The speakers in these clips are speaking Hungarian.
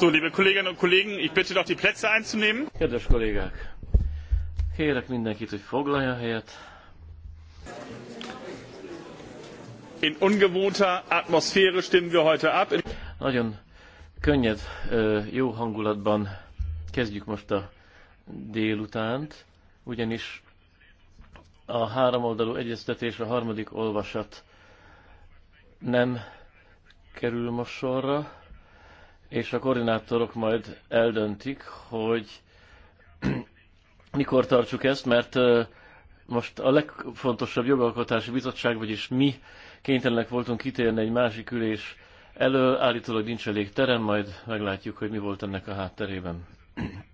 So, liebe Kolleginnen und Kollegen, ich bitte doch die Plätze einzunehmen. Kedves kollégák, kérek mindenkit, hogy foglalja helyet. In ungewohnter Atmosphäre stimmen wir heute ab. Nagyon könnyed, jó hangulatban kezdjük most a délutánt, ugyanis a háromoldalú egyeztetés a harmadik olvasat nem kerül most sorra és a koordinátorok majd eldöntik, hogy mikor tartsuk ezt, mert most a legfontosabb jogalkotási bizottság, vagyis mi kénytelenek voltunk kitérni egy másik ülés elő, állítólag nincs elég terem, majd meglátjuk, hogy mi volt ennek a hátterében.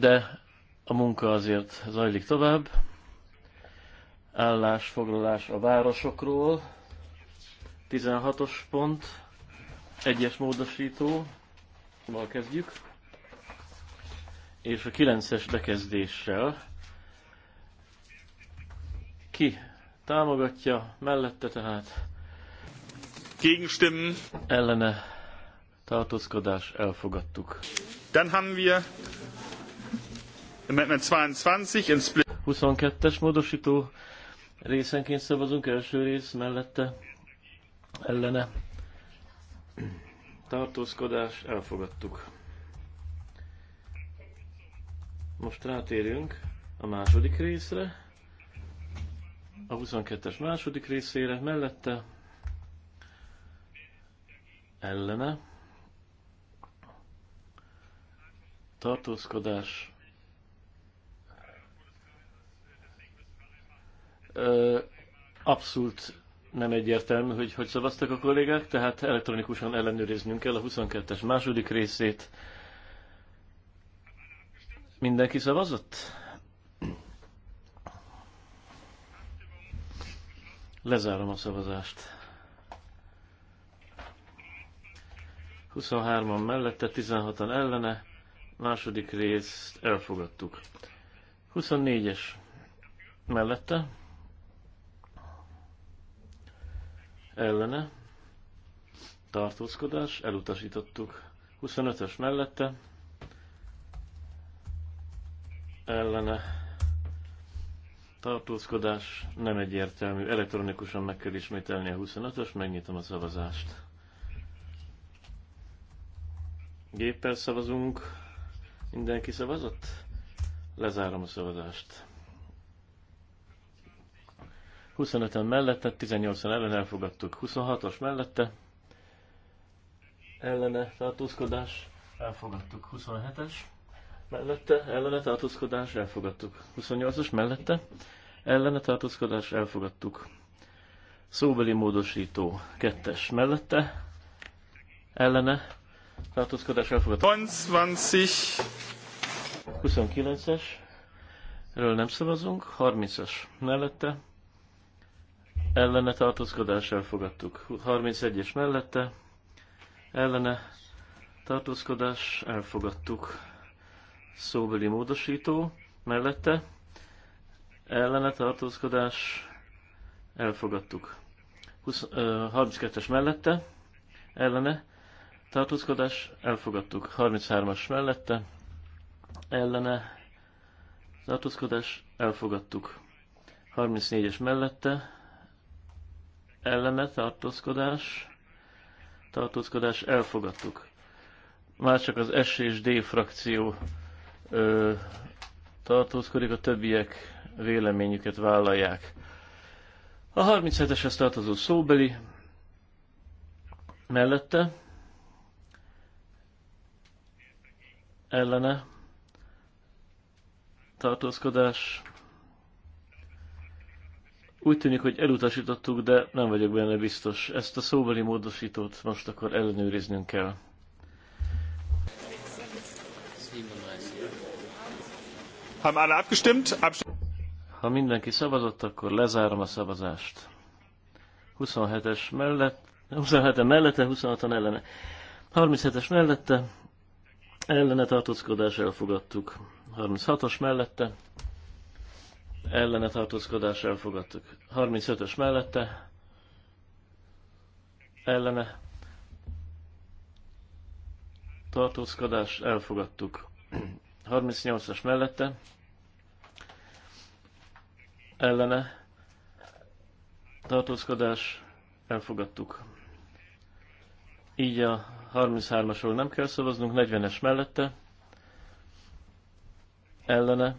De a munka azért zajlik tovább. Állásfoglalás a városokról. 16-os pont. Egyes mal kezdjük, és a 9-es bekezdéssel ki támogatja, mellette tehát Gegenstimmen. Ellene tartózkodás elfogadtuk. Dann haben wir Amendment 22 in Split. 22-es módosító részenként szavazunk, első rész mellette ellene tartózkodás, elfogadtuk. Most rátérünk a második részre, a 22-es második részére, mellette ellene tartózkodás abszolút nem egyértelmű, hogy hogy szavaztak a kollégák, tehát elektronikusan ellenőriznünk kell a 22-es második részét. Mindenki szavazott? Lezárom a szavazást. 23-an mellette, 16-an ellene. Második részt elfogadtuk. 24-es mellette ellene tartózkodás, elutasítottuk. 25-ös mellette ellene tartózkodás nem egyértelmű. Elektronikusan meg kell ismételni a 25-ös, megnyitom a szavazást. Géppel szavazunk. Mindenki szavazott? Lezárom a szavazást. 25-en mellette, 18 en ellen elfogadtuk. 26-os mellette, ellene tartózkodás, elfogadtuk. 27-es mellette, ellene tartózkodás, elfogadtuk. 28-os mellette, ellene tartózkodás, elfogadtuk. Szóbeli módosító, es mellette, ellene tartózkodás, elfogadtuk. 29. 29-es, erről nem szavazunk, 30-es mellette, ellene tartózkodás elfogadtuk. 31-es mellette ellene tartózkodás elfogadtuk. Szóbeli módosító mellette ellene tartózkodás elfogadtuk. 32-es mellette ellene tartózkodás elfogadtuk. 33-as mellette ellene tartózkodás elfogadtuk. 34-es mellette elleme tartózkodás, tartózkodás elfogadtuk. Már csak az S és D frakció ö, tartózkodik, a többiek véleményüket vállalják. A 37-eshez tartozó szóbeli mellette ellene tartózkodás úgy tűnik, hogy elutasítottuk, de nem vagyok benne biztos. Ezt a szóbeli módosítót most akkor ellenőriznünk kell. Ha mindenki szavazott, akkor lezárom a szavazást. 27-es mellett, 27-en mellette, 26-an ellene. 37-es mellette, ellene tartózkodás elfogadtuk. 36-os mellette, ellene tartózkodás elfogadtuk. 35-ös mellette ellene tartózkodás elfogadtuk. 38-as mellette ellene tartózkodás elfogadtuk. Így a 33-asról nem kell szavaznunk, 40-es mellette ellene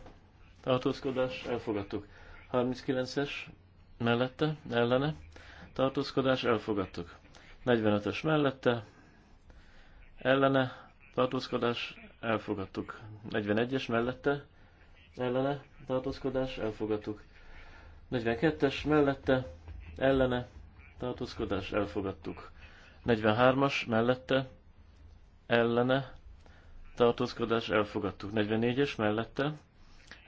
tartózkodás, elfogadtuk. 39-es mellette, ellene, tartózkodás, elfogadtuk. 45-ös mellette, ellene, tartózkodás, elfogadtuk. 41-es mellette, ellene, tartózkodás, elfogadtuk. 42-es mellette, ellene, tartózkodás, elfogadtuk. 43-as mellette, ellene, tartózkodás, elfogadtuk. 44-es mellette,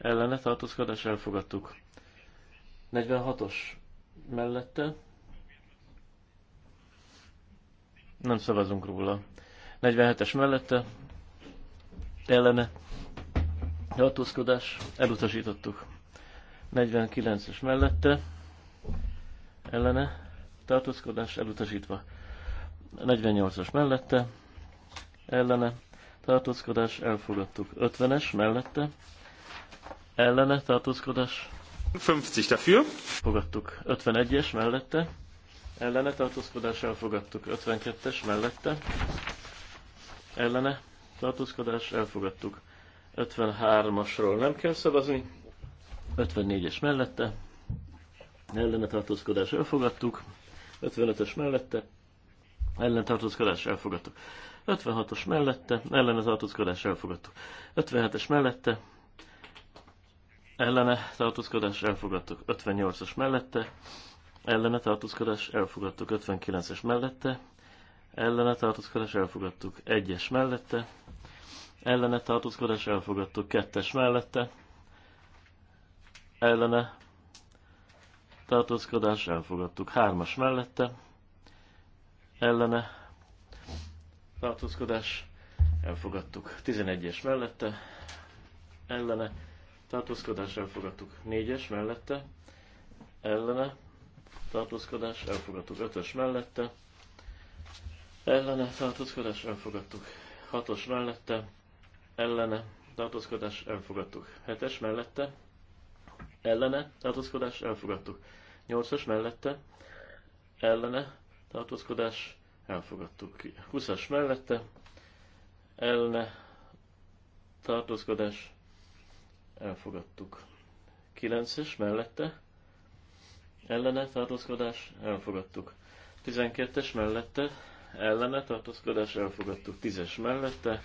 ellene tartózkodás elfogadtuk. 46-os mellette nem szavazunk róla. 47-es mellette ellene tartózkodás elutasítottuk. 49-es mellette ellene tartózkodás elutasítva. 48-as mellette ellene tartózkodás elfogadtuk. 50-es mellette ellene tartózkodás. 50 dafür. Fogadtuk 51-es mellette. Ellene tartózkodás elfogadtuk 52-es mellette. Ellene tartózkodás elfogadtuk. 53-asról nem kell szavazni. 54-es mellette. Ellene tartózkodás elfogadtuk. 55 ös mellette. Ellene tartózkodás elfogadtuk. 56-os mellette. Ellene tartózkodás elfogadtuk. 57-es mellette ellene tartózkodás elfogadtuk 58-as mellette, ellene tartózkodás elfogadtuk 59-es mellette, ellene tartózkodás elfogadtuk 1-es mellette, ellene tartózkodás elfogadtuk 2-es mellette, ellene tartózkodás elfogadtuk 3-as mellette, ellene tartózkodás elfogadtuk 11-es mellette, ellene tartózkodás elfogadtuk 11-es mellette tartózkodás elfogadtuk. négyes mellette, ellene, tartózkodás elfogadtuk. ötös mellette, ellene, tartózkodás elfogadtuk. hatos mellette, ellene, tartózkodás elfogadtuk. hetes mellette, ellene, tartózkodás elfogadtuk. nyolcas mellette, ellene, tartózkodás elfogadtuk. Huszas mellette, ellene, tartózkodás elfogadtuk. 9-es mellette ellene tartózkodás elfogadtuk. 12-es mellette ellene tartózkodás elfogadtuk. 10-es mellette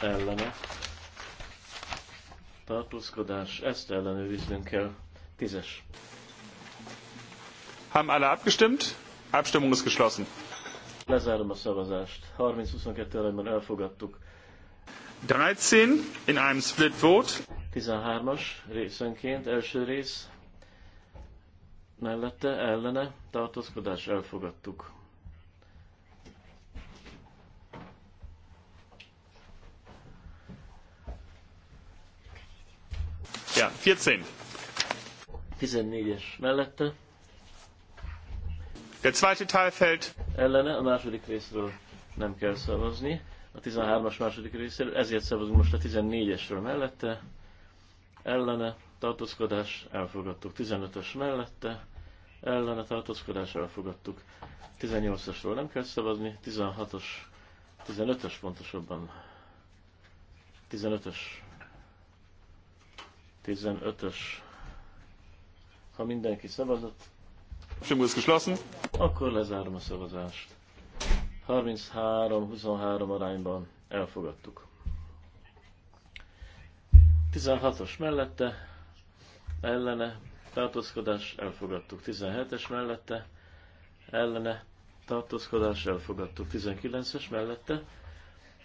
ellene tartózkodás, ezt ellenőriznünk kell. 10-es. Haben alle abgestimmt? Abstimmung ist geschlossen. Lezárom a szavazást. 30-22 elemben elfogadtuk. 13 in einem Split Vote. 13-as részenként első rész mellette ellene tartózkodás elfogadtuk. Ja, 14. 14-es mellette. Der zweite Teil fällt. Ellene a második részről nem kell szavazni a 13-as második részéről, ezért szavazunk most a 14-esről mellette, ellene tartózkodás elfogadtuk, 15-ös mellette, ellene tartózkodás elfogadtuk, 18-asról nem kell szavazni, 16-os, 15-ös pontosabban, 15-ös, 15-ös, ha mindenki szavazott, Akkor lezárom a szavazást. 33-23 arányban elfogadtuk. 16-os mellette, ellene, tartózkodás, elfogadtuk. 17-es mellette, ellene, tartózkodás, elfogadtuk. 19-es mellette,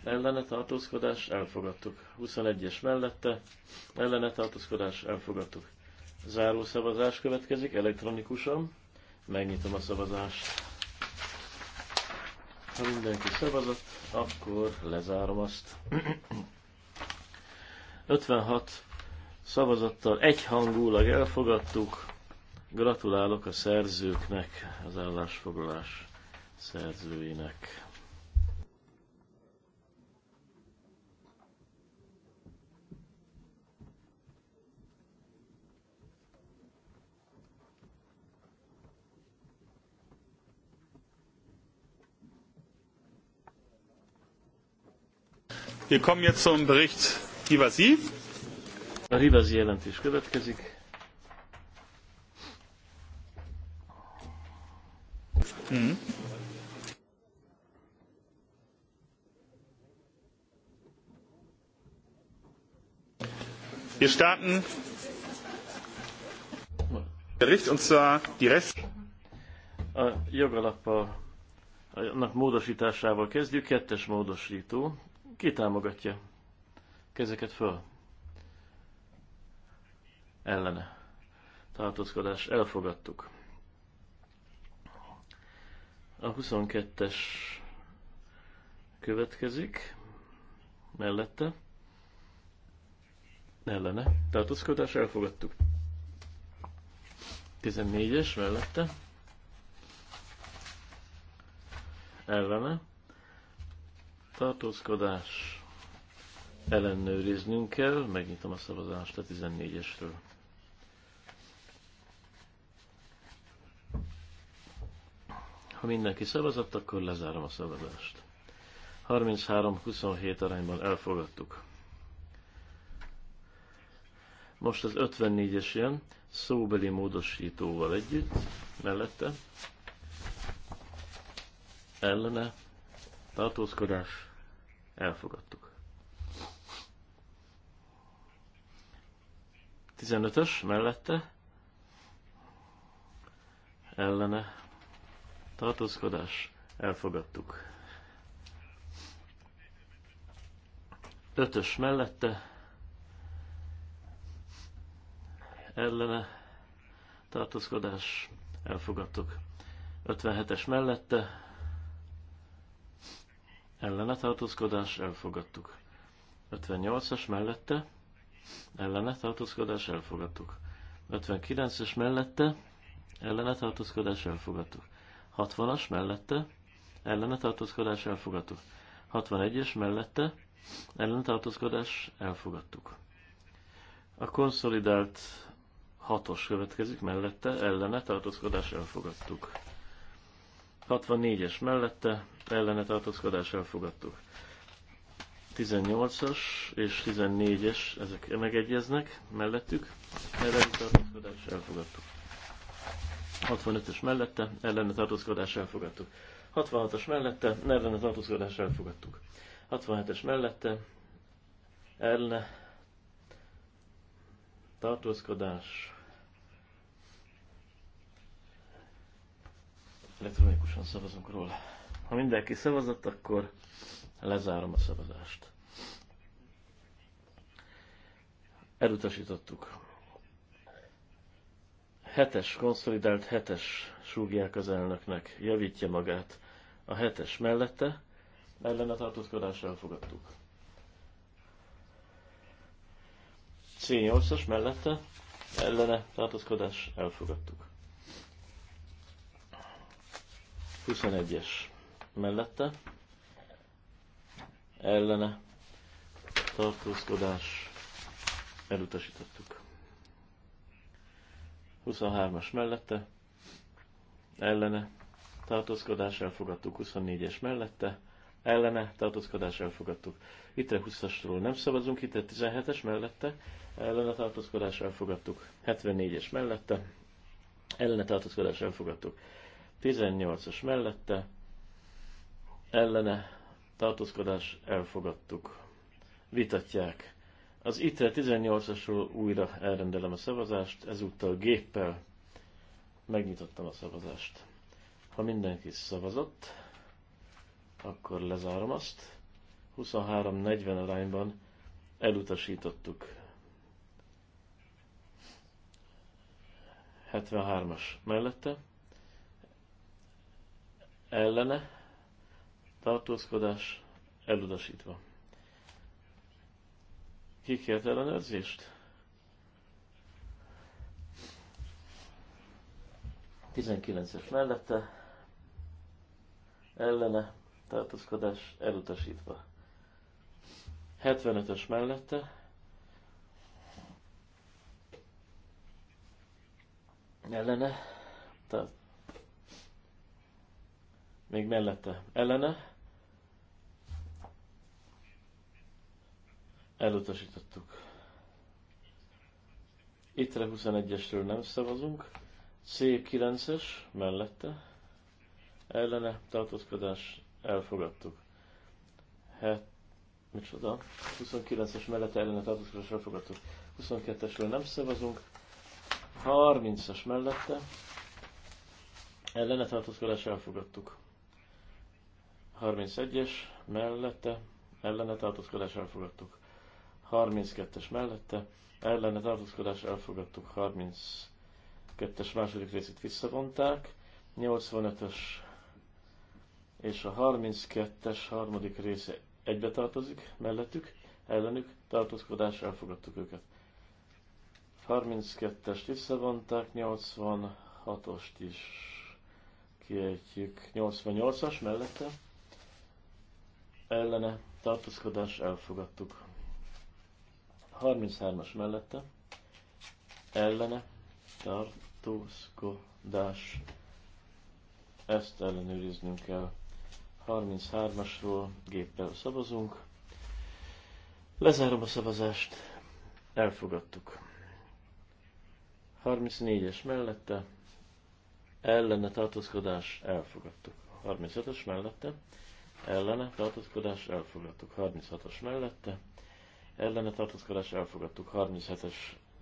ellene tartózkodás, elfogadtuk. 21-es mellette, ellene tartózkodás, elfogadtuk. Záró szavazás következik elektronikusan. Megnyitom a szavazást. Ha mindenki szavazott, akkor lezárom azt. 56 szavazattal egyhangulag elfogadtuk. Gratulálok a szerzőknek, az állásfoglalás szerzőinek. Wir kommen jetzt zum Bericht Rivasi. A Rivasi jelentés következik. Mm. Wir starten Bericht und zwar die Rest. A jogalappal, annak módosításával kezdjük, kettes módosító ki támogatja? Kezeket föl. Ellene. Tartózkodás. Elfogadtuk. A 22-es következik. Mellette. Ellene. Tartózkodás. Elfogadtuk. 14-es mellette. Ellene tartózkodás ellenőriznünk kell. Megnyitom a szavazást a 14-esről. Ha mindenki szavazott, akkor lezárom a szavazást. 33-27 arányban elfogadtuk. Most az 54-es jön, szóbeli módosítóval együtt, mellette, ellene, tartózkodás, elfogadtuk. 15-ös mellette, ellene, tartózkodás, elfogadtuk. 5-ös mellette, ellene, tartózkodás, elfogadtuk. 57-es mellette, ellene tartózkodás elfogadtuk. 58-as mellette ellene tartózkodás elfogadtuk. 59-es mellette ellene tartózkodás elfogadtuk. 60-as mellette ellene tartózkodás elfogadtuk. 61-es mellette ellene tartózkodás elfogadtuk. A konszolidált 6-os következik mellette, ellene tartózkodás elfogadtuk. 64-es mellette, ellene tartózkodás elfogadtuk. 18-as és 14-es, ezek megegyeznek mellettük, ellene tartózkodás elfogadtuk. 65-ös mellette, ellene tartózkodás elfogadtuk. 66-as mellette, ellene tartózkodás elfogadtuk. 67-es mellette, ellene tartózkodás elektronikusan szavazunk róla. Ha mindenki szavazott, akkor lezárom a szavazást. Elutasítottuk. Hetes, konszolidált hetes súgják az elnöknek, javítja magát. A hetes mellette, ellene tartózkodásra elfogadtuk. C8-as mellette, ellene tartózkodás elfogadtuk. 21-es mellette ellene tartózkodás elutasítottuk. 23-as mellette ellene tartózkodás elfogadtuk, 24-es mellette ellene tartózkodás elfogadtuk. Itt a 20-asról nem szavazunk, itt a 17-es mellette ellene tartózkodás elfogadtuk, 74-es mellette ellene tartózkodás elfogadtuk, 18-as mellette ellene tartózkodás elfogadtuk. Vitatják. Az ITRE 18-asról újra elrendelem a szavazást, ezúttal géppel megnyitottam a szavazást. Ha mindenki szavazott, akkor lezárom azt. 23-40 arányban elutasítottuk. 73-as mellette, ellene, tartózkodás elutasítva. Ki kért ellenőrzést? es mellette ellene tartózkodás elutasítva. 75-ös mellette ellene, tehát még mellette ellene, Elutasítottuk. Ittre 21-esről nem szavazunk. C9-es mellette. Ellene tartózkodás elfogadtuk. Hát, micsoda? 29-es mellette ellene tartózkodás elfogadtuk. 22-esről nem szavazunk. 30-as mellette ellene tartózkodás elfogadtuk. 31-es mellette ellene tartózkodás elfogadtuk. 32-es mellette, ellene tartózkodás elfogadtuk, 32-es második részét visszavonták, 85-ös és a 32-es harmadik része egybe tartozik, mellettük, ellenük, tartózkodás, elfogadtuk őket. 32-est visszavonták, 86-ost is kiejtjük, 88-as mellette, ellene, tartózkodás, elfogadtuk. 33-as mellette ellene tartózkodás. Ezt ellenőriznünk kell. 33-asról géppel szavazunk. Lezárom a szavazást. Elfogadtuk. 34-es mellette ellene tartózkodás elfogadtuk. 35-ös mellette ellene tartózkodás elfogadtuk. 36-os mellette ellene tartózkodás elfogadtuk, 37-es,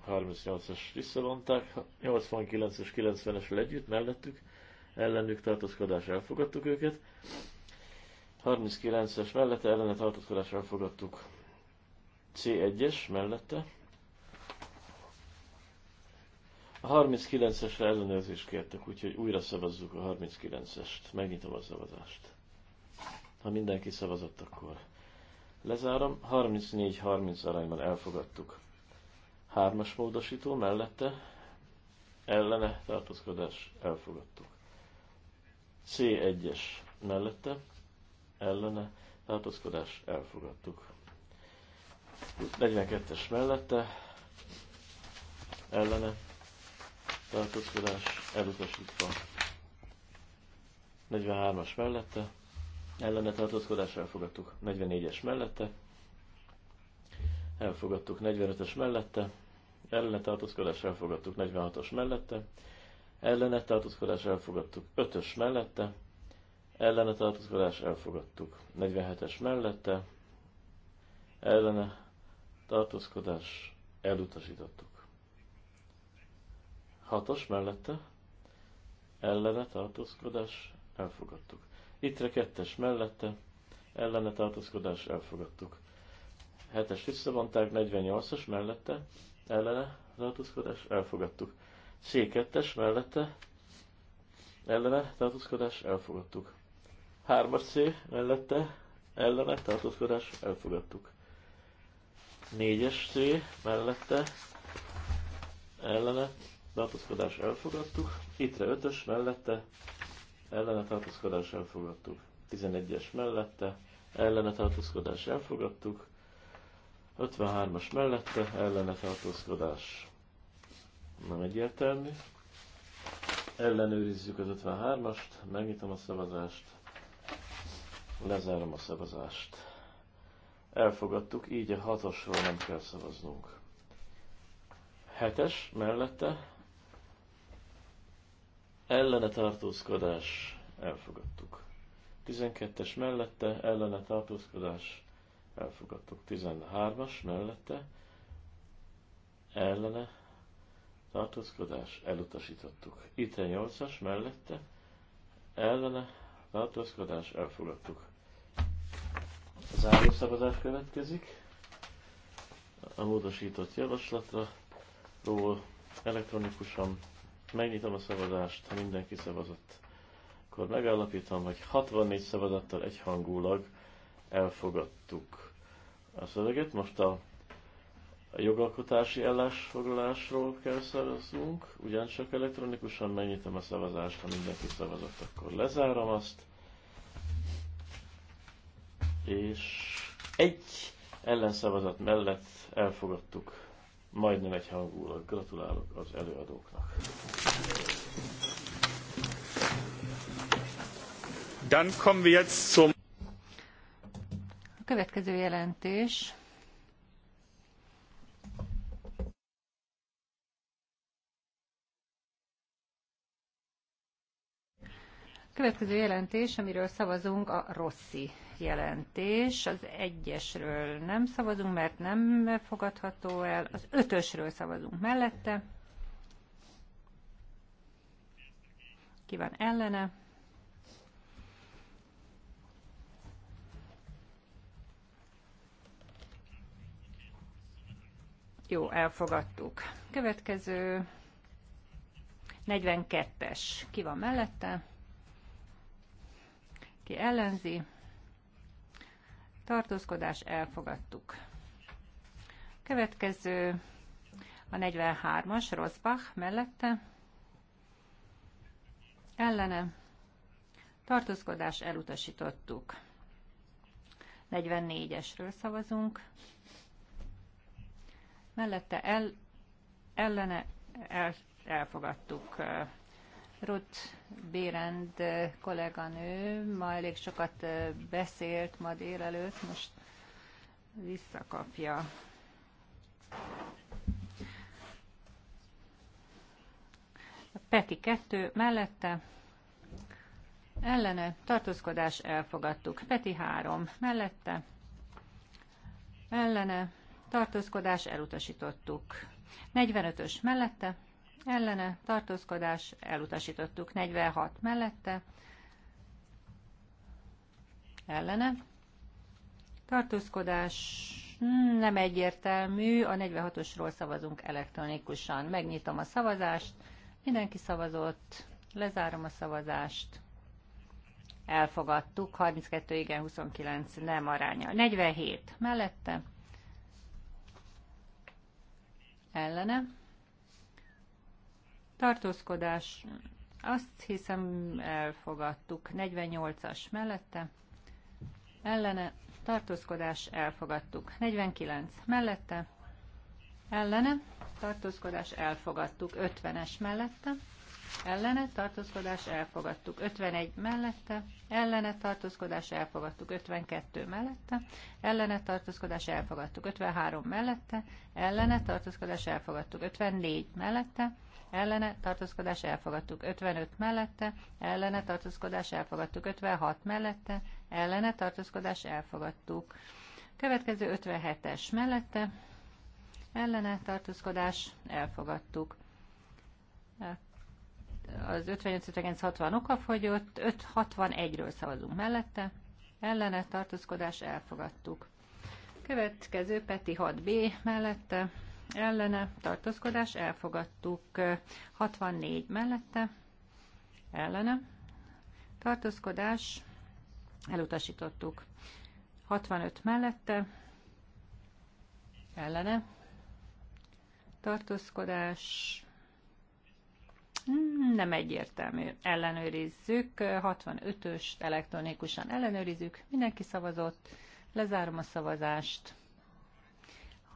38-as visszavonták, 89 es 90-esről együtt, mellettük, ellenük tartózkodás elfogadtuk őket, 39-es mellette ellene tartózkodás elfogadtuk, C1-es mellette, a 39-esre ellenőrzést kértek, úgyhogy újra szavazzuk a 39-est. Megnyitom a szavazást. Ha mindenki szavazott, akkor Lezárom, 34-30 arányban elfogadtuk. Hármas módosító mellette ellene tartózkodás elfogadtuk. C1-es mellette ellene tartózkodás elfogadtuk. 42-es mellette ellene tartózkodás elutasítva. 43-as mellette ellene tartózkodásra elfogadtuk 44-es mellette, elfogadtuk 45-ös mellette, ellene tartózkodásra elfogadtuk 46-os mellette, ellene tartózkodásra elfogadtuk 5-ös mellette, ellene tartózkodásra elfogadtuk 47-es mellette, ellene tartózkodás elutasítottuk. 6-os mellette, ellene tartózkodás elfogadtuk. Ittre kettes mellette, ellene tartózkodás elfogadtuk. Hetes visszavonták, 48-as mellette, ellene tartózkodás elfogadtuk. c kettes mellette, ellene tartózkodás elfogadtuk. Hármas C mellette, ellene tartózkodás elfogadtuk. Négyes C mellette, ellene tartózkodás elfogadtuk. Itre ötös mellette, ellene tartózkodás elfogadtuk. 11-es mellette ellene tartózkodás elfogadtuk. 53-as mellette ellene tartózkodás nem egyértelmű. Ellenőrizzük az 53-ast, megnyitom a szavazást, lezárom a szavazást. Elfogadtuk, így a 6-osról nem kell szavaznunk. 7-es mellette ellene tartózkodás elfogadtuk. 12-es mellette ellene tartózkodás elfogadtuk. 13-as mellette ellene tartózkodás elutasítottuk. Itt 8-as mellette ellene tartózkodás elfogadtuk. Az állószabadás következik. A módosított javaslatra ról elektronikusan Megnyitom a szavazást, ha mindenki szavazott. Akkor megállapítom, hogy 64 szavazattal egyhangulag elfogadtuk a szöveget. Most a, a jogalkotási ellásfoglalásról kell szavazunk, ugyancsak elektronikusan megnyitom a szavazást, ha mindenki szavazott, akkor lezárom azt. És egy ellenszavazat mellett elfogadtuk majdnem hangulat. Gratulálok az előadóknak. a következő jelentés. A következő jelentés, amiről szavazunk, a Rossi jelentés. Az egyesről nem szavazunk, mert nem fogadható el. Az ötösről szavazunk mellette. Ki van ellene? Jó, elfogadtuk. Következő 42-es. Ki van mellette? Ki ellenzi? Tartózkodás, elfogadtuk. Következő a 43-as, Rosbach mellette. Ellene. Tartózkodás, elutasítottuk. 44-esről szavazunk mellette el, ellene el, elfogadtuk. Ruth Bérend kolléganő ma elég sokat beszélt ma délelőtt, most visszakapja. A Peti kettő mellette ellene tartózkodás elfogadtuk. Peti három mellette ellene tartózkodás elutasítottuk. 45-ös mellette, ellene, tartózkodás elutasítottuk. 46 mellette, ellene, tartózkodás hmm, nem egyértelmű, a 46-osról szavazunk elektronikusan. Megnyitom a szavazást, mindenki szavazott, lezárom a szavazást elfogadtuk, 32 igen, 29 nem aránya. 47 mellette, ellene. Tartózkodás, azt hiszem elfogadtuk. 48-as mellette, ellene. Tartózkodás, elfogadtuk. 49 mellette, ellene. Tartózkodás, elfogadtuk. 50-es mellette, ellene tartózkodás elfogadtuk 51 mellette, ellene tartózkodás elfogadtuk 52 mellette, ellene tartózkodás elfogadtuk 53 mellette, ellene tartózkodás elfogadtuk 54 mellette, ellene tartózkodás elfogadtuk 55 mellette, ellene tartózkodás elfogadtuk 56 mellette, ellene tartózkodás elfogadtuk. Következő 57-es mellette, ellene tartózkodás elfogadtuk az 55 59 60 okafogyott, 5-61-ről szavazunk mellette, ellene tartózkodás elfogadtuk. Következő Peti 6B mellette, ellene tartózkodás elfogadtuk, 64 mellette, ellene tartózkodás elutasítottuk, 65 mellette, ellene tartózkodás nem egyértelmű. Ellenőrizzük. 65 ös elektronikusan ellenőrizzük. Mindenki szavazott. Lezárom a szavazást.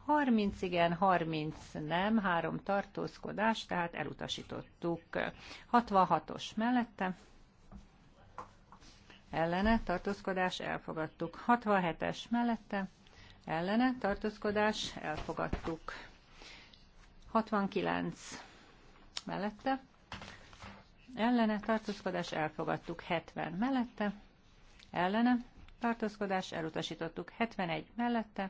30 igen, 30 nem, három tartózkodás, tehát elutasítottuk. 66-os mellette. Ellene tartózkodás elfogadtuk. 67-es mellette. Ellene tartózkodás elfogadtuk. 69 mellette ellene tartózkodás elfogadtuk 70 mellette, ellene tartózkodás elutasítottuk 71 mellette,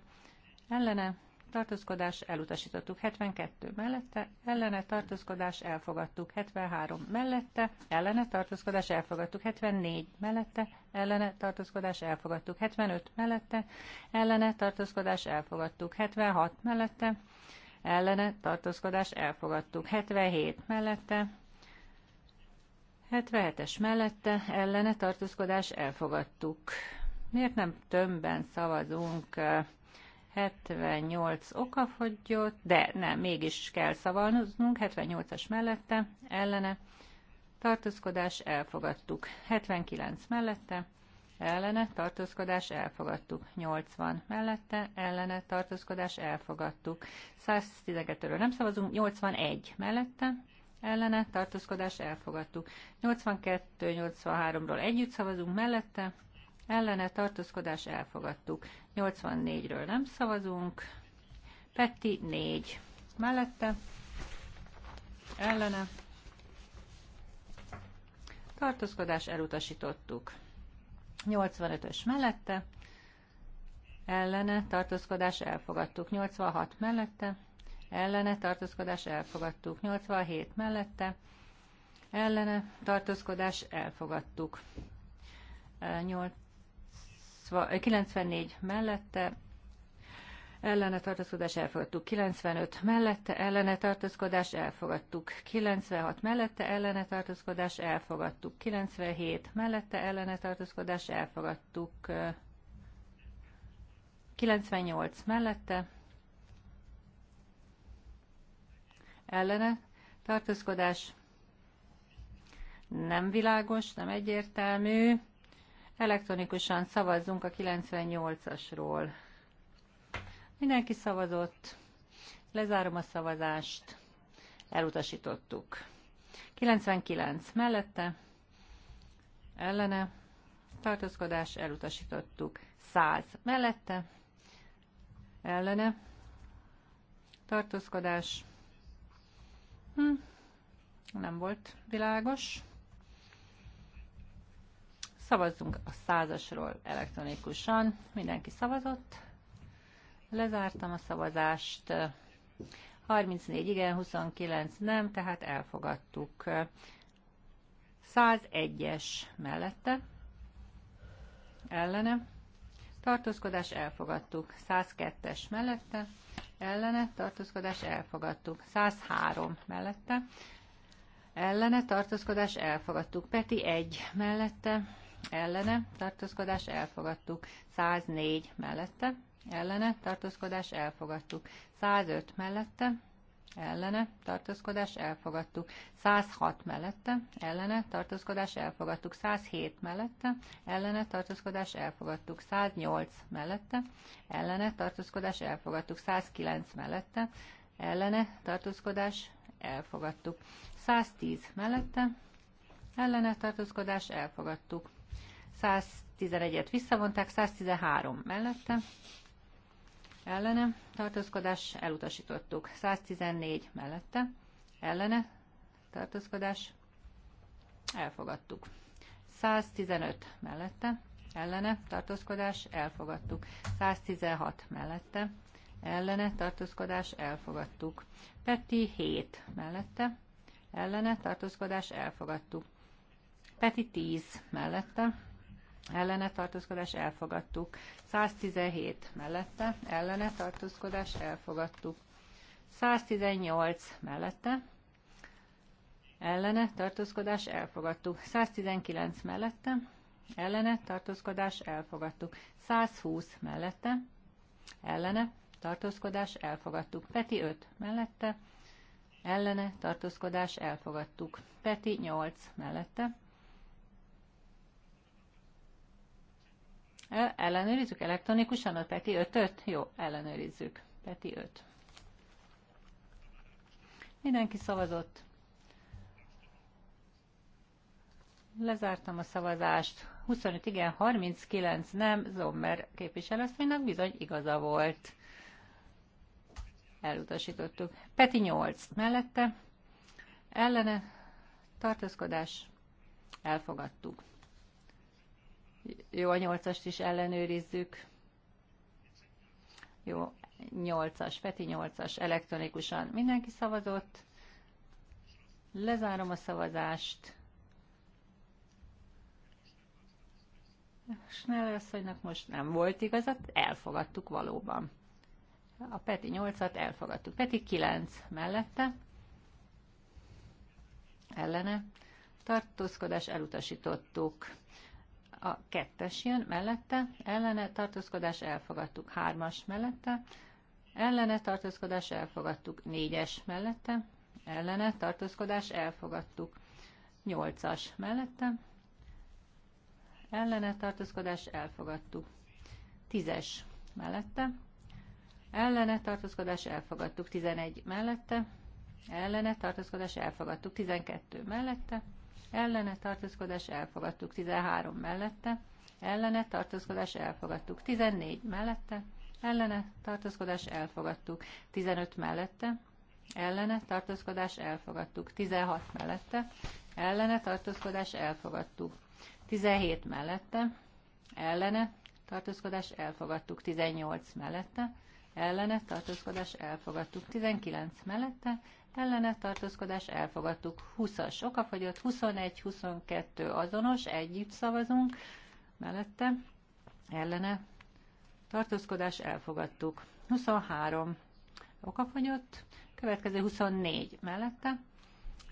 ellene tartózkodás elutasítottuk 72 mellette, ellene tartózkodás elfogadtuk 73 mellette, ellene tartózkodás elfogadtuk 74 mellette, ellene tartózkodás elfogadtuk 75 mellette, ellene tartózkodás elfogadtuk 76 mellette, ellene tartózkodás elfogadtuk 77 mellette, 77-es mellette ellene tartózkodás elfogadtuk. Miért nem tömbben szavazunk? 78 oka fogyott, de nem, mégis kell szavaznunk. 78-as mellette ellene tartózkodás elfogadtuk. 79 mellette ellene tartózkodás elfogadtuk. 80 mellette ellene tartózkodás elfogadtuk. 112-ről nem szavazunk, 81 mellette ellene tartózkodás elfogadtuk. 82-83-ról együtt szavazunk mellette, ellene tartózkodás elfogadtuk. 84-ről nem szavazunk. Peti 4 mellette, ellene tartózkodás elutasítottuk. 85-ös mellette, ellene tartózkodás elfogadtuk. 86 mellette, ellene tartózkodás elfogadtuk. 87 mellette ellene tartózkodás elfogadtuk. 94 e, e, mellette ellene tartózkodás elfogadtuk, 95 mellette ellene tartózkodás elfogadtuk, 96 mellette ellene tartózkodás elfogadtuk, 97 mellette ellene tartózkodás elfogadtuk, 98 e, mellette ellene tartózkodás nem világos, nem egyértelmű. Elektronikusan szavazzunk a 98-asról. Mindenki szavazott. Lezárom a szavazást. Elutasítottuk. 99 mellette, ellene, tartózkodás, elutasítottuk. 100 mellette, ellene, tartózkodás, Hm. Nem volt világos. Szavazzunk a százasról elektronikusan. Mindenki szavazott. Lezártam a szavazást. 34 igen, 29 nem, tehát elfogadtuk. 101-es mellette. Ellene. Tartózkodás elfogadtuk. 102-es mellette ellene tartózkodás elfogadtuk. 103 mellette ellene tartózkodás elfogadtuk. Peti 1 mellette ellene tartózkodás elfogadtuk. 104 mellette ellene tartózkodás elfogadtuk. 105 mellette ellene tartózkodás elfogadtuk. 106 mellette ellene tartózkodás elfogadtuk. 107 mellette ellene tartózkodás elfogadtuk. 108 mellette ellene tartózkodás elfogadtuk. 109 mellette ellene tartózkodás elfogadtuk. 110 mellette ellene tartózkodás elfogadtuk. 111-et visszavonták, 113 mellette ellene, tartózkodás, elutasítottuk. 114 mellette, ellene, tartózkodás, elfogadtuk. 115 mellette, ellene, tartózkodás, elfogadtuk. 116 mellette, ellene, tartózkodás, elfogadtuk. Peti 7 mellette, ellene, tartózkodás, elfogadtuk. Peti 10 mellette, ellene tartózkodás elfogadtuk. 117 mellette ellene tartózkodás elfogadtuk. 118 mellette ellene tartózkodás elfogadtuk. 119 mellette ellene tartózkodás elfogadtuk. 120 mellette ellene tartózkodás elfogadtuk. Peti 5 mellette ellene tartózkodás elfogadtuk. Peti 8 mellette Ellenőrizzük elektronikusan a Peti 5-öt? Jó, ellenőrizzük. Peti 5. Mindenki szavazott. Lezártam a szavazást. 25 igen, 39 nem. Zommer képviselőszménynek bizony igaza volt. Elutasítottuk. Peti 8 mellette. Ellene tartózkodás. Elfogadtuk. Jó, a nyolcast is ellenőrizzük. Jó, nyolcas, Peti nyolcas, elektronikusan. Mindenki szavazott. Lezárom a szavazást. Sneller asszonynak most nem volt igazat, elfogadtuk valóban. A Peti 8-at elfogadtuk. Peti 9 mellette, ellene, tartózkodás elutasítottuk a kettes jön mellette, ellene tartózkodás elfogadtuk. Hármas mellette, ellene tartózkodás elfogadtuk. Négyes mellette, ellene tartózkodás elfogadtuk. Nyolcas mellette, ellene tartózkodás elfogadtuk. Tízes mellette, ellene tartózkodás elfogadtuk. Tizenegy mellette, ellene tartózkodás elfogadtuk. Tizenkettő mellette, ellene tartózkodás elfogadtuk 13 mellette, ellene tartózkodás elfogadtuk 14 mellette, ellene tartózkodás elfogadtuk 15 mellette, ellene tartózkodás elfogadtuk 16 mellette, ellene tartózkodás elfogadtuk 17 mellette, ellene tartózkodás elfogadtuk 18 mellette, ellene tartózkodás elfogadtuk 19 mellette, ellene tartózkodás elfogadtuk. 20-as okafogyott, 21-22 azonos, együtt szavazunk, mellette ellene tartózkodás elfogadtuk. 23 okafogyott, következő 24 mellette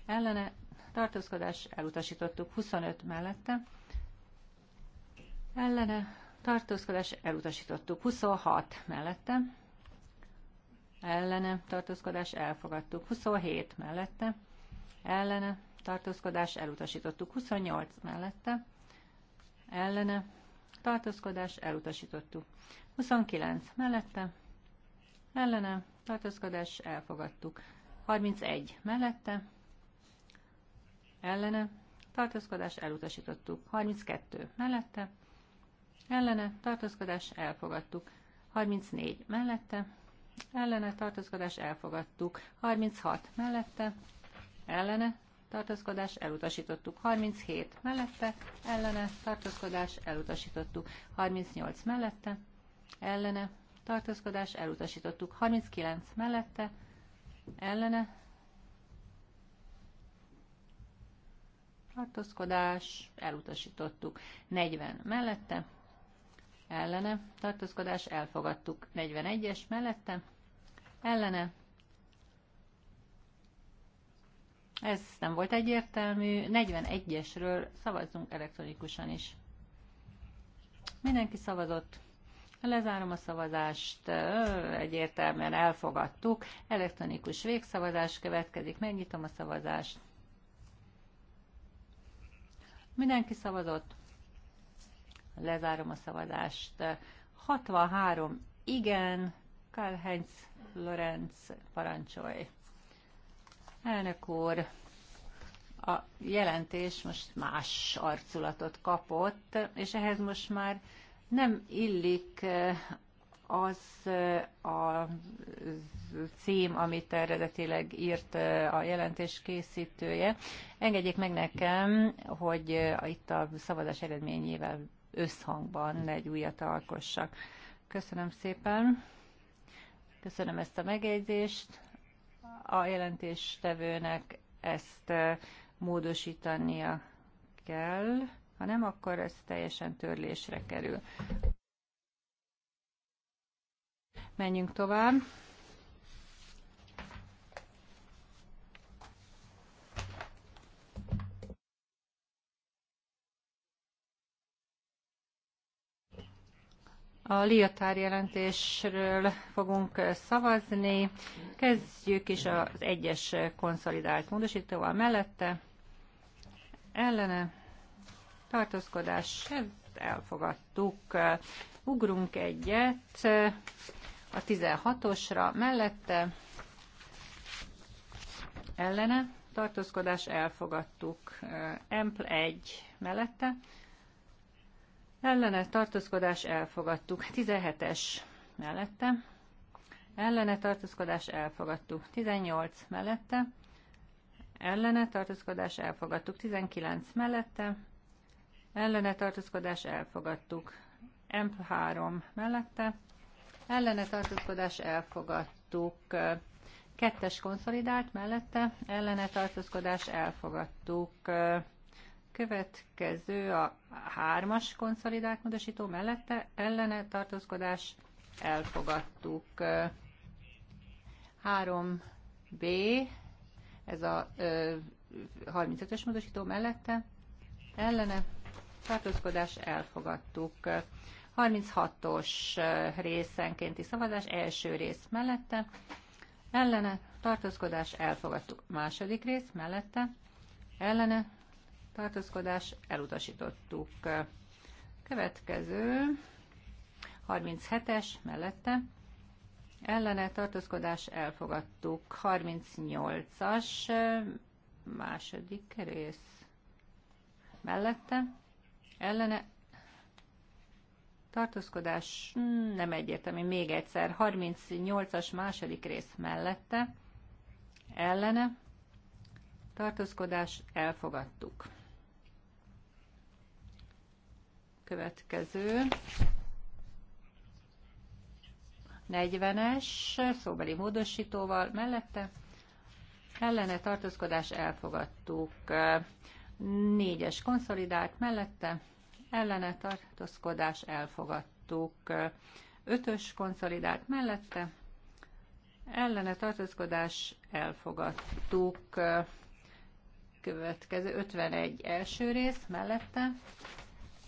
ellene tartózkodás elutasítottuk, 25 mellette ellene tartózkodás elutasítottuk, 26 mellette ellene tartózkodás elfogadtuk. 27 mellette ellene tartózkodás elutasítottuk. 28 mellette ellene tartózkodás elutasítottuk. 29 mellette ellene tartózkodás elfogadtuk. 31 mellette ellene tartózkodás elutasítottuk. 32 mellette ellene tartózkodás elfogadtuk. 34 mellette ellene tartózkodás elfogadtuk. 36 mellette, ellene tartózkodás elutasítottuk. 37 mellette, ellene tartózkodás elutasítottuk. 38 mellette, ellene tartózkodás elutasítottuk. 39 mellette, ellene tartózkodás elutasítottuk. 40 mellette, ellene, tartózkodás elfogadtuk. 41-es mellette, ellene. Ez nem volt egyértelmű. 41-esről szavazzunk elektronikusan is. Mindenki szavazott. Lezárom a szavazást, egyértelműen elfogadtuk. Elektronikus végszavazás következik, megnyitom a szavazást. Mindenki szavazott lezárom a szavazást. 63 igen, Karl-Heinz Lorenz parancsolj. Elnök úr, a jelentés most más arculatot kapott, és ehhez most már nem illik eh, az eh, a cím, amit eredetileg írt eh, a jelentés készítője. Engedjék meg nekem, hogy itt a szavazás eredményével összhangban egy újat alkossak. Köszönöm szépen. Köszönöm ezt a megjegyzést. A jelentéstevőnek ezt módosítania kell, ha nem, akkor ez teljesen törlésre kerül. Menjünk tovább. A Liotár jelentésről fogunk szavazni. Kezdjük is az egyes konszolidált módosítóval mellette. Ellene tartózkodás, ezt elfogadtuk. Ugrunk egyet a 16-osra mellette. Ellene tartózkodás, elfogadtuk. Empl 1 mellette ellene tartózkodás elfogadtuk. 17-es mellette, ellene tartózkodás elfogadtuk. 18 mellette, ellene tartózkodás elfogadtuk. 19 mellette, ellene tartózkodás elfogadtuk. M3 mellette, ellene tartózkodás elfogadtuk. Kettes konszolidált mellette, ellene tartózkodás elfogadtuk. Következő a hármas konszolidált módosító mellette ellene tartózkodás elfogadtuk. 3B, ez a 35-ös módosító mellette ellene tartózkodás elfogadtuk. 36-os részenkénti szavazás első rész mellette ellene tartózkodás elfogadtuk. Második rész mellette ellene tartózkodás, elutasítottuk. Következő, 37-es, mellette, ellene tartózkodás, elfogadtuk. 38-as, második rész, mellette, ellene, tartózkodás hmm, nem egyértelmű, még egyszer, 38-as második rész mellette, ellene, tartózkodás, elfogadtuk. Következő. 40-es szóbeli módosítóval mellette ellene tartózkodás elfogadtuk. es konszolidált mellette ellene tartózkodás elfogadtuk. 5-ös konszolidált mellette ellene tartózkodás elfogadtuk. Következő 51 első rész mellette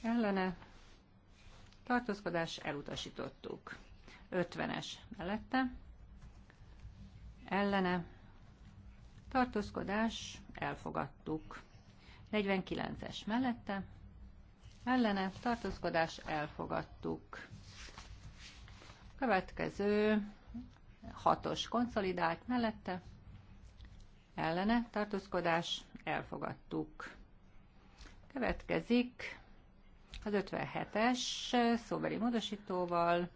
ellene tartózkodás elutasítottuk. 50-es mellette ellene tartózkodás elfogadtuk. 49-es mellette ellene tartózkodás elfogadtuk. Következő hatos konszolidált mellette ellene tartózkodás elfogadtuk. Következik az 57-es szóbeli módosítóval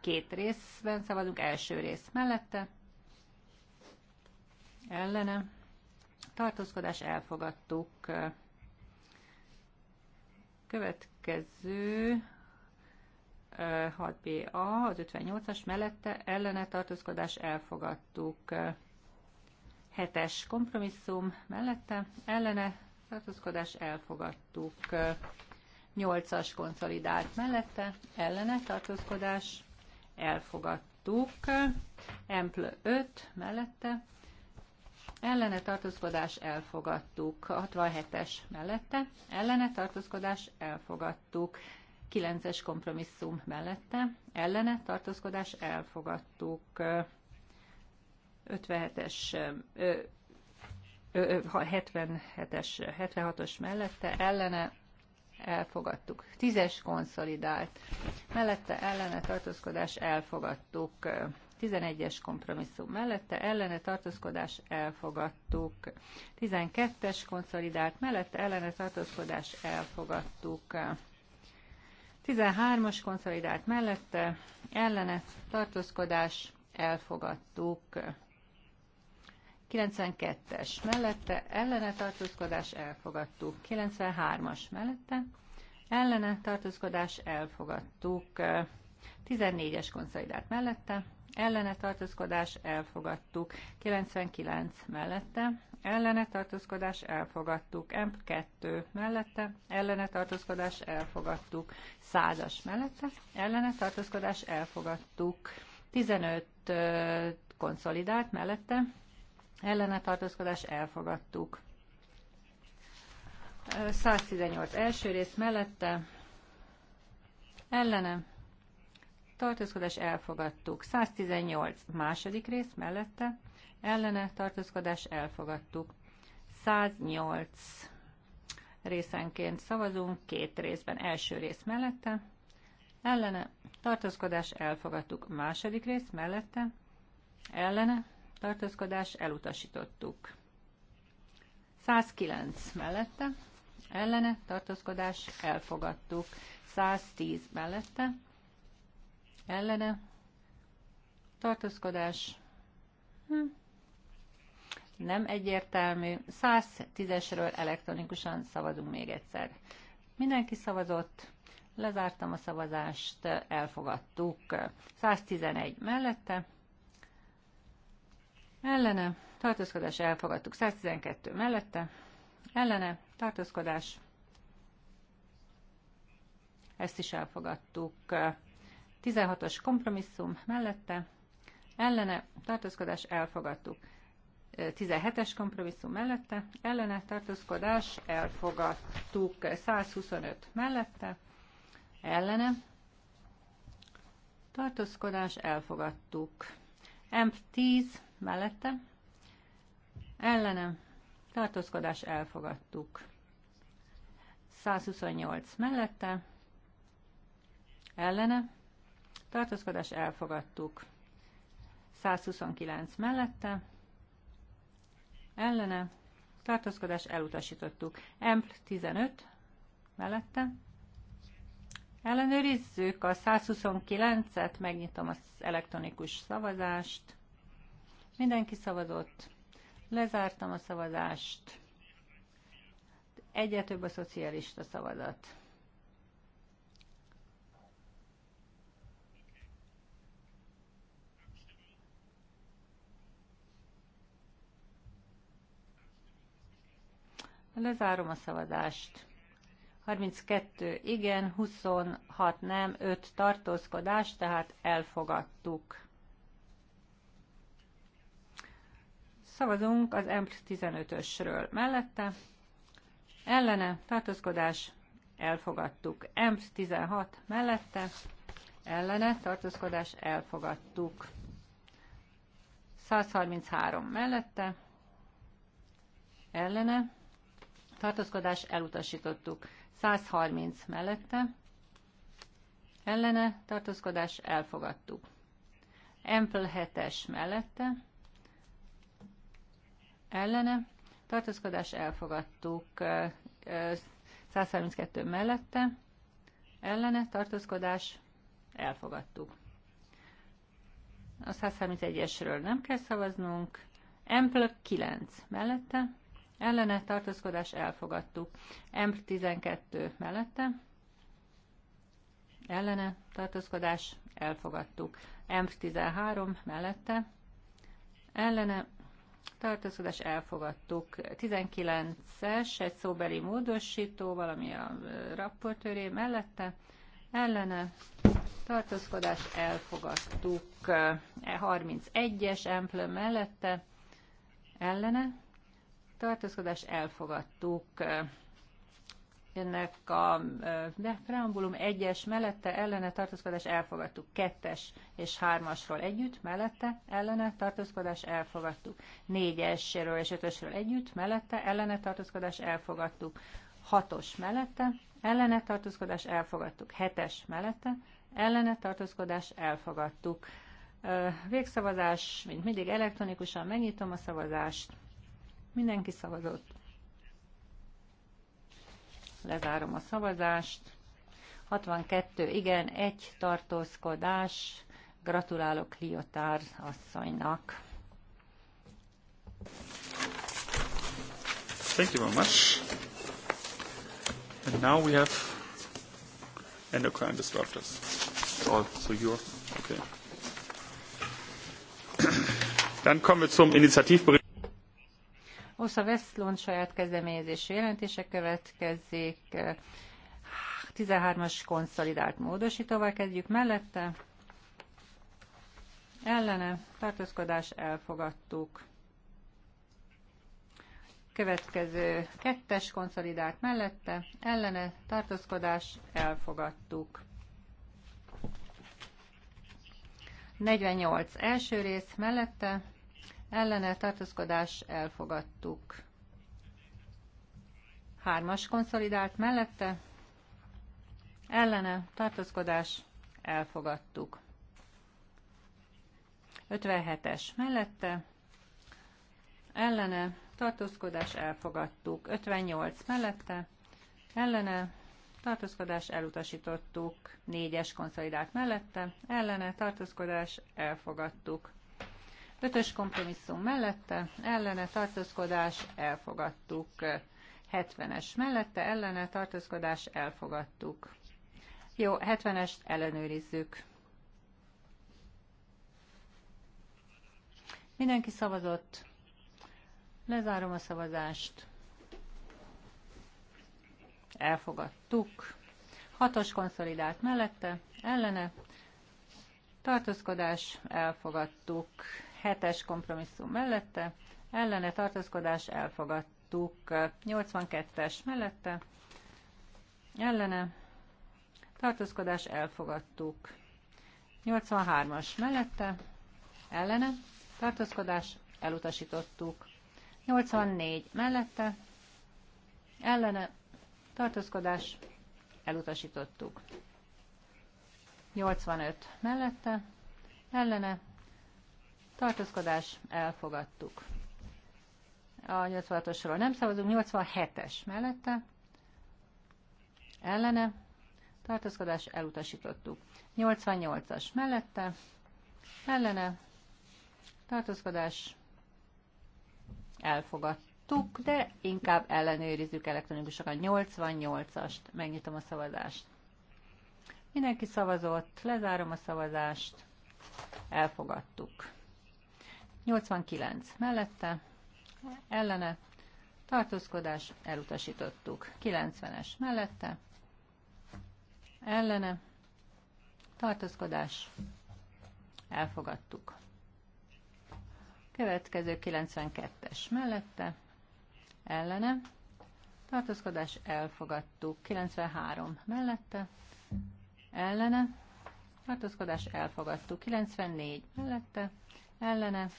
két részben szavazunk, első rész mellette, ellene, tartózkodás elfogadtuk. Következő 6BA, az 58-as mellette ellene tartózkodás elfogadtuk. 7-es kompromisszum mellette ellene tartózkodás elfogadtuk. 8-as konszolidált mellette, ellene tartózkodás, elfogadtuk. Empl 5 mellette, ellene tartózkodás, elfogadtuk. 67-es mellette, ellene tartózkodás, elfogadtuk. 9-es kompromisszum mellette, ellene tartózkodás, elfogadtuk. 57-es 77-es, 76-os mellette ellene elfogadtuk. Tízes konszolidált, mellette ellene tartózkodás elfogadtuk. 11-es kompromisszum mellette, ellene tartózkodás elfogadtuk. 12-es konszolidált mellette, ellene tartózkodás elfogadtuk. 13-as konszolidált mellette, ellene tartózkodás elfogadtuk. 92-es mellette ellene tartózkodás elfogadtuk. 93-as mellette ellene tartózkodás elfogadtuk. 14-es konszolidált mellette ellene tartózkodás elfogadtuk. 99 mellette ellene tartózkodás elfogadtuk. M2 mellette ellene tartózkodás elfogadtuk. 100-as mellette ellene tartózkodás elfogadtuk. 15 konszolidált mellette ellene tartózkodás elfogadtuk. 118 első rész mellette, ellene tartózkodás elfogadtuk. 118 második rész mellette, ellene tartózkodás elfogadtuk. 108 részenként szavazunk, két részben, első rész mellette, ellene tartózkodás elfogadtuk. Második rész mellette, ellene tartózkodás elutasítottuk. 109 mellette, ellene tartózkodás elfogadtuk. 110 mellette, ellene tartózkodás hm, nem egyértelmű. 110-esről elektronikusan szavazunk még egyszer. Mindenki szavazott, lezártam a szavazást, elfogadtuk. 111 mellette, ellene, tartózkodás elfogadtuk. 112 mellette, ellene, tartózkodás, ezt is elfogadtuk. 16-os kompromisszum mellette, ellene, tartózkodás, elfogadtuk. 17-es kompromisszum mellette, ellene tartózkodás, elfogadtuk 125 mellette, ellene tartózkodás, elfogadtuk. M10 mellette, ellenem, tartózkodás elfogadtuk. 128 mellette, ellene, tartózkodás elfogadtuk. 129 mellette, ellene, tartózkodás elutasítottuk. Empl 15 mellette, ellenőrizzük a 129-et, megnyitom az elektronikus szavazást, Mindenki szavazott. Lezártam a szavazást. Egyre több a szocialista szavazat. Lezárom a szavazást. 32 igen, 26 nem, 5 tartózkodás, tehát elfogadtuk. Szavazunk az EMP 15-ösről. Mellette ellene tartózkodás elfogadtuk. EMP 16 mellette ellene tartózkodás elfogadtuk. 133 mellette ellene tartózkodás elutasítottuk. 130 mellette ellene tartózkodás elfogadtuk. Ample 7-es mellette ellene, tartózkodás elfogadtuk 132 mellette, ellene, tartózkodás elfogadtuk. A 131-esről nem kell szavaznunk. M 9 mellette, ellene, tartózkodás elfogadtuk. M 12 mellette, ellene, tartózkodás elfogadtuk. M 13 mellette, ellene, tartózkodás elfogadtuk. 19-es, egy szóbeli módosító, valami a rapportőré mellette, ellene, tartózkodás elfogadtuk. 31-es, e emplő mellette, ellene, tartózkodás elfogadtuk ennek a preambulum egyes mellette ellene tartózkodás elfogadtuk. Kettes és hármasról együtt, mellette ellene tartózkodás elfogadtuk. Négyesről és ötösről együtt, mellette ellene tartózkodás elfogadtuk. Hatos mellette ellene tartózkodás elfogadtuk. Hetes mellette ellene tartózkodás elfogadtuk. Végszavazás, mint mindig elektronikusan megnyitom a szavazást. Mindenki szavazott. Lezárom a szavazást. 62 igen, egy tartózkodás. Gratulálok Liotár asszonynak. Thank you very much. And now we have endocrine disruptors. Oh, so you're okay. Dann kommen wir zum Initiativbericht. Osza Veszlund saját kezdeményezésű jelentése következik. 13-as konszolidált módosítóval kezdjük mellette. Ellene tartózkodás elfogadtuk. Következő kettes konszolidált mellette. Ellene tartózkodás elfogadtuk. 48 első rész mellette ellene tartózkodás elfogadtuk. Hármas konszolidált mellette, ellene tartózkodás elfogadtuk. 57-es mellette, ellene tartózkodás elfogadtuk. 58 mellette, ellene tartózkodás elutasítottuk. 4-es konszolidált mellette, ellene tartózkodás elfogadtuk. Ötös kompromisszum mellette, ellene tartózkodás elfogadtuk. 70-es mellette, ellene tartózkodás elfogadtuk. Jó, 70-est ellenőrizzük. Mindenki szavazott. Lezárom a szavazást. Elfogadtuk. Hatos konszolidált mellette, ellene. Tartózkodás, elfogadtuk hetes kompromisszum mellette, ellene tartózkodás elfogadtuk. 82-es mellette, ellene tartózkodás elfogadtuk. 83-as mellette, ellene tartózkodás elutasítottuk. 84 mellette, ellene tartózkodás elutasítottuk. 85 mellette, ellene tartózkodás, elfogadtuk. A 86-osról nem szavazunk, 87-es mellette, ellene, tartózkodás, elutasítottuk. 88-as mellette, ellene, tartózkodás, elfogadtuk, de inkább ellenőrizzük elektronikusan 88-ast. Megnyitom a szavazást. Mindenki szavazott, lezárom a szavazást, elfogadtuk. 89 mellette, ellene, tartózkodás, elutasítottuk. 90-es mellette, ellene, tartózkodás, elfogadtuk. Következő 92-es mellette, ellene, tartózkodás, elfogadtuk. 93 mellette, ellene, tartózkodás, elfogadtuk. 94 mellette, ellene,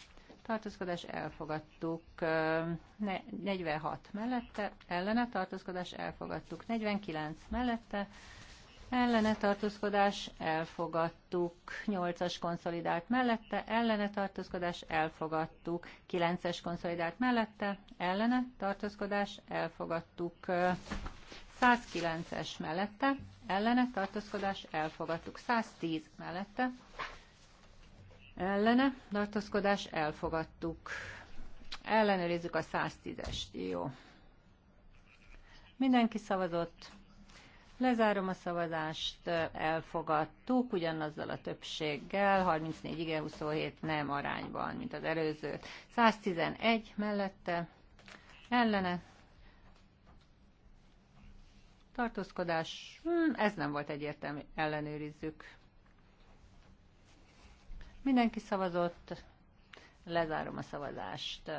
tartózkodás elfogadtuk 46 mellette, ellene tartózkodás elfogadtuk 49 mellette, ellene tartózkodás elfogadtuk 8-as konszolidált mellette, ellene tartózkodás elfogadtuk 9-es konszolidált mellette, ellene tartózkodás elfogadtuk 109-es mellette, ellene tartózkodás elfogadtuk 110 mellette, ellene, tartózkodás elfogadtuk. Ellenőrizzük a 110-est, jó. Mindenki szavazott. Lezárom a szavazást, elfogadtuk ugyanazzal a többséggel, 34 igen, 27 nem arányban, mint az előző. 111 mellette, ellene, tartózkodás, hmm, ez nem volt egyértelmű, ellenőrizzük. Mindenki szavazott, lezárom a szavazást.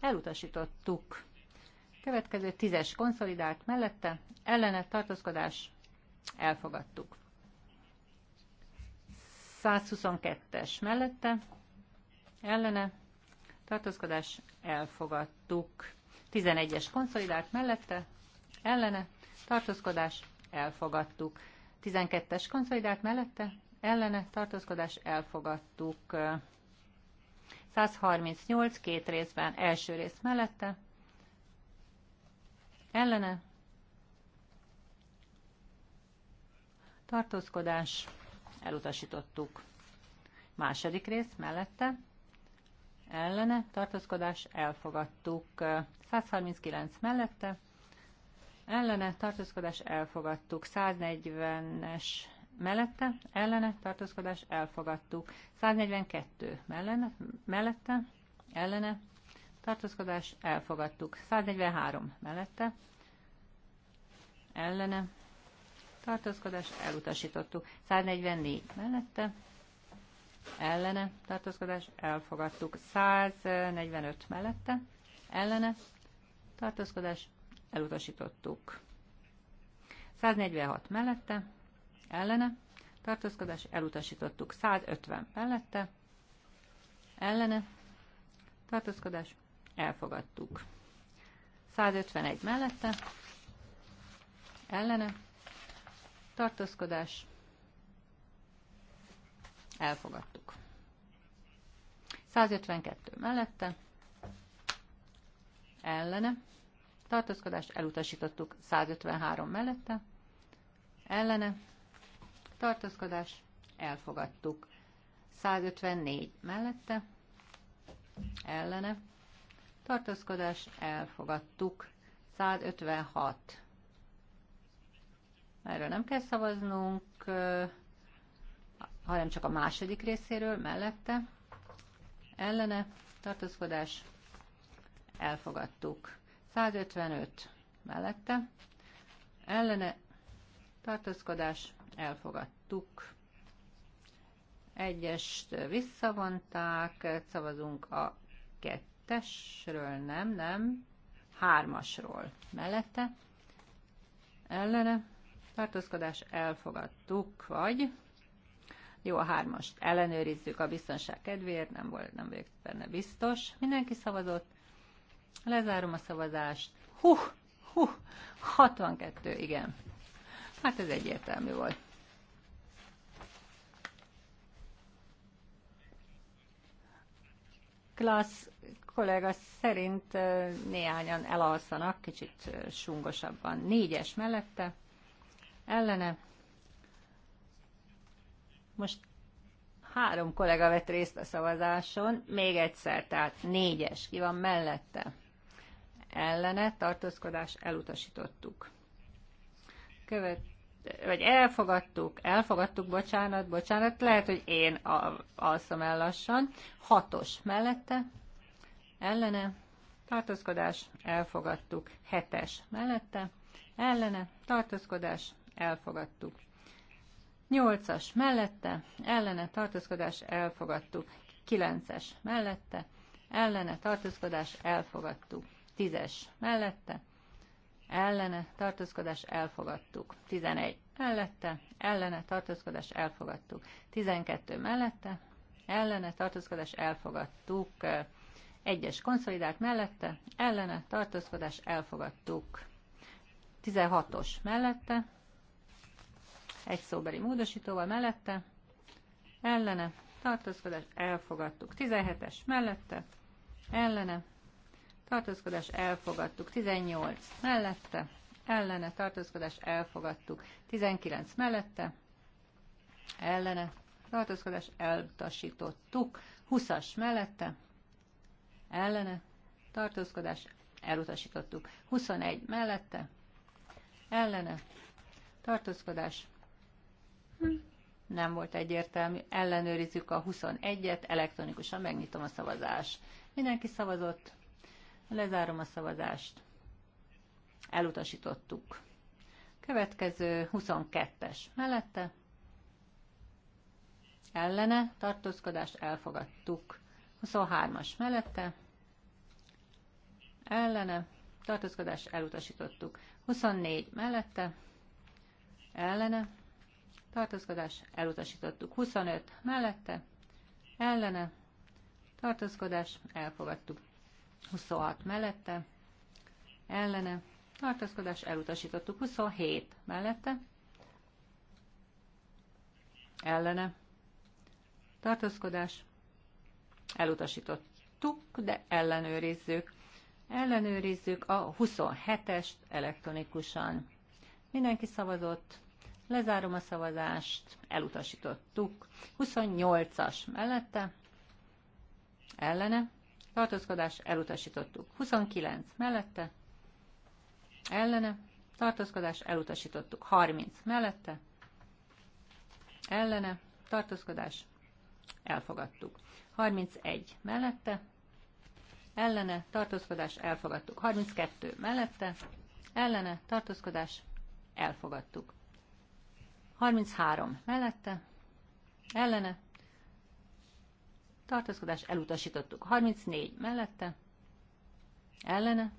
Elutasítottuk. Következő tízes konszolidált mellette, ellene tartózkodás, elfogadtuk. 122-es mellette, ellene tartózkodás, elfogadtuk. 11-es konszolidált mellette, ellene tartózkodás, elfogadtuk. 12-es konszolidált mellette, ellene tartózkodás elfogadtuk. 138 két részben első rész mellette, ellene tartózkodás elutasítottuk. Második rész mellette, ellene tartózkodás elfogadtuk. 139 mellette, ellene tartózkodás elfogadtuk. 140-es mellette, ellene, tartózkodás, elfogadtuk. 142 mellene, mellette, ellene, tartózkodás, elfogadtuk. 143 mellette, ellene, tartózkodás, elutasítottuk. 144 mellette, ellene, tartózkodás, elfogadtuk. 145 mellette, ellene, tartózkodás, elutasítottuk. 146 mellette, ellene, tartózkodás elutasítottuk 150 mellette, ellene, tartózkodás elfogadtuk. 151 mellette, ellene, tartózkodás elfogadtuk. 152 mellette, ellene, tartózkodás elutasítottuk 153 mellette, ellene, tartózkodás, elfogadtuk. 154 mellette, ellene, tartózkodás, elfogadtuk. 156. Erről nem kell szavaznunk, hanem csak a második részéről, mellette, ellene, tartózkodás, elfogadtuk. 155 mellette, ellene, tartózkodás, elfogadtuk. Egyest visszavonták, szavazunk a kettesről, nem, nem, hármasról mellette. Ellene tartózkodás elfogadtuk, vagy jó, a hármast ellenőrizzük a biztonság kedvéért, nem volt, nem vagyok benne biztos. Mindenki szavazott. Lezárom a szavazást. Hú, hú, 62, igen. Hát ez egyértelmű volt. Klassz kollega szerint néhányan elalszanak, kicsit sungosabban. Négyes mellette, ellene. Most három kollega vett részt a szavazáson, még egyszer, tehát négyes, ki van mellette. Ellene tartózkodás elutasítottuk. Követ vagy elfogadtuk, elfogadtuk, bocsánat, bocsánat, lehet, hogy én alszom el lassan. Hatos mellette, ellene, tartózkodás, elfogadtuk. Hetes mellette, ellene, tartózkodás, elfogadtuk. Nyolcas mellette, ellene, tartózkodás, elfogadtuk. Kilences mellette, ellene, tartózkodás, elfogadtuk. Tízes mellette, ellene tartózkodás elfogadtuk. 11 mellette, ellene tartózkodás elfogadtuk. 12 mellette, ellene tartózkodás elfogadtuk. Egyes konszolidált mellette, ellene tartózkodás elfogadtuk. 16-os mellette, egy szóbeli módosítóval mellette, ellene tartózkodás elfogadtuk. 17-es mellette, ellene tartózkodás elfogadtuk. 18 mellette, ellene tartózkodás elfogadtuk. 19 mellette, ellene tartózkodás elutasítottuk. 20-as mellette, ellene tartózkodás elutasítottuk. 21 mellette, ellene tartózkodás nem volt egyértelmű. Ellenőrizzük a 21-et, elektronikusan megnyitom a szavazást. Mindenki szavazott. Lezárom a szavazást. Elutasítottuk. Következő 22-es mellette. Ellene tartózkodást elfogadtuk. 23-as mellette. Ellene tartózkodást elutasítottuk. 24 mellette. Ellene tartózkodást elutasítottuk. 25 mellette. Ellene tartózkodást elfogadtuk. 26 mellette, ellene, tartózkodás elutasítottuk. 27 mellette, ellene, tartózkodás elutasítottuk, de ellenőrizzük. Ellenőrizzük a 27-est elektronikusan. Mindenki szavazott, lezárom a szavazást, elutasítottuk. 28-as mellette, ellene, tartózkodás elutasítottuk. 29 mellette, ellene, tartózkodás elutasítottuk. 30 mellette, ellene, tartózkodás elfogadtuk. 31 mellette, ellene, tartózkodás elfogadtuk. 32 mellette, ellene, tartózkodás elfogadtuk. 33 mellette, ellene, tartózkodás elutasítottuk. 34 mellette, ellene,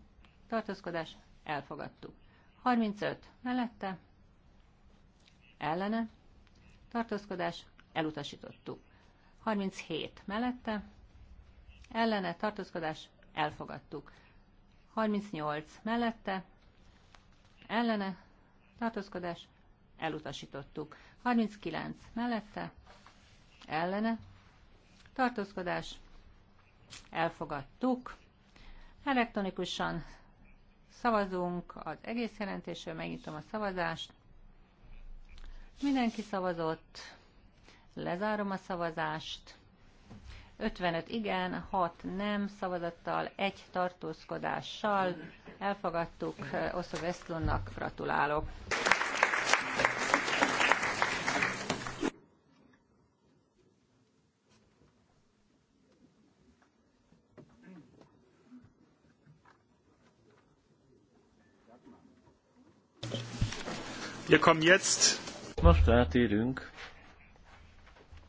tartózkodás elfogadtuk. 35 mellette, ellene, tartózkodás elutasítottuk. 37 mellette, ellene, tartózkodás elfogadtuk. 38 mellette, ellene, tartózkodás elutasítottuk. 39 mellette, ellene, tartózkodás, elfogadtuk. Elektronikusan szavazunk az egész jelentésről, megnyitom a szavazást. Mindenki szavazott, lezárom a szavazást. 55 igen, 6 nem szavazattal, egy tartózkodással elfogadtuk. Oszo Eszlónnak gratulálok. Wir kommen jetzt. Most átérünk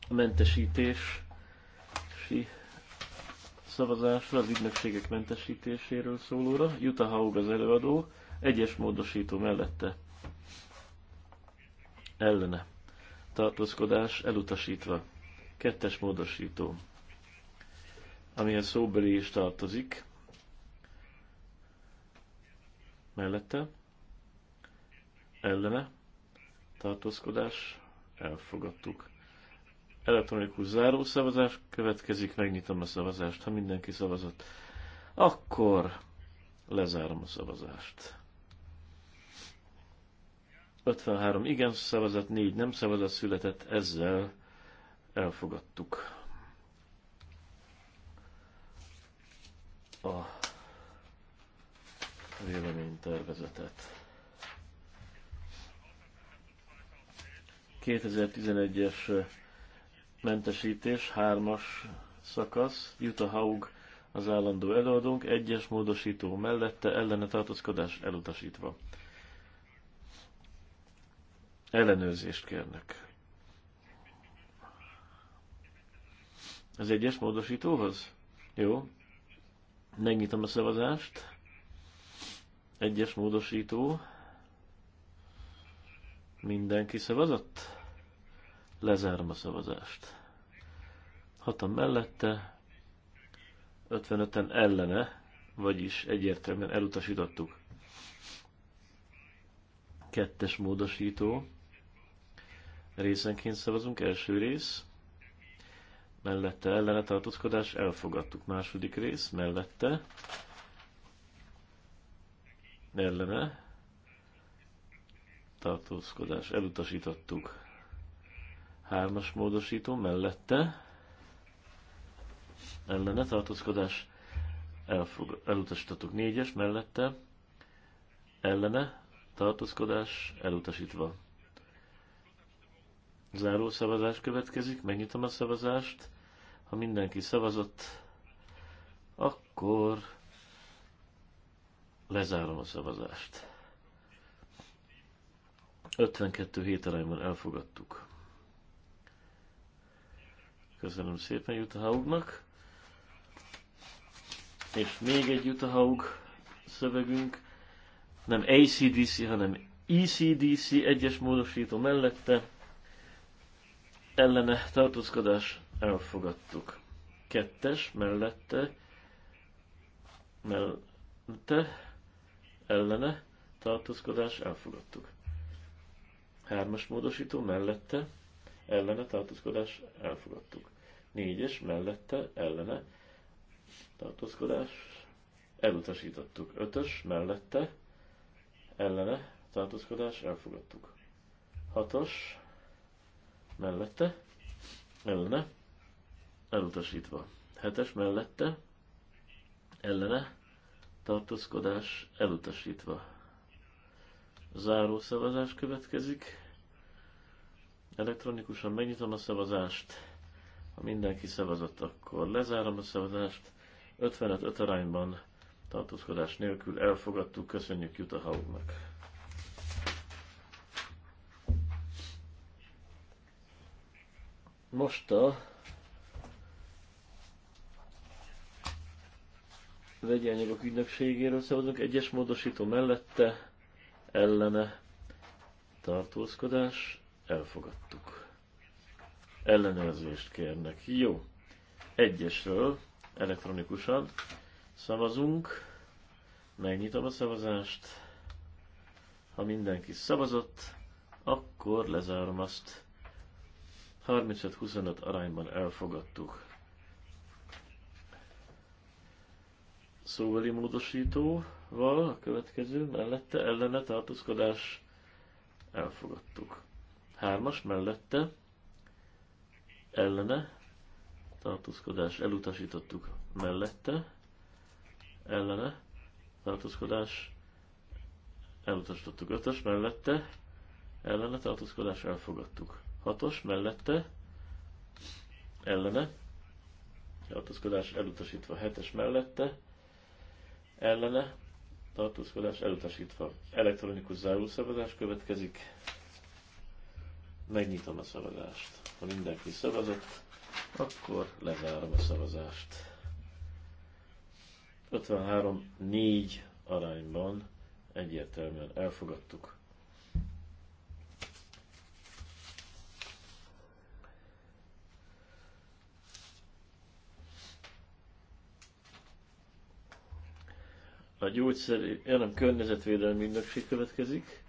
a mentesítési szavazásra, az ügynökségek mentesítéséről szólóra. Jutta Haug az előadó, egyes módosító mellette ellene. Tartózkodás elutasítva. Kettes módosító, amilyen szóbeli is tartozik. Mellette ellene tartózkodás elfogadtuk. Elektronikus zárószavazás következik, megnyitom a szavazást, ha mindenki szavazott. Akkor lezárom a szavazást. 53 igen szavazat, 4 nem szavazat született, ezzel elfogadtuk a véleménytervezetet. 2011-es mentesítés, hármas szakasz, Jutta Haug az állandó előadónk, egyes módosító mellette ellene tartózkodás elutasítva. Ellenőrzést kérnek. Az egyes módosítóhoz? Jó. Megnyitom a szavazást. Egyes módosító. Mindenki szavazott? Lezárom a szavazást. Hatan mellette, 55-en ellene, vagyis egyértelműen elutasítottuk. Kettes módosító. Részenként szavazunk, első rész. Mellette ellene tartózkodás, elfogadtuk. Második rész, mellette. Ellene tartózkodás, elutasítottuk Hármas módosító mellette ellene tartózkodás elfog, elutasítottuk. Négyes mellette ellene tartózkodás elutasítva. Záró szavazás következik, megnyitom a szavazást. Ha mindenki szavazott, akkor lezárom a szavazást. 52 hét arányban elfogadtuk. Köszönöm szépen Jutahaugnak. És még egy Jutahaug szövegünk, nem ACDC, hanem ECDC egyes módosító mellette ellene tartózkodás elfogadtuk. Kettes mellette mellette ellene tartózkodás elfogadtuk. Hármas módosító mellette ellene tartózkodás elfogadtuk. Négyes mellette ellene tartózkodás elutasítottuk. Ötös mellette ellene tartózkodás elfogadtuk. Hatos mellette ellene elutasítva. Hetes mellette ellene tartózkodás elutasítva. Záró szavazás következik. Elektronikusan megnyitom a szavazást. Ha mindenki szavazott, akkor lezárom a szavazást. 55-5 arányban tartózkodás nélkül elfogadtuk, köszönjük Juta Haugnak. Most a vegyi anyagok ügynökségéről szavazunk, egyes módosító mellette, ellene tartózkodás, elfogadtuk ellenőrzést kérnek. Jó. Egyesről elektronikusan szavazunk. Megnyitom a szavazást. Ha mindenki szavazott, akkor lezárom azt. 35-25 arányban elfogadtuk. Szóbeli módosítóval a következő mellette ellene tartózkodás elfogadtuk. Hármas mellette ellene, tartózkodás elutasítottuk mellette, ellene, tartózkodás elutasítottuk ötös mellette, ellene tartózkodás elfogadtuk. Hatos mellette, ellene, tartózkodás elutasítva hetes mellette, ellene, tartózkodás elutasítva. Elektronikus zárószavazás következik. Megnyitom a szavazást. Ha mindenki szavazott, akkor lezárom a szavazást. 53-4 arányban egyértelműen elfogadtuk. A gyógyszer, nem környezetvédelmi ügynökség következik.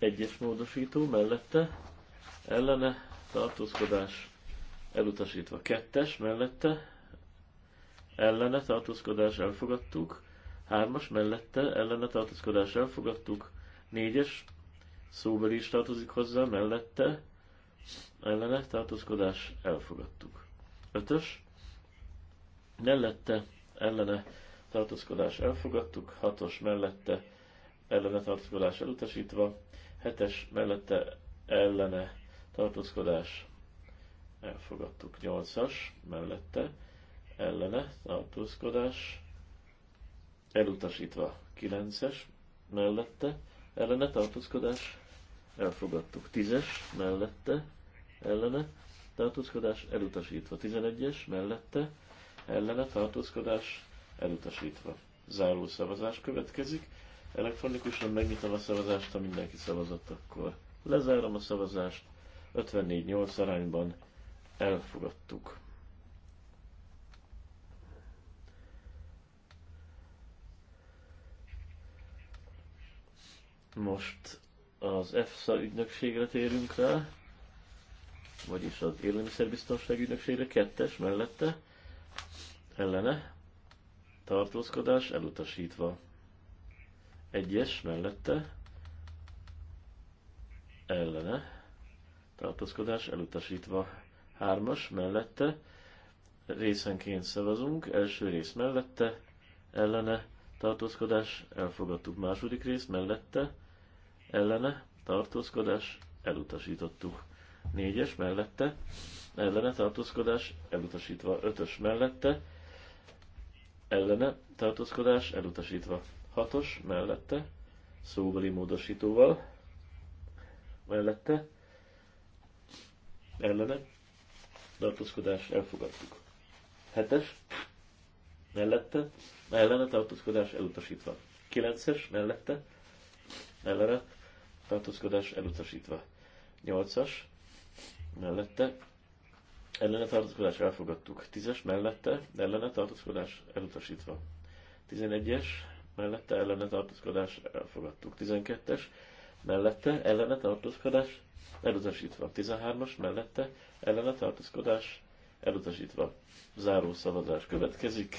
Egyes módosító mellette ellene tartózkodás elutasítva. Kettes mellette ellene tartózkodás elfogadtuk. Hármas mellette ellene tartózkodás elfogadtuk. Négyes szóbeli is tartozik hozzá mellette ellene tartózkodás elfogadtuk. Ötös mellette ellene tartózkodás elfogadtuk. Hatos mellette ellene tartózkodás elutasítva hetes mellette ellene tartózkodás elfogadtuk. 8-as mellette ellene tartózkodás elutasítva. 9-es mellette ellene tartózkodás elfogadtuk. 10-es mellette ellene tartózkodás elutasítva. 11-es mellette ellene tartózkodás elutasítva. Záró szavazás következik. Elektronikusan megnyitom a szavazást, ha mindenki szavazott, akkor lezárom a szavazást. 54-8 arányban elfogadtuk. Most az EFSA ügynökségre térünk rá, vagyis az élelmiszerbiztonság ügynökségre, kettes mellette, ellene, tartózkodás elutasítva. Egyes mellette ellene tartózkodás elutasítva. Hármas mellette részenként szavazunk. Első rész mellette ellene tartózkodás elfogadtuk. Második rész mellette ellene tartózkodás elutasítottuk. Négyes mellette ellene tartózkodás elutasítva. Ötös mellette ellene tartózkodás elutasítva hatos mellette, szóbeli módosítóval, mellette, ellene, tartózkodás elfogadtuk. Hetes, mellette, ellene tartózkodás elutasítva. 9-es, mellette, ellene tartózkodás elutasítva. Nyolcas, mellette, ellene tartózkodás elfogadtuk. 10-es mellette, ellene tartózkodás elutasítva. Tizenegyes, mellette ellene tartózkodás elfogadtuk. 12-es mellette ellene tartózkodás elutasítva. 13-as mellette ellene tartózkodás elutasítva. Záró szavazás következik.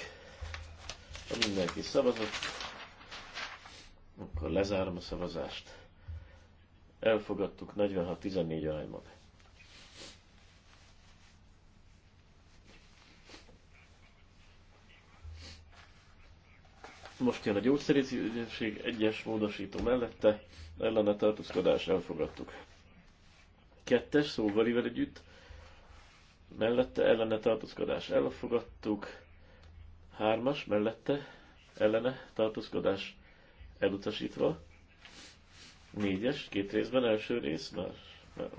Ha mindenki szavazott, akkor lezárom a szavazást. Elfogadtuk 46-14 arányban. Most jön a gyógyszerész ügyesség, egyes módosító mellette, ellene tartózkodás elfogadtuk. Kettes szóvalivel együtt, mellette ellene tartózkodás elfogadtuk. Hármas mellette ellene tartózkodás elutasítva. Négyes, két részben, első rész már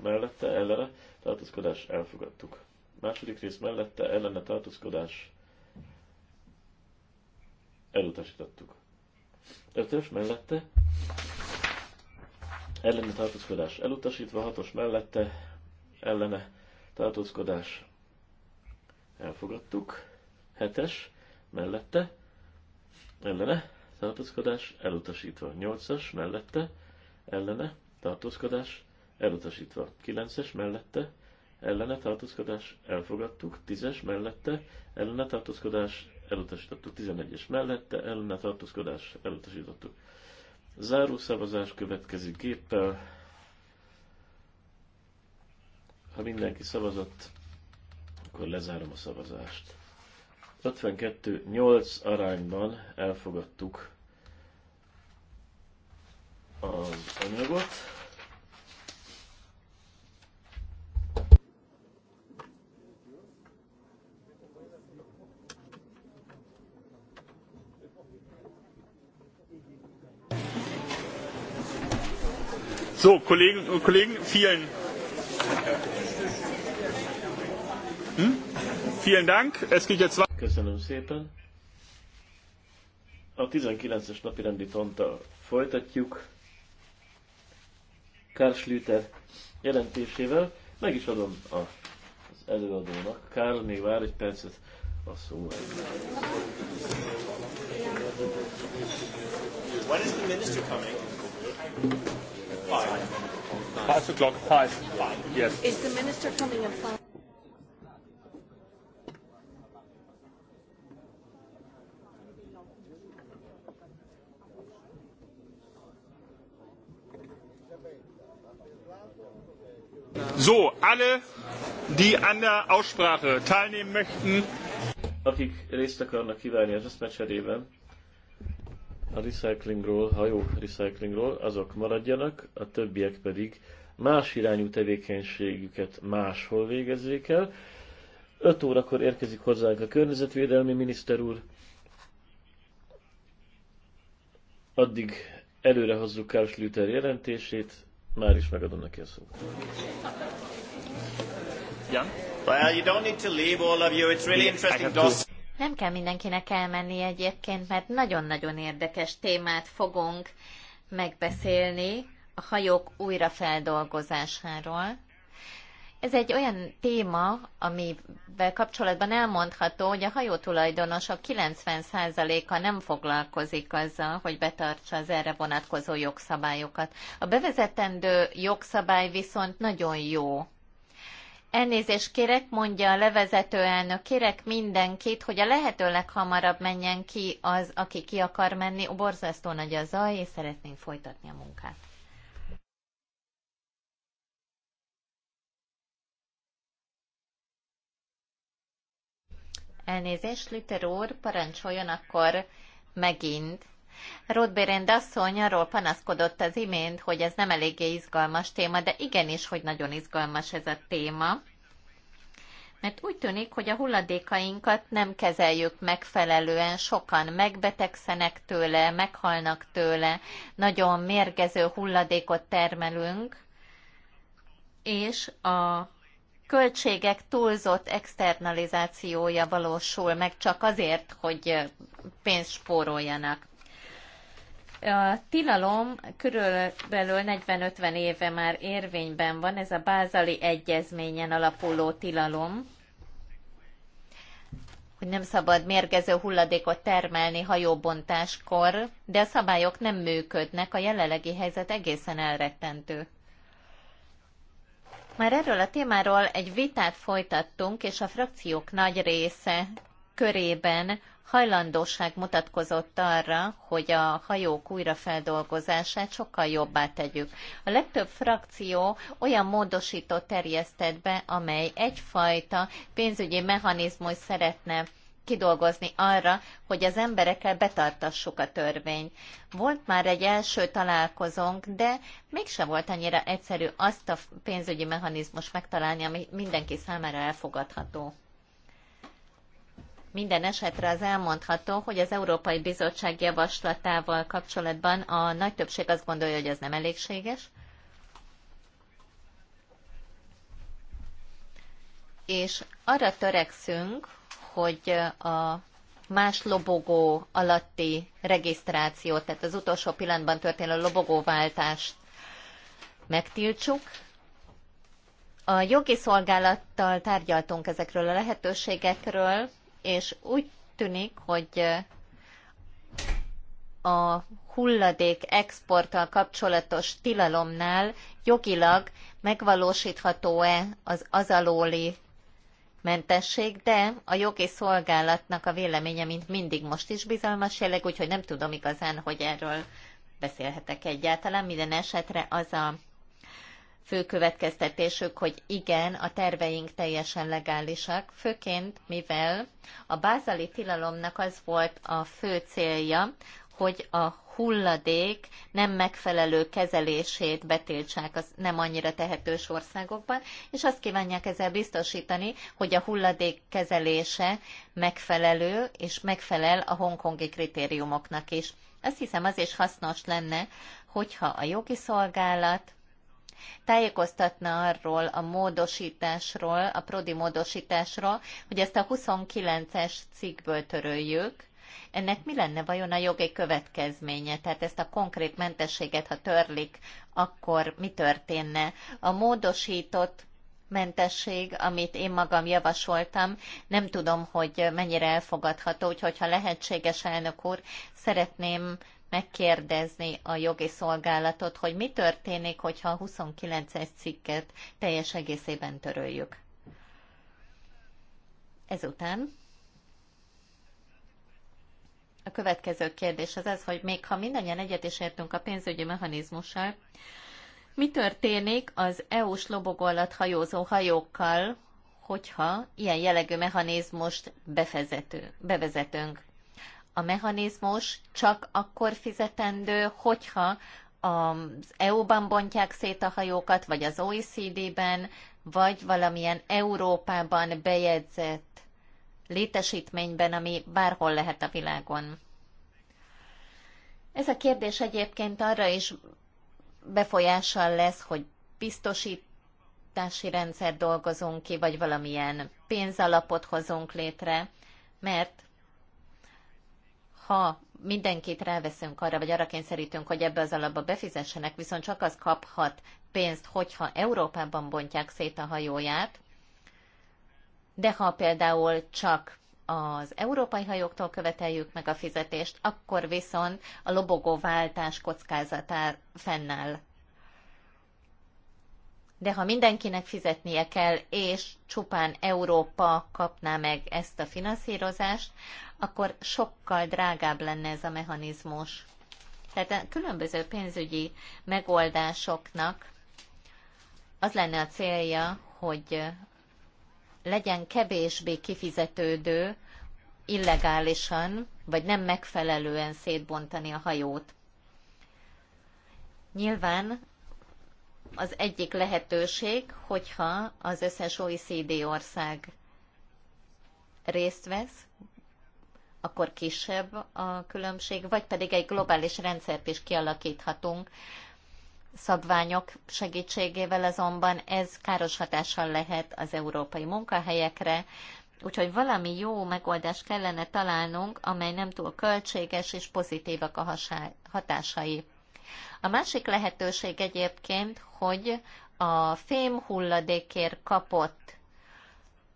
mellette ellene tartózkodás elfogadtuk. Második rész mellette ellene tartózkodás elutasítottuk. Ötös mellette ellene tartózkodás elutasítva, hatos mellette ellene tartózkodás elfogadtuk, hetes mellette ellene tartózkodás elutasítva, nyolcas mellette ellene tartózkodás elutasítva, kilences mellette ellene tartózkodás elfogadtuk, tízes mellette ellene tartózkodás elutasítottuk. 11-es mellette ellene tartózkodás elutasítottuk. Záró szavazás következik géppel. Ha mindenki szavazott, akkor lezárom a szavazást. 52-8 arányban elfogadtuk az anyagot. So, Kollegen und Kollegen, vielen, hm? vielen Dank. Es geht jetzt weiter. Köszönöm szépen. A 19-es napi rendi ponttal folytatjuk. Karl Schlüter jelentésével. Meg is adom a, az előadónak. Karl, még vár egy percet a szó. When is the minister coming? Five. o'clock. Five. Five. Yes. Is the minister coming at five? So, alle, die an der Aussprache teilnehmen möchten. Akik részt akarnak kívánni az a recyclingról, hajó recyclingról, azok maradjanak, a többiek pedig más irányú tevékenységüket máshol végezzék el. 5 órakor érkezik hozzánk a környezetvédelmi miniszter úr, addig előre hozzuk Karl Schlüter jelentését, már is megadom neki a szót. Yeah. Well, you don't need to leave all of you. It's really interesting. Nem kell mindenkinek elmenni egyébként, mert nagyon-nagyon érdekes témát fogunk megbeszélni a hajók újrafeldolgozásáról. Ez egy olyan téma, amivel kapcsolatban elmondható, hogy a hajótulajdonosok 90%-a nem foglalkozik azzal, hogy betartsa az erre vonatkozó jogszabályokat. A bevezetendő jogszabály viszont nagyon jó Elnézést kérek, mondja a levezető elnök, kérek mindenkit, hogy a lehető leghamarabb menjen ki az, aki ki akar menni. A borzasztó nagy a zaj, és szeretnénk folytatni a munkát. Elnézést, Lüter úr, parancsoljon akkor megint Rodbérend asszony arról panaszkodott az imént, hogy ez nem eléggé izgalmas téma, de igenis, hogy nagyon izgalmas ez a téma. Mert úgy tűnik, hogy a hulladékainkat nem kezeljük megfelelően, sokan megbetegszenek tőle, meghalnak tőle, nagyon mérgező hulladékot termelünk, és a költségek túlzott externalizációja valósul meg csak azért, hogy pénzt spóroljanak. A tilalom körülbelül 40-50 éve már érvényben van, ez a bázali egyezményen alapuló tilalom, hogy nem szabad mérgező hulladékot termelni hajóbontáskor, de a szabályok nem működnek, a jelenlegi helyzet egészen elrettentő. Már erről a témáról egy vitát folytattunk, és a frakciók nagy része körében hajlandóság mutatkozott arra, hogy a hajók újrafeldolgozását sokkal jobbá tegyük. A legtöbb frakció olyan módosító terjesztett be, amely egyfajta pénzügyi mechanizmus szeretne kidolgozni arra, hogy az emberekkel betartassuk a törvényt. Volt már egy első találkozónk, de mégsem volt annyira egyszerű azt a pénzügyi mechanizmus megtalálni, ami mindenki számára elfogadható. Minden esetre az elmondható, hogy az Európai Bizottság javaslatával kapcsolatban a nagy többség azt gondolja, hogy ez nem elégséges, és arra törekszünk, hogy a más lobogó alatti regisztráció, tehát az utolsó pillanatban történő lobogóváltást megtiltsuk. A jogi szolgálattal tárgyaltunk ezekről a lehetőségekről, és úgy tűnik, hogy a hulladék exporttal kapcsolatos tilalomnál jogilag megvalósítható-e az azalóli mentesség, de a jogi szolgálatnak a véleménye, mint mindig most is bizalmas jelleg, úgyhogy nem tudom igazán, hogy erről beszélhetek egyáltalán. Minden esetre az a fő következtetésük, hogy igen, a terveink teljesen legálisak, főként mivel a bázali tilalomnak az volt a fő célja, hogy a hulladék nem megfelelő kezelését betiltsák az nem annyira tehetős országokban, és azt kívánják ezzel biztosítani, hogy a hulladék kezelése megfelelő és megfelel a hongkongi kritériumoknak is. Azt hiszem az is hasznos lenne, hogyha a jogi szolgálat tájékoztatna arról a módosításról, a prodi módosításról, hogy ezt a 29-es cikkből töröljük, ennek mi lenne vajon a jogi következménye? Tehát ezt a konkrét mentességet, ha törlik, akkor mi történne? A módosított mentesség, amit én magam javasoltam, nem tudom, hogy mennyire elfogadható, úgyhogy ha lehetséges, elnök úr, szeretném megkérdezni a jogi szolgálatot, hogy mi történik, hogyha a 29-es cikket teljes egészében töröljük. Ezután a következő kérdés az az, hogy még ha mindannyian egyet is értünk a pénzügyi mechanizmussal, mi történik az EU-s lobogó alatt hajózó hajókkal, hogyha ilyen jellegű mechanizmust bevezetünk? a mechanizmus csak akkor fizetendő, hogyha az EU-ban bontják szét a hajókat, vagy az OECD-ben, vagy valamilyen Európában bejegyzett létesítményben, ami bárhol lehet a világon. Ez a kérdés egyébként arra is befolyással lesz, hogy biztosítási rendszer dolgozunk ki, vagy valamilyen pénzalapot hozunk létre, mert ha mindenkit ráveszünk arra, vagy arra kényszerítünk, hogy ebbe az alapba befizessenek, viszont csak az kaphat pénzt, hogyha Európában bontják szét a hajóját, de ha például csak az európai hajóktól követeljük meg a fizetést, akkor viszont a lobogóváltás kockázatá fennáll. De ha mindenkinek fizetnie kell, és csupán Európa kapná meg ezt a finanszírozást, akkor sokkal drágább lenne ez a mechanizmus. Tehát a különböző pénzügyi megoldásoknak az lenne a célja, hogy legyen kevésbé kifizetődő illegálisan, vagy nem megfelelően szétbontani a hajót. Nyilván az egyik lehetőség, hogyha az összes OECD ország részt vesz, akkor kisebb a különbség, vagy pedig egy globális rendszert is kialakíthatunk. Szabványok segítségével azonban ez káros hatással lehet az európai munkahelyekre, úgyhogy valami jó megoldást kellene találnunk, amely nem túl költséges és pozitívak a hatásai. A másik lehetőség egyébként, hogy a fém hulladékért kapott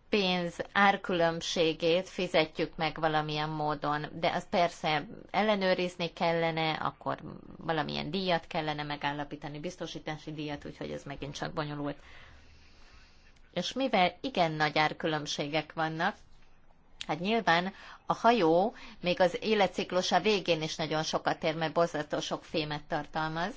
pénz árkülönbségét fizetjük meg valamilyen módon, de az persze ellenőrizni kellene, akkor valamilyen díjat kellene megállapítani, biztosítási díjat, úgyhogy ez megint csak bonyolult. És mivel igen nagy árkülönbségek vannak, Hát nyilván a hajó még az életciklusa végén is nagyon sokat ér, mert sok fémet tartalmaz,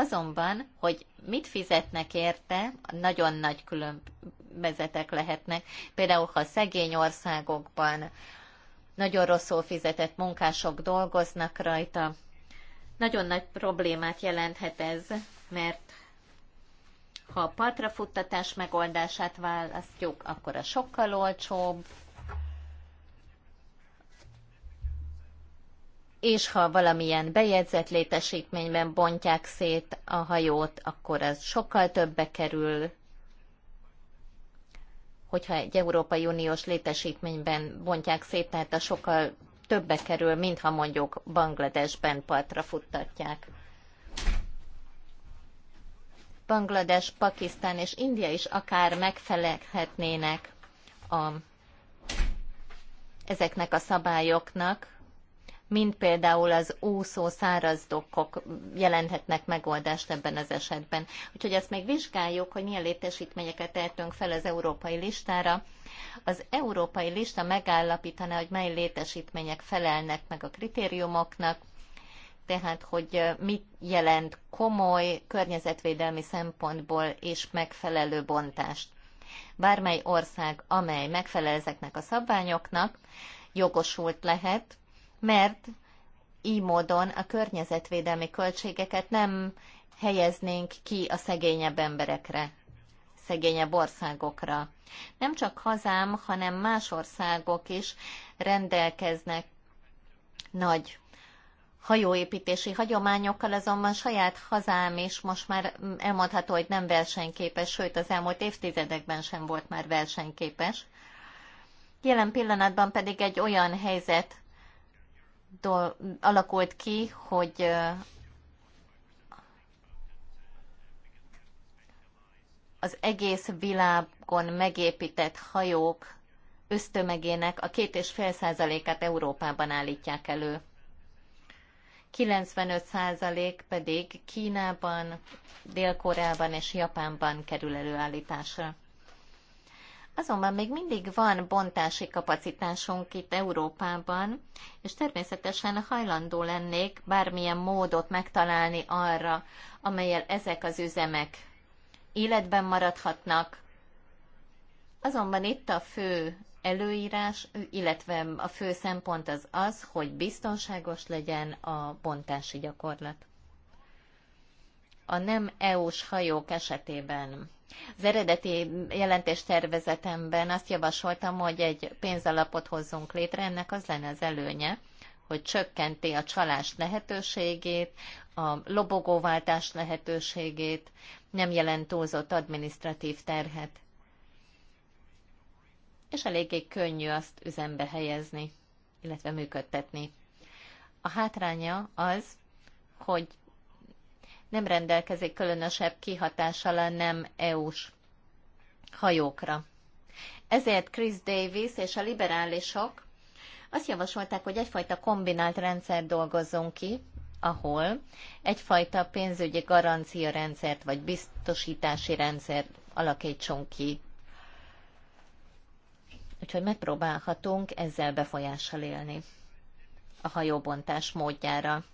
Azonban, hogy mit fizetnek érte, nagyon nagy különbözetek lehetnek. Például, ha szegény országokban nagyon rosszul fizetett munkások dolgoznak rajta, nagyon nagy problémát jelenthet ez, mert ha a partrafuttatás megoldását választjuk, akkor a sokkal olcsóbb, és ha valamilyen bejegyzett létesítményben bontják szét a hajót, akkor ez sokkal többe kerül, hogyha egy Európai Uniós létesítményben bontják szét, tehát a sokkal többe kerül, mintha mondjuk Bangladesben partra futtatják. Banglades, Pakisztán és India is akár megfelelhetnének a, ezeknek a szabályoknak, mint például az úszó száraz dokkok jelenthetnek megoldást ebben az esetben. Úgyhogy ezt még vizsgáljuk, hogy milyen létesítményeket tehetünk fel az európai listára. Az európai lista megállapítaná, hogy mely létesítmények felelnek meg a kritériumoknak, tehát hogy mit jelent komoly környezetvédelmi szempontból és megfelelő bontást. Bármely ország, amely megfelel ezeknek a szabványoknak, jogosult lehet mert így módon a környezetvédelmi költségeket nem helyeznénk ki a szegényebb emberekre, szegényebb országokra. Nem csak hazám, hanem más országok is rendelkeznek nagy hajóépítési hagyományokkal, azonban saját hazám is most már elmondható, hogy nem versenyképes, sőt az elmúlt évtizedekben sem volt már versenyképes. Jelen pillanatban pedig egy olyan helyzet dol- alakult ki, hogy az egész világon megépített hajók ösztömegének a két és fél százalékát Európában állítják elő. 95% százalék pedig Kínában, Dél-Koreában és Japánban kerül előállításra. Azonban még mindig van bontási kapacitásunk itt Európában, és természetesen hajlandó lennék bármilyen módot megtalálni arra, amelyel ezek az üzemek életben maradhatnak. Azonban itt a fő előírás, illetve a fő szempont az az, hogy biztonságos legyen a bontási gyakorlat. A nem EU-s hajók esetében az eredeti jelentéstervezetemben azt javasoltam, hogy egy pénzalapot hozzunk létre, ennek az lenne az előnye, hogy csökkenti a csalás lehetőségét, a lobogóváltás lehetőségét, nem jelent túlzott adminisztratív terhet. És eléggé könnyű azt üzembe helyezni, illetve működtetni. A hátránya az, hogy nem rendelkezik különösebb kihatással a nem EU-s hajókra. Ezért Chris Davis és a liberálisok azt javasolták, hogy egyfajta kombinált rendszer dolgozzon ki, ahol egyfajta pénzügyi garancia rendszert vagy biztosítási rendszert alakítson ki. Úgyhogy megpróbálhatunk ezzel befolyással élni a hajóbontás módjára.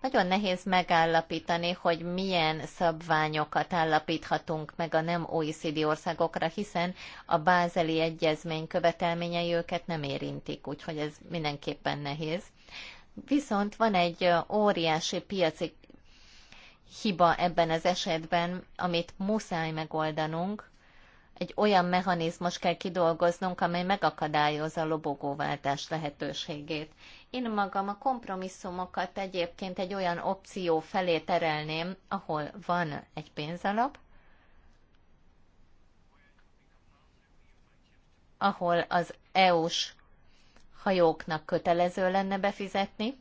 Nagyon nehéz megállapítani, hogy milyen szabványokat állapíthatunk meg a nem OECD országokra, hiszen a bázeli egyezmény követelményei őket nem érintik, úgyhogy ez mindenképpen nehéz. Viszont van egy óriási piaci hiba ebben az esetben, amit muszáj megoldanunk, egy olyan mechanizmus kell kidolgoznunk, amely megakadályozza a lobogóváltás lehetőségét. Én magam a kompromisszumokat egyébként egy olyan opció felé terelném, ahol van egy pénzalap, ahol az EU-s hajóknak kötelező lenne befizetni,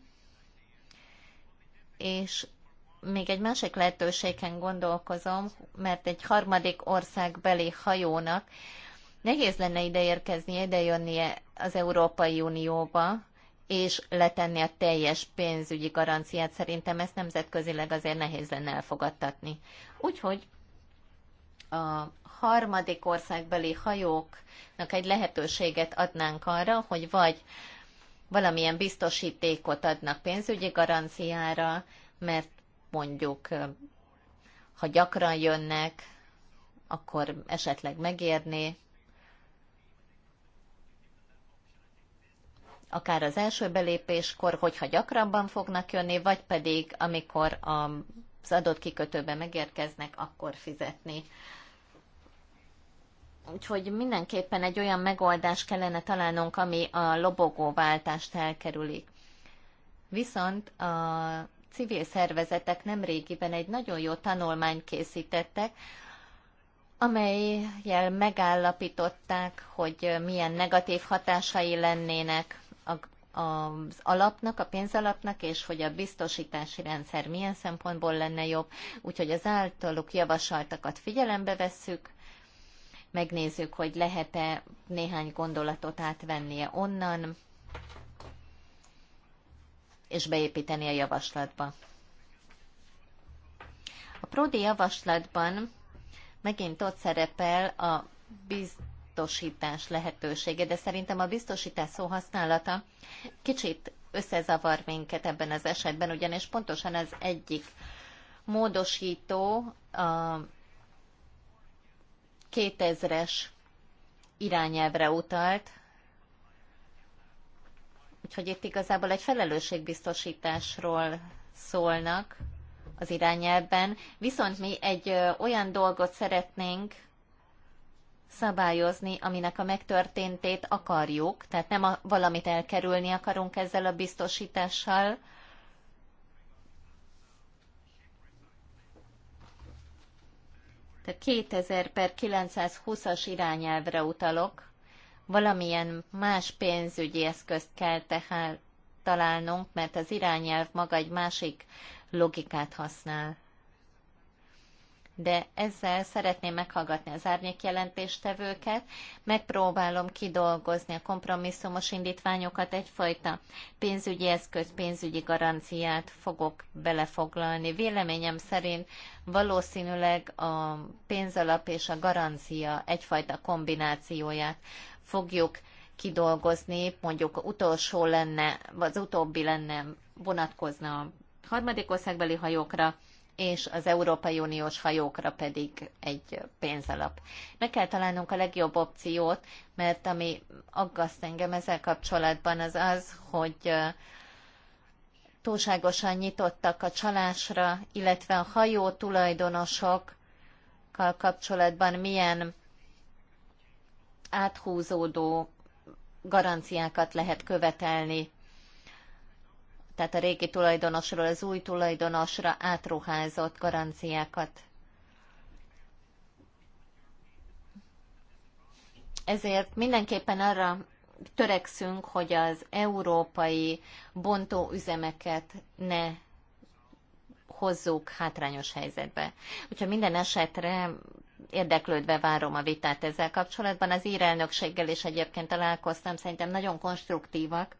és még egy másik lehetőségen gondolkozom, mert egy harmadik ország beli hajónak nehéz lenne ide érkeznie, ide jönnie az Európai Unióba, és letenni a teljes pénzügyi garanciát, szerintem ezt nemzetközileg azért nehéz lenne elfogadtatni. Úgyhogy a harmadik országbeli hajóknak egy lehetőséget adnánk arra, hogy vagy valamilyen biztosítékot adnak pénzügyi garanciára, mert mondjuk, ha gyakran jönnek, akkor esetleg megérné, akár az első belépéskor, hogyha gyakrabban fognak jönni, vagy pedig amikor az adott kikötőbe megérkeznek, akkor fizetni. Úgyhogy mindenképpen egy olyan megoldást kellene találnunk, ami a lobogóváltást elkerüli. Viszont a civil szervezetek nemrégiben egy nagyon jó tanulmányt készítettek, amelyel megállapították, hogy milyen negatív hatásai lennének az alapnak, a pénzalapnak, és hogy a biztosítási rendszer milyen szempontból lenne jobb. Úgyhogy az általuk javasoltakat figyelembe vesszük, megnézzük, hogy lehet-e néhány gondolatot átvennie onnan, és beépíteni a javaslatba. A Prodi javaslatban megint ott szerepel a biz- biztosítás lehetősége, de szerintem a biztosítás szó használata kicsit összezavar minket ebben az esetben, ugyanis pontosan az egyik módosító a 2000-es irányelvre utalt, úgyhogy itt igazából egy felelősségbiztosításról szólnak az irányelvben, viszont mi egy olyan dolgot szeretnénk szabályozni, aminek a megtörténtét akarjuk, tehát nem a, valamit elkerülni akarunk ezzel a biztosítással, tehát 2000 per 920-as irányelvre utalok, valamilyen más pénzügyi eszközt kell tehát találnunk, mert az irányelv maga egy másik logikát használ de ezzel szeretném meghallgatni az árnyék jelentéstevőket, megpróbálom kidolgozni a kompromisszumos indítványokat, egyfajta pénzügyi eszköz, pénzügyi garanciát fogok belefoglalni. Véleményem szerint valószínűleg a pénzalap és a garancia egyfajta kombinációját fogjuk kidolgozni, mondjuk utolsó lenne, az utóbbi lenne, vonatkozna a harmadik országbeli hajókra, és az Európai Uniós hajókra pedig egy pénzalap. Meg kell találnunk a legjobb opciót, mert ami aggaszt engem ezzel kapcsolatban az az, hogy túlságosan nyitottak a csalásra, illetve a hajó tulajdonosokkal kapcsolatban milyen áthúzódó garanciákat lehet követelni tehát a régi tulajdonosról az új tulajdonosra átruházott garanciákat. Ezért mindenképpen arra törekszünk, hogy az európai bontóüzemeket ne hozzuk hátrányos helyzetbe. Úgyhogy minden esetre érdeklődve várom a vitát ezzel kapcsolatban. Az írelnökséggel is egyébként találkoztam, szerintem nagyon konstruktívak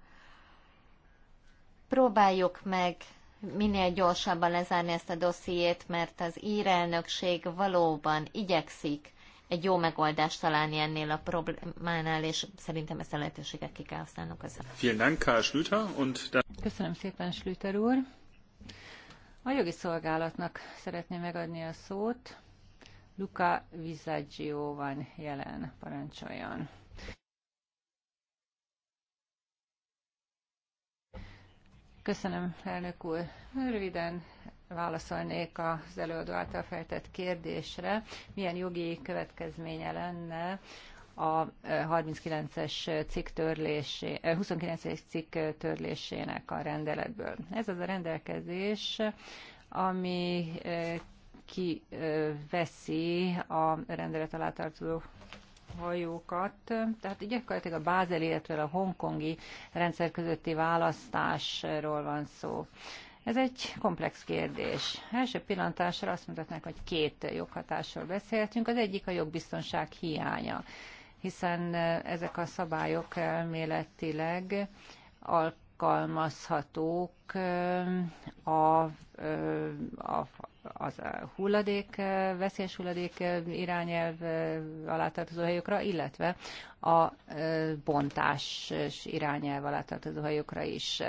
Próbáljuk meg minél gyorsabban lezárni ezt a dossziét, mert az írelnökség valóban igyekszik egy jó megoldást találni ennél a problémánál, és szerintem ezt a lehetőséget ki kell használnunk. Köszönöm. Köszönöm szépen, Slüter úr. A jogi szolgálatnak szeretném megadni a szót. Luca Visaggio van jelen, parancsoljon. Köszönöm, elnök úr. Röviden válaszolnék az előadó által feltett kérdésre, milyen jogi következménye lenne a 39-es cikk törlésé, 29-es cikk törlésének a rendeletből. Ez az a rendelkezés, ami kiveszi a rendelet alá tartozó hajókat. Tehát gyakorlatilag a bázeli, illetve a hongkongi rendszer közötti választásról van szó. Ez egy komplex kérdés. Első pillantásra azt mutatnák, hogy két joghatásról beszéltünk. Az egyik a jogbiztonság hiánya, hiszen ezek a szabályok elméletileg alkalmazottak alkalmazhatók a, a, az hulladék, veszélyes hulladék irányelv alátartozó helyokra, illetve a bontás irányelv alátartozó helyokra is.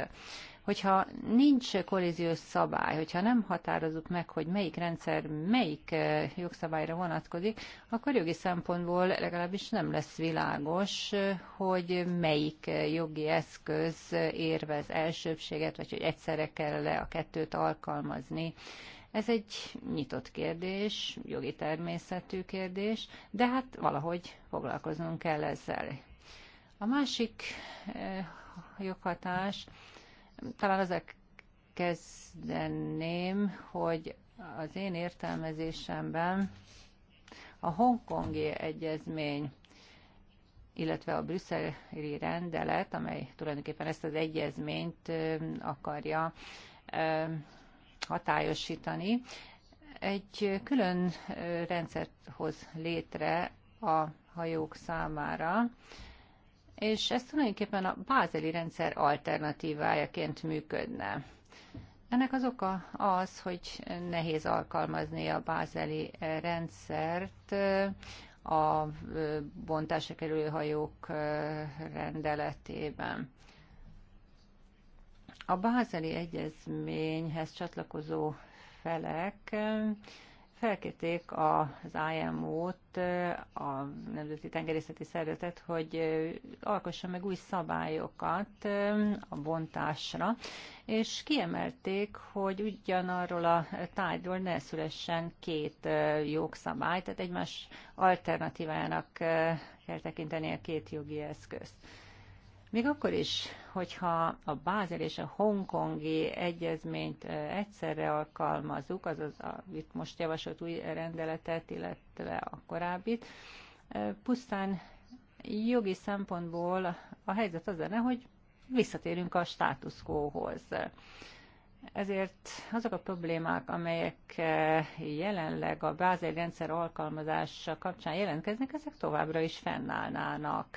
Hogyha nincs kohéziós szabály, hogyha nem határozunk meg, hogy melyik rendszer melyik eh, jogszabályra vonatkozik, akkor jogi szempontból legalábbis nem lesz világos, eh, hogy melyik eh, jogi eszköz érvez elsőbséget, vagy hogy egyszerre kell le a kettőt alkalmazni. Ez egy nyitott kérdés, jogi természetű kérdés, de hát valahogy foglalkoznunk kell ezzel. A másik joghatás talán ezek kezdeném, hogy az én értelmezésemben a hongkongi egyezmény, illetve a brüsszeli rendelet, amely tulajdonképpen ezt az egyezményt akarja hatályosítani, egy külön rendszert hoz létre a hajók számára, és ez tulajdonképpen a bázeli rendszer alternatívájaként működne. Ennek az oka az, hogy nehéz alkalmazni a bázeli rendszert a bontásra kerülő hajók rendeletében. A bázeli egyezményhez csatlakozó felek felkérték az IMO-t, a Nemzeti Tengerészeti Szervezetet, hogy alkossa meg új szabályokat a bontásra, és kiemelték, hogy ugyanarról a tárgyról ne szülessen két jogszabály, tehát egymás alternatívának kell tekinteni a két jogi eszközt. Még akkor is, hogyha a Bázel és a hongkongi egyezményt egyszerre alkalmazzuk, azaz a, itt most javasolt új rendeletet, illetve a korábbit, pusztán jogi szempontból a helyzet az lenne, hogy visszatérünk a státuszkóhoz. Ezért azok a problémák, amelyek jelenleg a bázeli rendszer alkalmazása kapcsán jelentkeznek, ezek továbbra is fennállnának.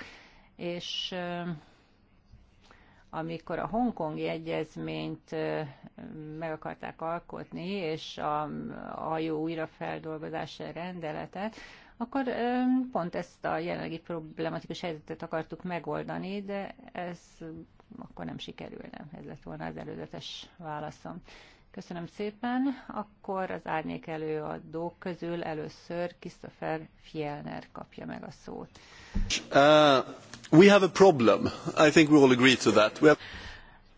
És amikor a hongkongi egyezményt meg akarták alkotni, és a hajó újrafeldolgozása rendeletet, akkor pont ezt a jelenlegi problematikus helyzetet akartuk megoldani, de ez akkor nem sikerülne. Ez lett volna az előzetes válaszom. Köszönöm szépen. Akkor az árnyék előadók közül először Christopher Fielner kapja meg a szót. Uh, we have a problem. I think we all agree to that. We have...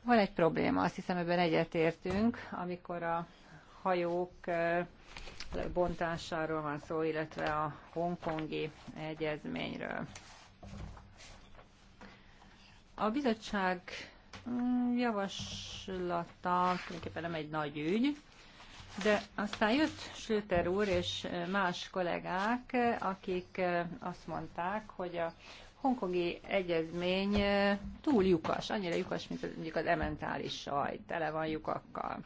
Van egy probléma, azt hiszem ebben egyetértünk, amikor a hajók uh, bontásáról van szó, illetve a hongkongi egyezményről. A bizottság Mm, javaslata tulajdonképpen nem egy nagy ügy, de aztán jött Schlüter úr és más kollégák, akik eh, azt mondták, hogy a hongkongi egyezmény eh, túl lyukas, annyira lyukas, mint mondjuk az ementális saj, tele van lyukakkal.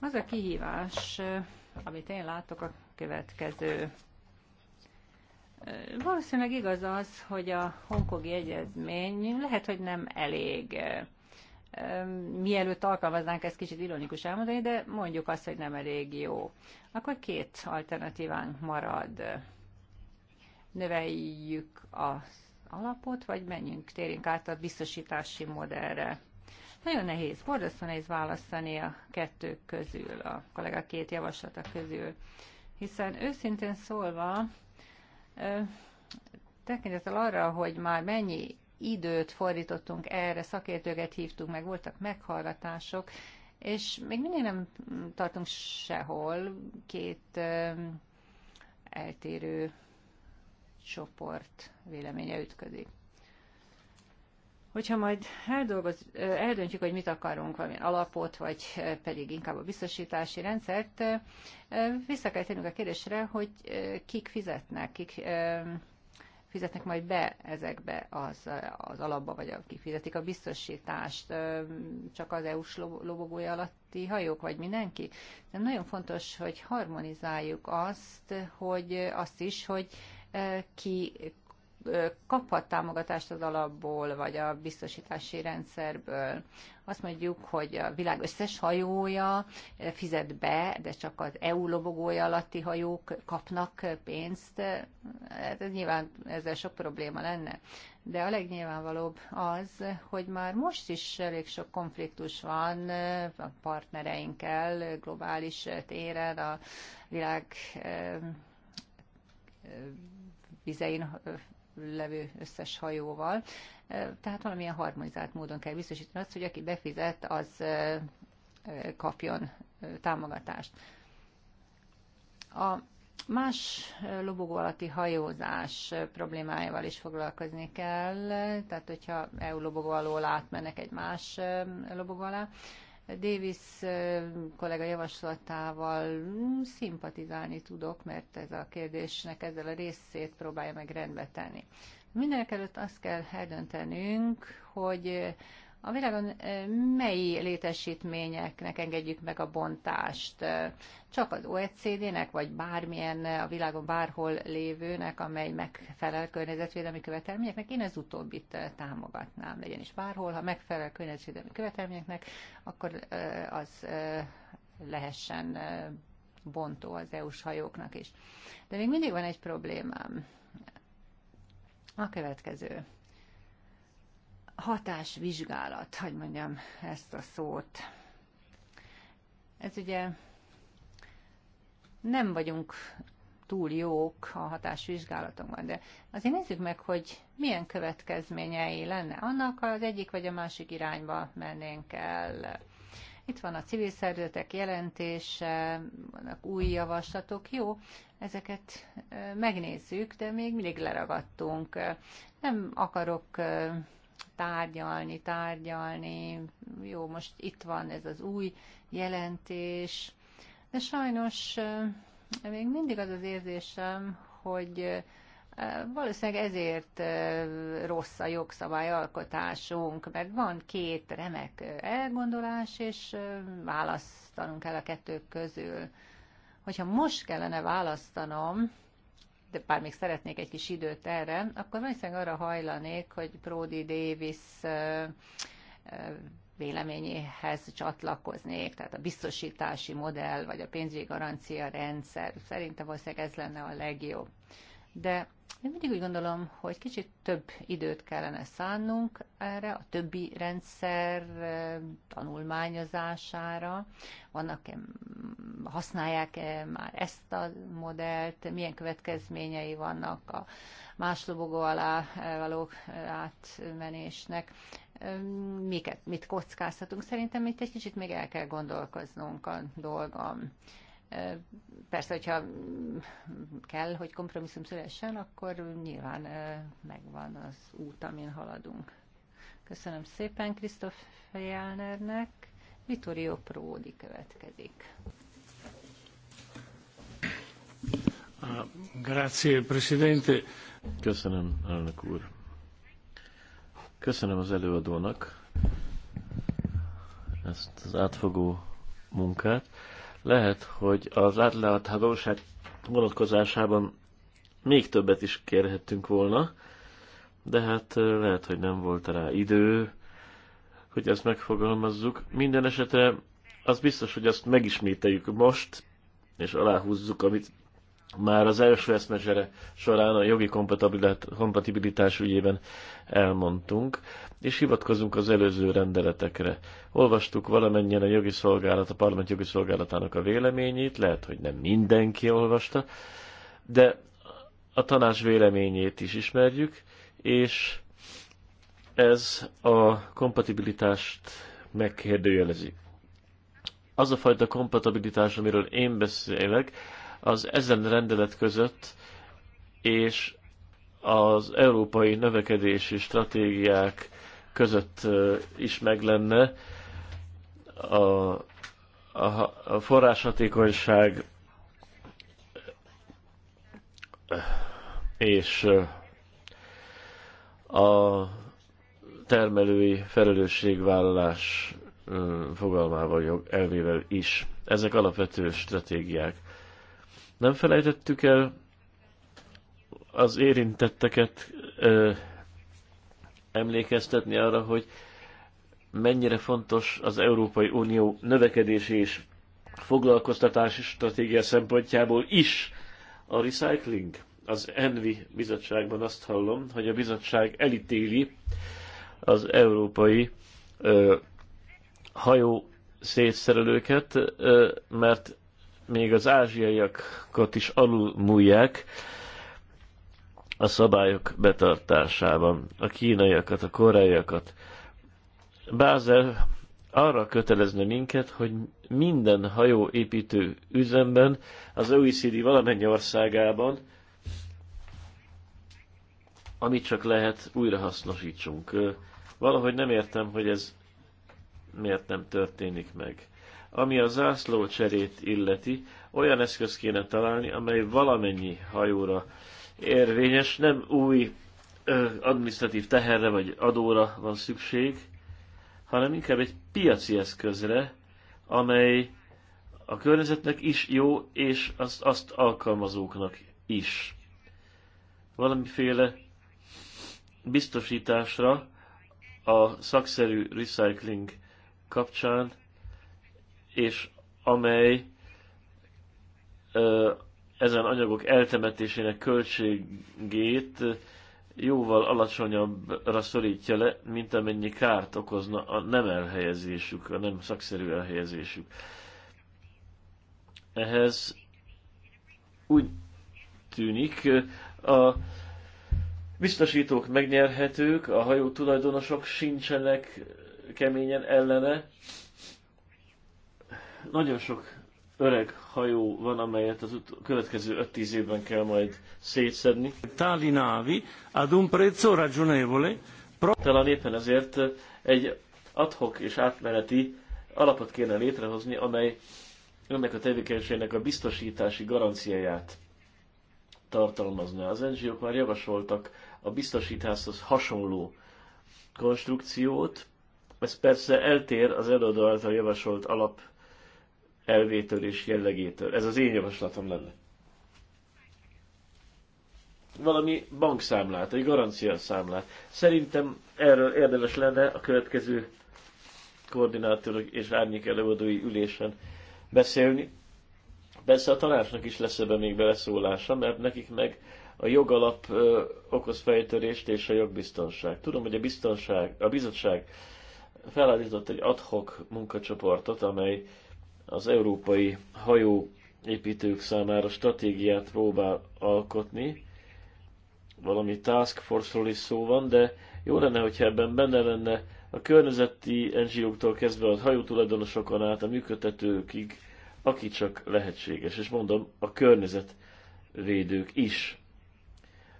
Az a kihívás, eh, amit én látok a következő. Valószínűleg igaz az, hogy a hongkongi egyezmény lehet, hogy nem elég mielőtt alkalmaznánk, ezt kicsit ironikus elmondani, de mondjuk azt, hogy nem elég jó. Akkor két alternatívánk marad. Növeljük az alapot, vagy menjünk, térjünk át a biztosítási modellre. Nagyon nehéz, borzasztó nehéz választani a kettők közül, a kollega két javaslata közül. Hiszen őszintén szólva, tekintettel arra, hogy már mennyi időt fordítottunk erre, szakértőket hívtunk meg, voltak meghallgatások, és még mindig nem tartunk sehol két eltérő csoport véleménye ütközik. Hogyha majd eldolgoz, eldöntjük, hogy mit akarunk, valamilyen alapot, vagy pedig inkább a biztosítási rendszert, vissza kell térnünk a kérdésre, hogy kik fizetnek, kik fizetnek majd be ezekbe az, az alapba, vagy a, kifizetik a biztosítást, csak az EU-s lobogója alatti hajók, vagy mindenki. De nagyon fontos, hogy harmonizáljuk azt, hogy azt is, hogy ki kaphat támogatást az alapból, vagy a biztosítási rendszerből. Azt mondjuk, hogy a világ összes hajója fizet be, de csak az EU lobogója alatti hajók kapnak pénzt. Hát ez nyilván ezzel sok probléma lenne. De a legnyilvánvalóbb az, hogy már most is elég sok konfliktus van a partnereinkkel globális téren, a világ vizein levő összes hajóval. Tehát valamilyen harmonizált módon kell biztosítani azt, hogy aki befizet, az kapjon támogatást. A más lobogó alatti hajózás problémájával is foglalkozni kell, tehát hogyha EU lobogó alól átmennek egy más lobogó alá, Davis kollega javaslatával szimpatizálni tudok, mert ez a kérdésnek ezzel a részét próbálja meg rendbe tenni. Mindenek előtt azt kell eldöntenünk, hogy a világon mely létesítményeknek engedjük meg a bontást? Csak az OECD-nek, vagy bármilyen a világon bárhol lévőnek, amely megfelel környezetvédelmi követelményeknek? Én az utóbbit támogatnám, legyen is bárhol. Ha megfelel környezetvédelmi követelményeknek, akkor az lehessen bontó az EU-s hajóknak is. De még mindig van egy problémám. A következő hatásvizsgálat, hogy mondjam ezt a szót. Ez ugye nem vagyunk túl jók a hatásvizsgálatomban, de azért nézzük meg, hogy milyen következményei lenne annak, ha az egyik vagy a másik irányba mennénk el. Itt van a civil szervezetek jelentése, vannak új javaslatok, jó, ezeket megnézzük, de még mindig leragadtunk. Nem akarok tárgyalni, tárgyalni. Jó, most itt van ez az új jelentés, de sajnos eh, még mindig az az érzésem, hogy eh, valószínűleg ezért eh, rossz a jogszabályalkotásunk, mert van két remek elgondolás, és választanunk el a kettő közül. Hogyha most kellene választanom, bár még szeretnék egy kis időt erre, akkor valószínűleg arra hajlanék, hogy Brody Davis véleményéhez csatlakoznék, tehát a biztosítási modell, vagy a pénzügyi garancia rendszer. Szerintem valószínűleg ez lenne a legjobb. De én mindig úgy gondolom, hogy kicsit több időt kellene szánnunk erre, a többi rendszer tanulmányozására. vannak -e, használják -e már ezt a modellt, milyen következményei vannak a más lobogó alá való átmenésnek miket, mit kockáztatunk. Szerintem itt egy kicsit még el kell gondolkoznunk a dolgom. Persze, hogyha kell, hogy kompromisszum szülessen, akkor nyilván megvan az út, amin haladunk. Köszönöm szépen Krisztof Fejelnernek. Vittorio Pródi következik. Ah, grazie, Presidente. Köszönöm, elnök úr. Köszönöm az előadónak ezt az átfogó munkát lehet, hogy az átláthatóság vonatkozásában még többet is kérhettünk volna, de hát lehet, hogy nem volt rá idő, hogy ezt megfogalmazzuk. Minden esetre az biztos, hogy azt megismételjük most, és aláhúzzuk, amit már az első eszmesere során a jogi kompatibilitás ügyében elmondtunk, és hivatkozunk az előző rendeletekre. Olvastuk valamennyien a jogi szolgálat, a parlament jogi szolgálatának a véleményét, lehet, hogy nem mindenki olvasta, de a tanács véleményét is ismerjük, és ez a kompatibilitást megkérdőjelezi. Az a fajta kompatibilitás, amiről én beszélek, az ezen rendelet között és az európai növekedési stratégiák között is meg lenne a, a, a forráshatékonyság és a termelői felelősségvállalás fogalmával, jog elvével is. Ezek alapvető stratégiák. Nem felejtettük el az érintetteket ö, emlékeztetni arra, hogy mennyire fontos az Európai Unió növekedési és foglalkoztatási stratégia szempontjából is a recycling. Az Envi bizottságban azt hallom, hogy a bizottság elítéli az európai ö, hajó szétszerelőket, ö, mert még az ázsiaiakat is alulmúlják a szabályok betartásában, a kínaiakat, a koreaiakat. Bázel arra kötelezne minket, hogy minden hajóépítő üzemben, az OECD valamennyi országában, amit csak lehet, újra hasznosítsunk. Valahogy nem értem, hogy ez miért nem történik meg. Ami a zászló cserét illeti, olyan eszköz kéne találni, amely valamennyi hajóra érvényes, nem új ö, administratív teherre vagy adóra van szükség, hanem inkább egy piaci eszközre, amely a környezetnek is jó, és azt, azt alkalmazóknak is. Valamiféle biztosításra a szakszerű recycling kapcsán és amely ezen anyagok eltemetésének költségét jóval alacsonyabbra szorítja le, mint amennyi kárt okozna a nem elhelyezésük, a nem szakszerű elhelyezésük. Ehhez úgy tűnik, a biztosítók megnyerhetők, a hajó tulajdonosok sincsenek keményen ellene, nagyon sok öreg hajó van, amelyet az ut- következő 5-10 évben kell majd szétszedni. Tali navi ad un prezzo ragionevole. Talán éppen ezért eh, egy adhok és átmeneti alapot kéne létrehozni, amely ennek a tevékenységnek a biztosítási garanciáját tartalmazna. Az NGO-k már javasoltak a biztosításhoz hasonló konstrukciót, ez persze eltér az előadó által javasolt alap elvétől és jellegétől. Ez az én javaslatom lenne. Valami bankszámlát, egy garancia számlát. Szerintem erről érdemes lenne a következő koordinátorok és árnyék előadói ülésen beszélni. Persze a tanácsnak is lesz ebben még beleszólása, mert nekik meg a jogalap ö, okoz fejtörést és a jogbiztonság. Tudom, hogy a, biztonság, a bizottság felállított egy adhok munkacsoportot, amely az európai hajóépítők számára stratégiát próbál alkotni, valami task force-ról is szó van, de jó lenne, hogyha ebben benne lenne a környezeti NGO-któl kezdve a hajótulajdonosokon át a működtetőkig, aki csak lehetséges, és mondom, a környezetvédők is.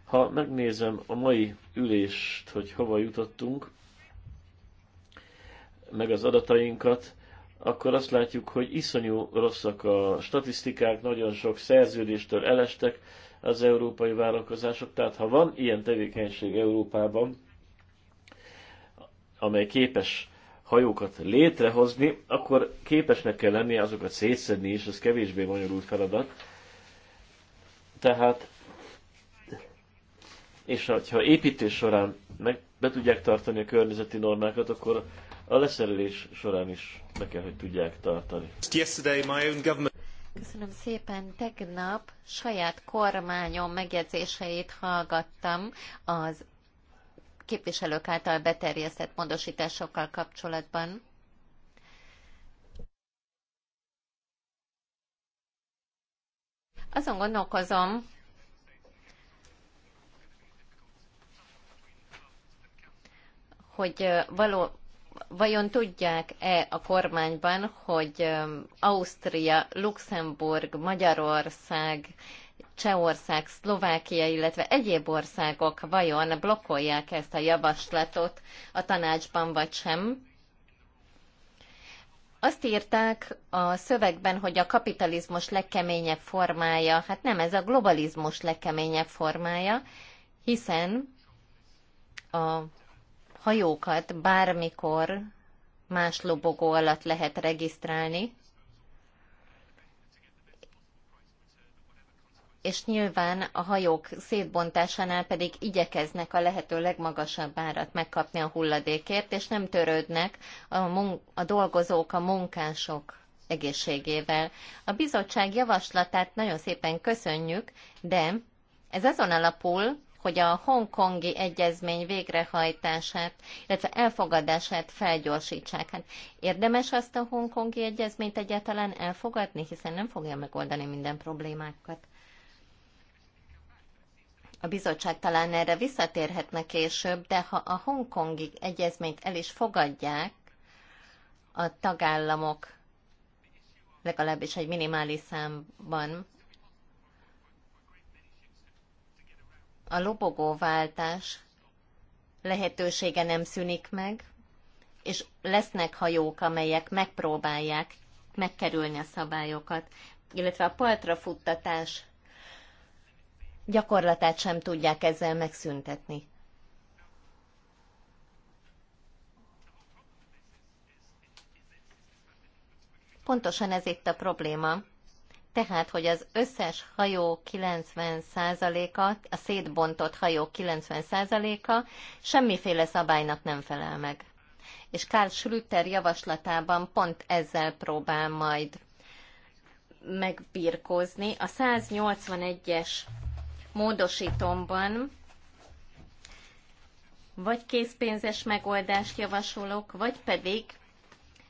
Ha megnézem a mai ülést, hogy hova jutottunk, meg az adatainkat, akkor azt látjuk, hogy iszonyú rosszak a statisztikák, nagyon sok szerződéstől elestek az európai vállalkozások. Tehát ha van ilyen tevékenység Európában, amely képes hajókat létrehozni, akkor képesnek kell lennie azokat szétszedni, és ez kevésbé bonyolult feladat. Tehát, és ha építés során meg be tudják tartani a környezeti normákat, akkor a leszerelés során is be kell, hogy tudják tartani. Köszönöm szépen. Tegnap saját kormányom megjegyzéseit hallgattam az képviselők által beterjesztett módosításokkal kapcsolatban. Azon gondolkozom, hogy való, vajon tudják-e a kormányban, hogy Ausztria, Luxemburg, Magyarország, Csehország, Szlovákia, illetve egyéb országok vajon blokkolják ezt a javaslatot a tanácsban vagy sem? Azt írták a szövegben, hogy a kapitalizmus legkeményebb formája, hát nem, ez a globalizmus legkeményebb formája, hiszen a hajókat bármikor más lobogó alatt lehet regisztrálni, és nyilván a hajók szétbontásánál pedig igyekeznek a lehető legmagasabb árat megkapni a hulladékért, és nem törődnek a, mun- a dolgozók, a munkások egészségével. A bizottság javaslatát nagyon szépen köszönjük, de ez azon alapul, hogy a hongkongi egyezmény végrehajtását, illetve elfogadását felgyorsítsák. Hát érdemes azt a hongkongi egyezményt egyáltalán elfogadni, hiszen nem fogja megoldani minden problémákat. A bizottság talán erre visszatérhetne később, de ha a hongkongi egyezményt el is fogadják a tagállamok, legalábbis egy minimális számban, a lobogóváltás lehetősége nem szűnik meg, és lesznek hajók, amelyek megpróbálják megkerülni a szabályokat, illetve a paltra futtatás gyakorlatát sem tudják ezzel megszüntetni. Pontosan ez itt a probléma, tehát, hogy az összes hajó 90%-a, a szétbontott hajó 90%-a semmiféle szabálynak nem felel meg. És Karl Schlüter javaslatában pont ezzel próbál majd megbirkózni. A 181-es módosítomban vagy készpénzes megoldást javasolok, vagy pedig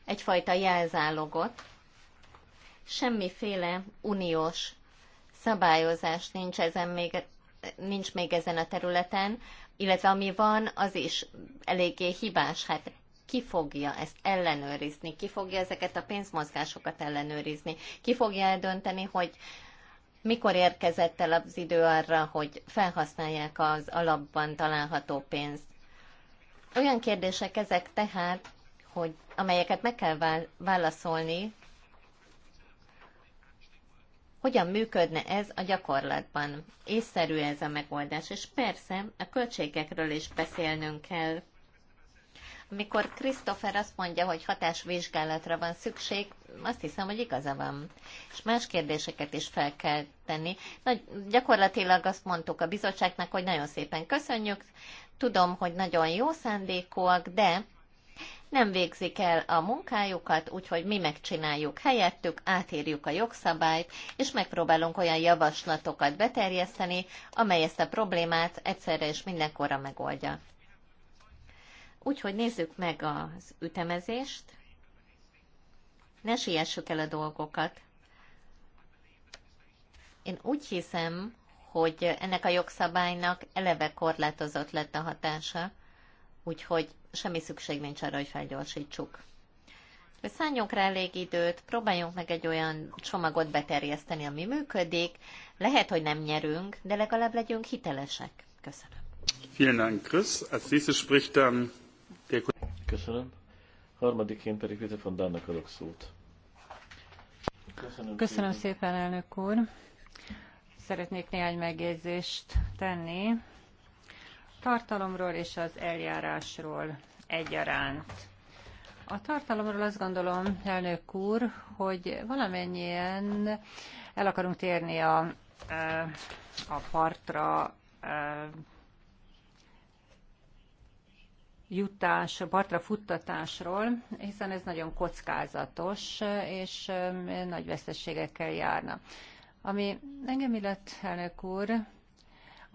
egyfajta jelzálogot, Semmiféle uniós szabályozás nincs, ezen még, nincs még ezen a területen, illetve ami van, az is eléggé hibás. Hát ki fogja ezt ellenőrizni, ki fogja ezeket a pénzmozgásokat ellenőrizni, ki fogja eldönteni, hogy mikor érkezett el az idő arra, hogy felhasználják az alapban található pénzt. Olyan kérdések ezek tehát, hogy amelyeket meg kell válaszolni, hogyan működne ez a gyakorlatban? Észszerű ez a megoldás, és persze a költségekről is beszélnünk kell. Amikor Christopher azt mondja, hogy hatásvizsgálatra van szükség, azt hiszem, hogy igaza van. És más kérdéseket is fel kell tenni. Na, gyakorlatilag azt mondtuk a bizottságnak, hogy nagyon szépen köszönjük, tudom, hogy nagyon jó szándékúak, de nem végzik el a munkájukat, úgyhogy mi megcsináljuk helyettük, átírjuk a jogszabályt, és megpróbálunk olyan javaslatokat beterjeszteni, amely ezt a problémát egyszerre és mindenkorra megoldja. Úgyhogy nézzük meg az ütemezést. Ne siessük el a dolgokat. Én úgy hiszem, hogy ennek a jogszabálynak eleve korlátozott lett a hatása úgyhogy semmi szükség nincs arra, hogy felgyorsítsuk. Hogy szálljunk rá elég időt, próbáljunk meg egy olyan csomagot beterjeszteni, ami működik. Lehet, hogy nem nyerünk, de legalább legyünk hitelesek. Köszönöm. Vielen Dank, Chris. Als nächstes spricht dann der Köszönöm. Harmadiként pedig Vita von Dánnak adok szót. Köszönöm, Köszönöm szépen. szépen, elnök úr. Szeretnék néhány megjegyzést tenni tartalomról és az eljárásról egyaránt. A tartalomról azt gondolom, elnök úr, hogy valamennyien el akarunk térni a, eh, a partra eh, jutás, partra futtatásról, hiszen ez nagyon kockázatos, és eh, nagy veszességekkel járna. Ami engem illet, elnök úr,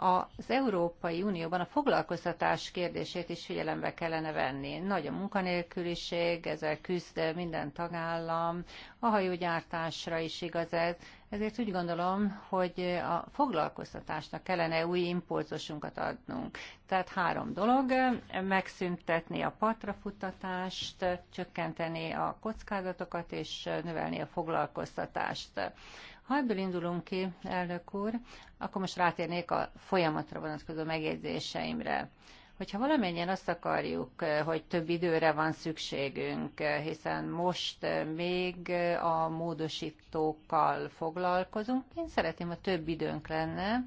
az Európai Unióban a foglalkoztatás kérdését is figyelembe kellene venni. Nagy a munkanélküliség, ezzel küzd minden tagállam, a hajógyártásra is igaz ez, ezért úgy gondolom, hogy a foglalkoztatásnak kellene új impulzusunkat adnunk. Tehát három dolog, megszüntetni a patrafutatást, csökkenteni a kockázatokat és növelni a foglalkoztatást. Ha ebből indulunk ki, elnök úr, akkor most rátérnék a folyamatra vonatkozó megjegyzéseimre hogyha valamennyien azt akarjuk, hogy több időre van szükségünk, hiszen most még a módosítókkal foglalkozunk, én szeretném, ha több időnk lenne,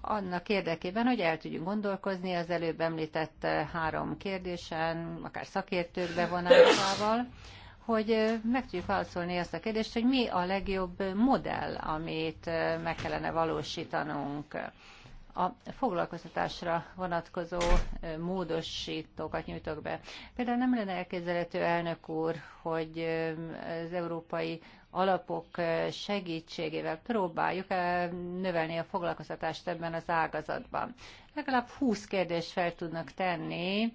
annak érdekében, hogy el tudjunk gondolkozni az előbb említett három kérdésen, akár szakértők bevonásával, hogy meg tudjuk válaszolni azt a kérdést, hogy mi a legjobb modell, amit meg kellene valósítanunk. A foglalkoztatásra vonatkozó módosítókat nyújtok be. Például nem lenne elképzelhető elnök úr, hogy az európai alapok segítségével próbáljuk növelni a foglalkoztatást ebben az ágazatban. Legalább 20 kérdést fel tudnak tenni,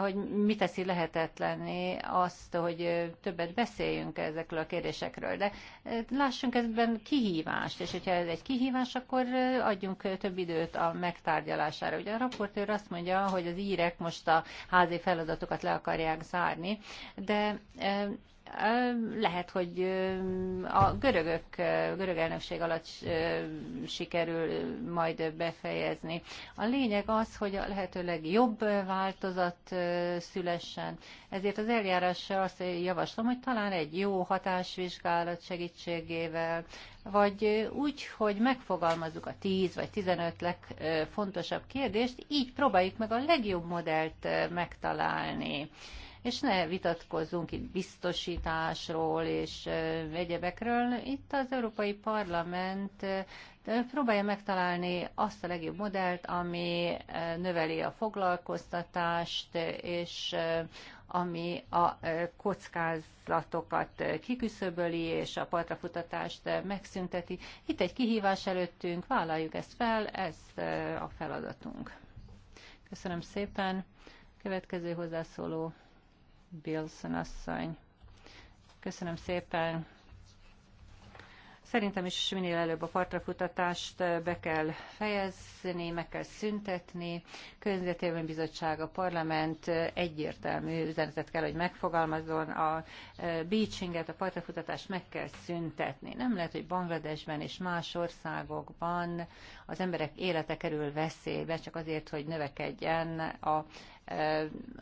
hogy mi teszi lehetetlenné azt, hogy többet beszéljünk ezekről a kérdésekről. De lássunk ebben kihívást, és hogyha ez egy kihívás, akkor adjunk több időt a megtárgyalására. Ugye a raportőr azt mondja, hogy az írek most a házi feladatokat le akarják zárni, de lehet, hogy a görögök, görög elnökség alatt sikerül majd befejezni. A lényeg az, hogy a lehető legjobb változat szülessen. Ezért az eljárásra azt javaslom, hogy talán egy jó hatásvizsgálat segítségével, vagy úgy, hogy megfogalmazzuk a 10 vagy 15 legfontosabb kérdést, így próbáljuk meg a legjobb modellt megtalálni és ne vitatkozzunk itt biztosításról és egyebekről. Itt az Európai Parlament próbálja megtalálni azt a legjobb modellt, ami növeli a foglalkoztatást, és ami a kockázatokat kiküszöböli és a partrafutatást megszünteti. Itt egy kihívás előttünk, vállaljuk ezt fel, ez a feladatunk. Köszönöm szépen. Következő hozzászóló Bilson asszony. Köszönöm szépen, Szerintem is minél előbb a partrafutatást be kell fejezni, meg kell szüntetni. Környezetérvény Bizottság, a parlament egyértelmű üzenetet kell, hogy megfogalmazzon. A beachinget, a partrafutatást meg kell szüntetni. Nem lehet, hogy Bangladesben és más országokban az emberek élete kerül veszélybe, csak azért, hogy növekedjen a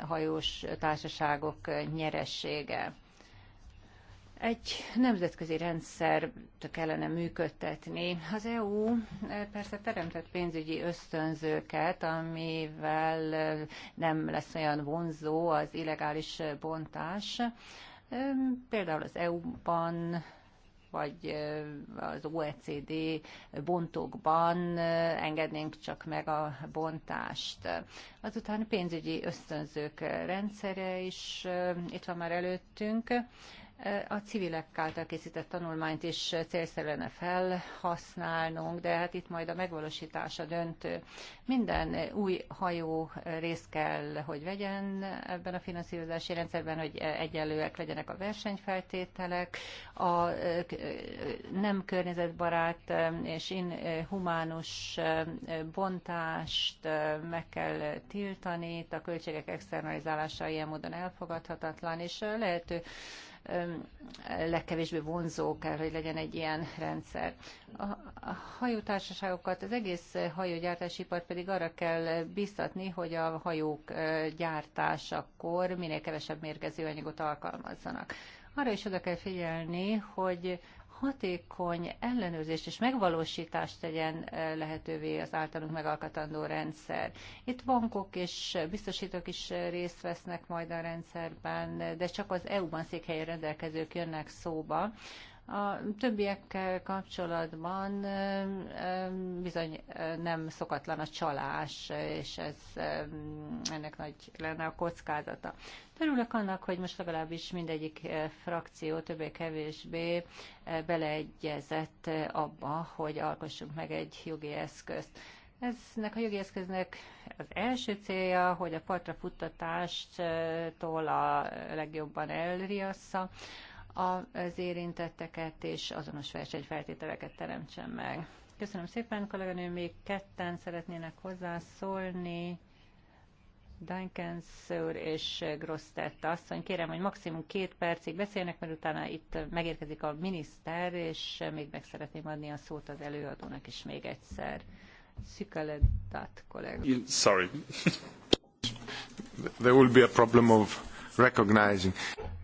hajós társaságok nyeressége. Egy nemzetközi rendszer kellene működtetni. Az EU eh, persze teremtett pénzügyi ösztönzőket, amivel eh, nem lesz olyan vonzó az illegális bontás. Például az EU-ban vagy eh, az OECD bontókban engednénk csak meg a bontást. Azután pénzügyi ösztönzők rendszere is itt van már előttünk. A civilek által készített tanulmányt is célszerűen felhasználnunk, de hát itt majd a megvalósítása döntő. Minden új hajó részt kell, hogy vegyen ebben a finanszírozási rendszerben, hogy egyenlőek legyenek a versenyfeltételek, a nem környezetbarát és inhumánus bontást meg kell tiltani, a költségek externalizálása ilyen módon elfogadhatatlan, és lehető legkevésbé vonzó kell, hogy legyen egy ilyen rendszer. A, hajótársaságokat, az egész hajógyártási pedig arra kell biztatni, hogy a hajók gyártásakor minél kevesebb mérgező anyagot alkalmazzanak. Arra is oda kell figyelni, hogy hatékony ellenőrzést és megvalósítást tegyen lehetővé az általunk megalkatandó rendszer. Itt bankok és biztosítók is részt vesznek majd a rendszerben, de csak az EU-ban székhelyen rendelkezők jönnek szóba, a többiekkel kapcsolatban bizony nem szokatlan a csalás, és ez ennek nagy lenne a kockázata. Örülök annak, hogy most legalábbis mindegyik frakció többé-kevésbé beleegyezett abba, hogy alkossunk meg egy jogi eszközt. Eznek a jogi eszköznek az első célja, hogy a partra futtatástól a legjobban elriassza az érintetteket, és azonos versenyfeltételeket teremtsen meg. Köszönöm szépen, kolléganő, még ketten szeretnének hozzászólni. Dankens úr és Grosztetta asszony. Kérem, hogy maximum két percig beszélnek, mert utána itt megérkezik a miniszter, és még meg szeretném adni a szót az előadónak is még egyszer. Szükeledat kollega. Sorry. There will be a problem of recognizing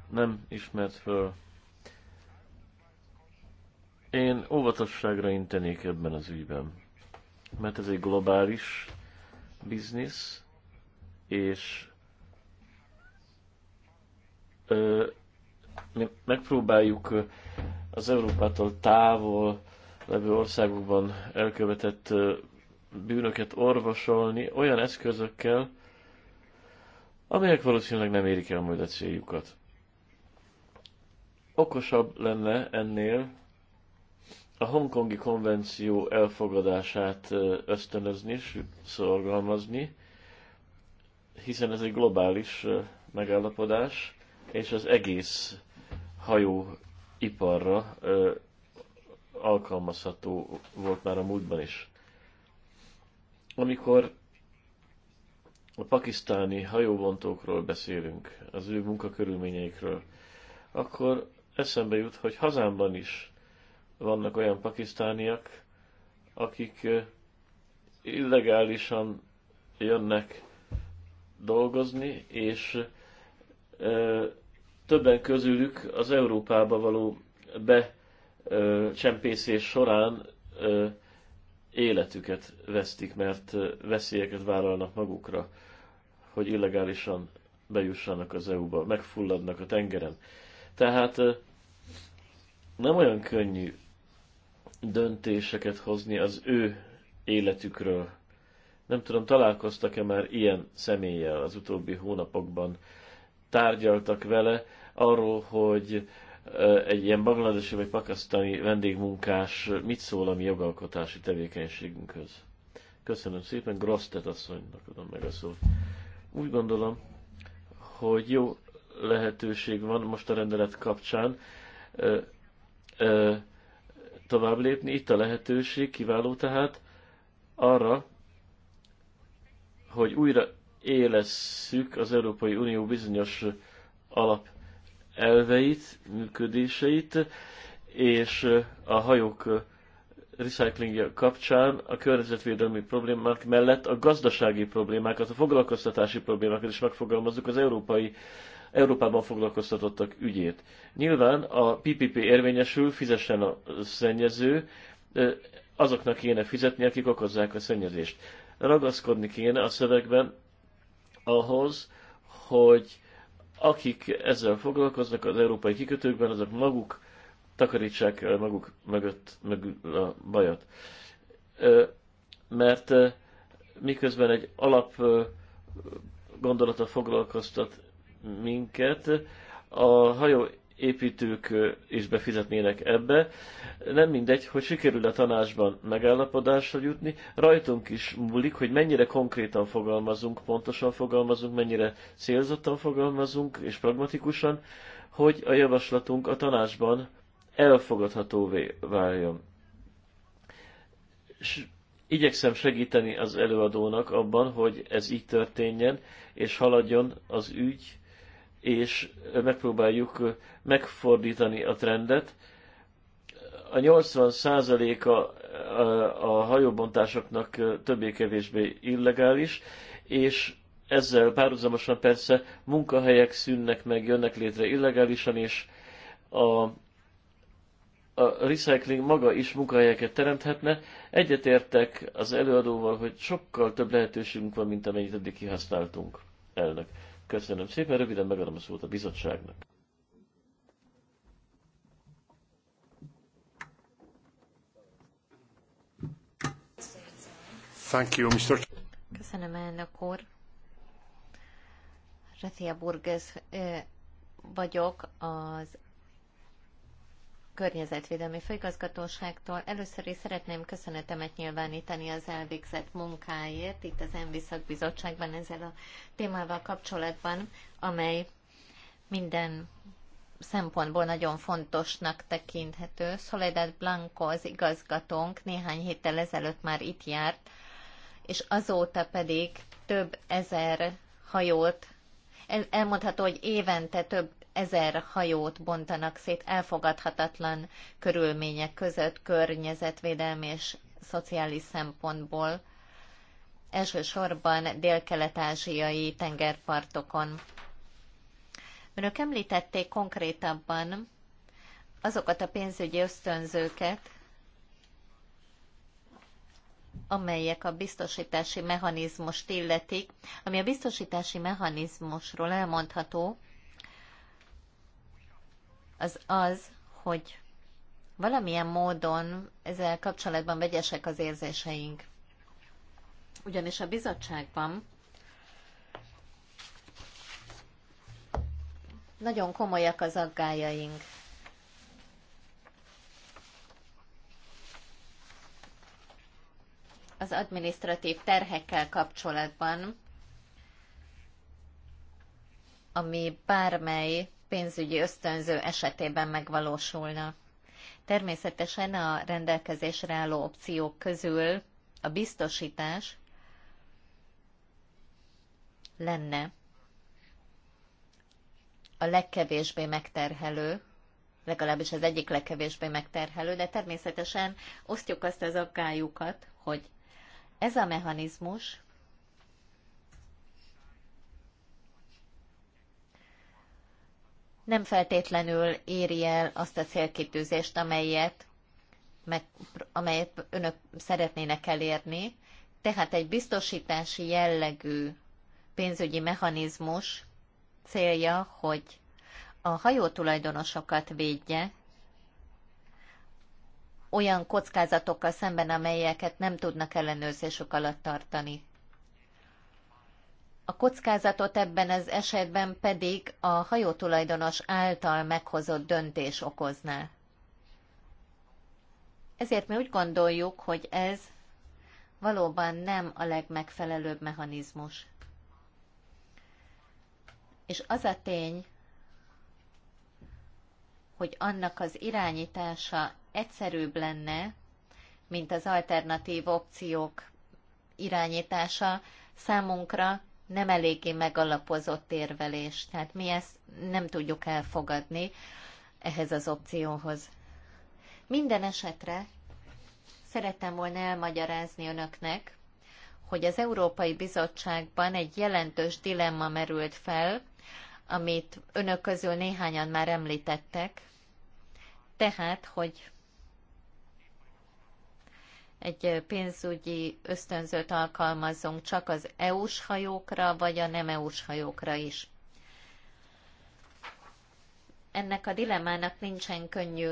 nem ismert föl. Én óvatosságra intenék ebben az ügyben, mert ez egy globális biznisz, és ö, mi megpróbáljuk az Európától távol levő országokban elkövetett bűnöket orvosolni olyan eszközökkel, amelyek valószínűleg nem érik el majd a céljukat. Okosabb lenne ennél a hongkongi konvenció elfogadását ösztönözni és szorgalmazni, hiszen ez egy globális megállapodás, és az egész hajó iparra alkalmazható volt már a múltban is. Amikor a pakisztáni hajóvontókról beszélünk, az ő munkakörülményeikről, akkor eszembe jut, hogy hazámban is vannak olyan pakisztániak, akik illegálisan jönnek dolgozni, és többen közülük az Európába való becsempészés során életüket vesztik, mert veszélyeket vállalnak magukra, hogy illegálisan bejussanak az EU-ba, megfulladnak a tengeren. Tehát nem olyan könnyű döntéseket hozni az ő életükről. Nem tudom, találkoztak-e már ilyen személlyel az utóbbi hónapokban. Tárgyaltak vele arról, hogy egy ilyen bangladesi vagy pakasztani vendégmunkás mit szól a mi jogalkotási tevékenységünkhöz. Köszönöm szépen, Grosztet asszonynak adom meg a szót. Úgy gondolom, hogy jó lehetőség van most a rendelet kapcsán ö, ö, tovább lépni. Itt a lehetőség kiváló tehát arra, hogy újra élesszük az Európai Unió bizonyos alap elveit, működéseit, és a hajók recyclingje kapcsán a környezetvédelmi problémák mellett a gazdasági problémákat, a foglalkoztatási problémákat is megfogalmazzuk az európai Európában foglalkoztatottak ügyét. Nyilván a PPP érvényesül, fizessen a szennyező, azoknak kéne fizetni, akik okozzák a szennyezést. Ragaszkodni kéne a szövegben ahhoz, hogy akik ezzel foglalkoznak az európai kikötőkben, azok maguk takarítsák maguk mögött, mögött a bajat. Mert miközben egy alap gondolata foglalkoztat minket, a hajó építők is befizetnének ebbe. Nem mindegy, hogy sikerül a tanácsban megállapodásra jutni. Rajtunk is múlik, hogy mennyire konkrétan fogalmazunk, pontosan fogalmazunk, mennyire célzottan fogalmazunk és pragmatikusan, hogy a javaslatunk a tanácsban elfogadhatóvé váljon. S igyekszem segíteni az előadónak abban, hogy ez így történjen, és haladjon az ügy, és megpróbáljuk megfordítani a trendet. A 80%-a a hajóbontásoknak többé-kevésbé illegális, és ezzel párhuzamosan persze munkahelyek szűnnek meg, jönnek létre illegálisan, és a, a recycling maga is munkahelyeket teremthetne. Egyetértek az előadóval, hogy sokkal több lehetőségünk van, mint amennyit eddig kihasználtunk. Elnök. Köszönöm szépen, röviden megadom a szót a bizottságnak. Thank you, Mr. Köszönöm, elnök úr. Retia Burgess vagyok, az Környezetvédelmi Főigazgatóságtól. Először is szeretném köszönetemet nyilvánítani az elvégzett munkáért itt az ENVI szakbizottságban ezzel a témával kapcsolatban, amely minden szempontból nagyon fontosnak tekinthető. Soledad Blanco, az igazgatónk néhány héttel ezelőtt már itt járt, és azóta pedig több ezer hajót, elmondható, hogy évente több ezer hajót bontanak szét elfogadhatatlan körülmények között környezetvédelmi és szociális szempontból, elsősorban dél-kelet-ázsiai tengerpartokon. Önök említették konkrétabban azokat a pénzügyi ösztönzőket, amelyek a biztosítási mechanizmust illetik, ami a biztosítási mechanizmusról elmondható, az az, hogy valamilyen módon ezzel kapcsolatban vegyesek az érzéseink. Ugyanis a bizottságban nagyon komolyak az aggájaink. Az administratív terhekkel kapcsolatban, ami bármely pénzügyi ösztönző esetében megvalósulna. Természetesen a rendelkezésre álló opciók közül a biztosítás lenne a legkevésbé megterhelő, legalábbis az egyik legkevésbé megterhelő, de természetesen osztjuk azt az aggályukat, hogy ez a mechanizmus nem feltétlenül éri el azt a célkitűzést, amelyet, meg, amelyet önök szeretnének elérni. Tehát egy biztosítási jellegű pénzügyi mechanizmus célja, hogy a hajótulajdonosokat védje, olyan kockázatokkal szemben, amelyeket nem tudnak ellenőrzésük alatt tartani a kockázatot ebben az esetben pedig a hajótulajdonos által meghozott döntés okozná. Ezért mi úgy gondoljuk, hogy ez valóban nem a legmegfelelőbb mechanizmus. És az a tény, hogy annak az irányítása egyszerűbb lenne, mint az alternatív opciók irányítása, számunkra nem eléggé megalapozott érvelés. Tehát mi ezt nem tudjuk elfogadni ehhez az opcióhoz. Minden esetre szerettem volna elmagyarázni önöknek, hogy az Európai Bizottságban egy jelentős dilemma merült fel, amit önök közül néhányan már említettek, tehát, hogy egy pénzügyi ösztönzőt alkalmazzunk csak az EU-s hajókra, vagy a nem EU-s hajókra is. Ennek a dilemmának nincsen könnyű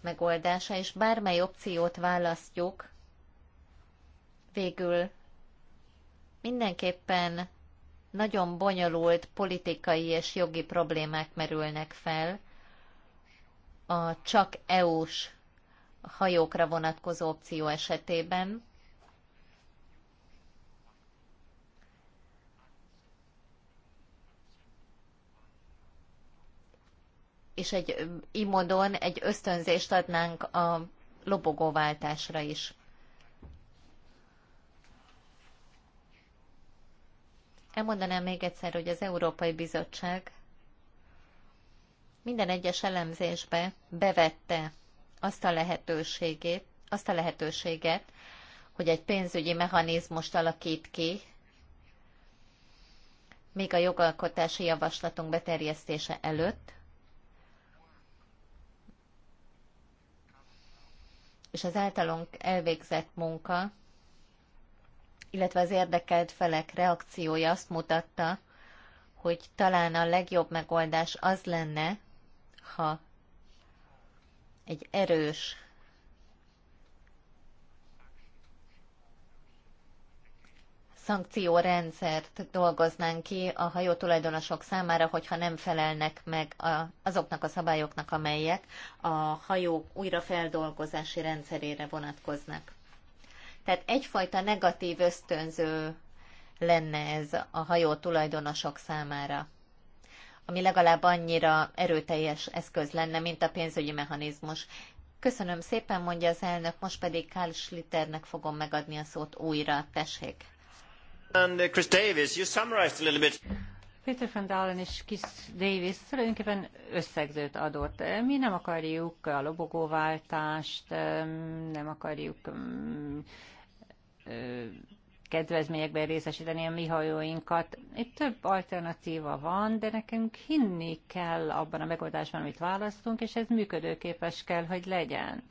megoldása, és bármely opciót választjuk, végül mindenképpen nagyon bonyolult politikai és jogi problémák merülnek fel a csak EU-s a hajókra vonatkozó opció esetében. És egy így módon egy ösztönzést adnánk a lobogóváltásra is. Elmondanám még egyszer, hogy az Európai Bizottság minden egyes elemzésbe bevette azt a lehetőségét, azt a lehetőséget, hogy egy pénzügyi mechanizmust alakít ki, még a jogalkotási javaslatunk beterjesztése előtt, és az általunk elvégzett munka, illetve az érdekelt felek reakciója azt mutatta, hogy talán a legjobb megoldás az lenne, ha egy erős szankciórendszert dolgoznánk ki a hajó tulajdonosok számára, hogyha nem felelnek meg a, azoknak a szabályoknak, amelyek a hajó újrafeldolgozási rendszerére vonatkoznak. Tehát egyfajta negatív ösztönző lenne ez a hajó tulajdonosok számára ami legalább annyira erőteljes eszköz lenne, mint a pénzügyi mechanizmus. Köszönöm szépen, mondja az elnök, most pedig Karl Schlitternek fogom megadni a szót újra. Tessék! And uh, Chris Davis, you summarized a little bit. Peter van Dalen és Chris Davis tulajdonképpen összegzőt adott. Mi nem akarjuk a lobogóváltást, nem akarjuk kedvezményekben részesíteni a mi hajóinkat. Itt több alternatíva van, de nekünk hinni kell abban a megoldásban, amit választunk, és ez működőképes kell, hogy legyen.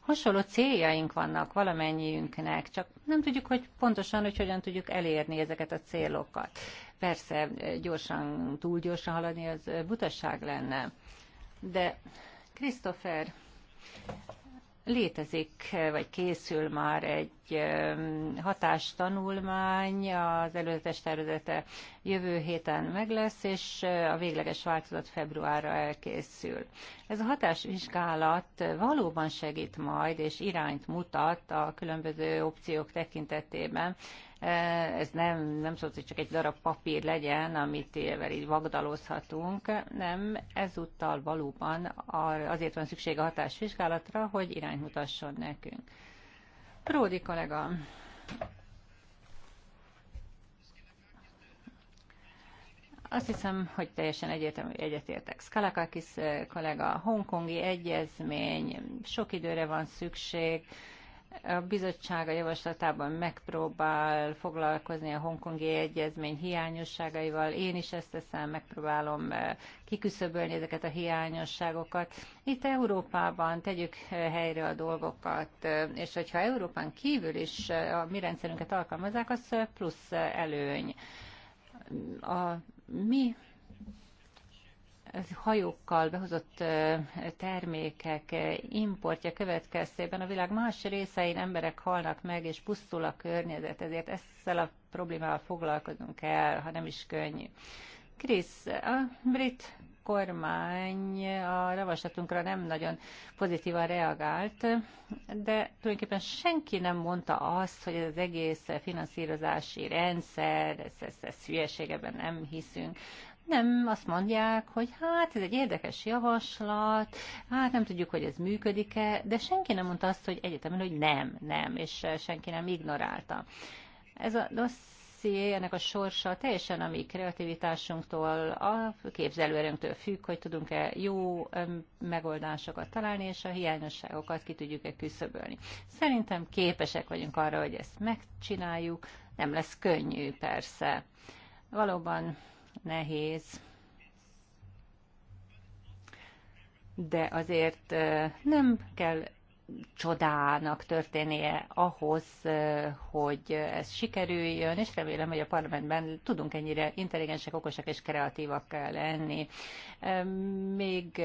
Hasonló céljaink vannak valamennyiünknek, csak nem tudjuk, hogy pontosan, hogy hogyan tudjuk elérni ezeket a célokat. Persze gyorsan, túl gyorsan haladni az butasság lenne. De Christopher, Létezik, vagy készül már egy hatástanulmány, az előzetes tervezete jövő héten meg lesz, és a végleges változat februárra elkészül. Ez a hatásvizsgálat valóban segít majd, és irányt mutat a különböző opciók tekintetében, E, ez nem, nem szólt, hogy csak egy darab papír legyen, amit élve így vagdalozhatunk, nem, ezúttal valóban azért van szükség a hatásvizsgálatra, hogy irányt mutasson nekünk. Pródi kollega, Azt hiszem, hogy teljesen egyértelmű, egyetértek. Skalakakis e, kollega, a hongkongi egyezmény, sok időre van szükség, a bizottság a javaslatában megpróbál foglalkozni a hongkongi egyezmény hiányosságaival. Én is ezt teszem, megpróbálom eh, kiküszöbölni ezeket a hiányosságokat. Itt Európában tegyük eh, helyre a dolgokat, eh, és hogyha Európán kívül is a mi rendszerünket alkalmazzák, az plusz előny. A mi hajókkal behozott termékek importja következtében a világ más részein emberek halnak meg, és pusztul a környezet, ezért ezzel a problémával foglalkozunk el, ha nem is könnyű. Krisz, a brit kormány a ravaslatunkra nem nagyon pozitívan reagált, de tulajdonképpen senki nem mondta azt, hogy ez az egész finanszírozási rendszer, ez, ez, ez hülyeség, ebben nem hiszünk. Nem, azt mondják, hogy hát ez egy érdekes javaslat, hát nem tudjuk, hogy ez működik-e, de senki nem mondta azt, hogy egyetemen, hogy nem, nem, és senki nem ignorálta. Ez a dosszié, ennek a sorsa teljesen a mi kreativitásunktól, a képzelőerőnktől függ, hogy tudunk-e jó megoldásokat találni, és a hiányosságokat ki tudjuk-e küszöbölni. Szerintem képesek vagyunk arra, hogy ezt megcsináljuk, nem lesz könnyű persze. Valóban nehéz, de azért nem kell csodának történnie ahhoz, hogy ez sikerüljön, és remélem, hogy a parlamentben tudunk ennyire intelligensek, okosak és kreatívak lenni. Még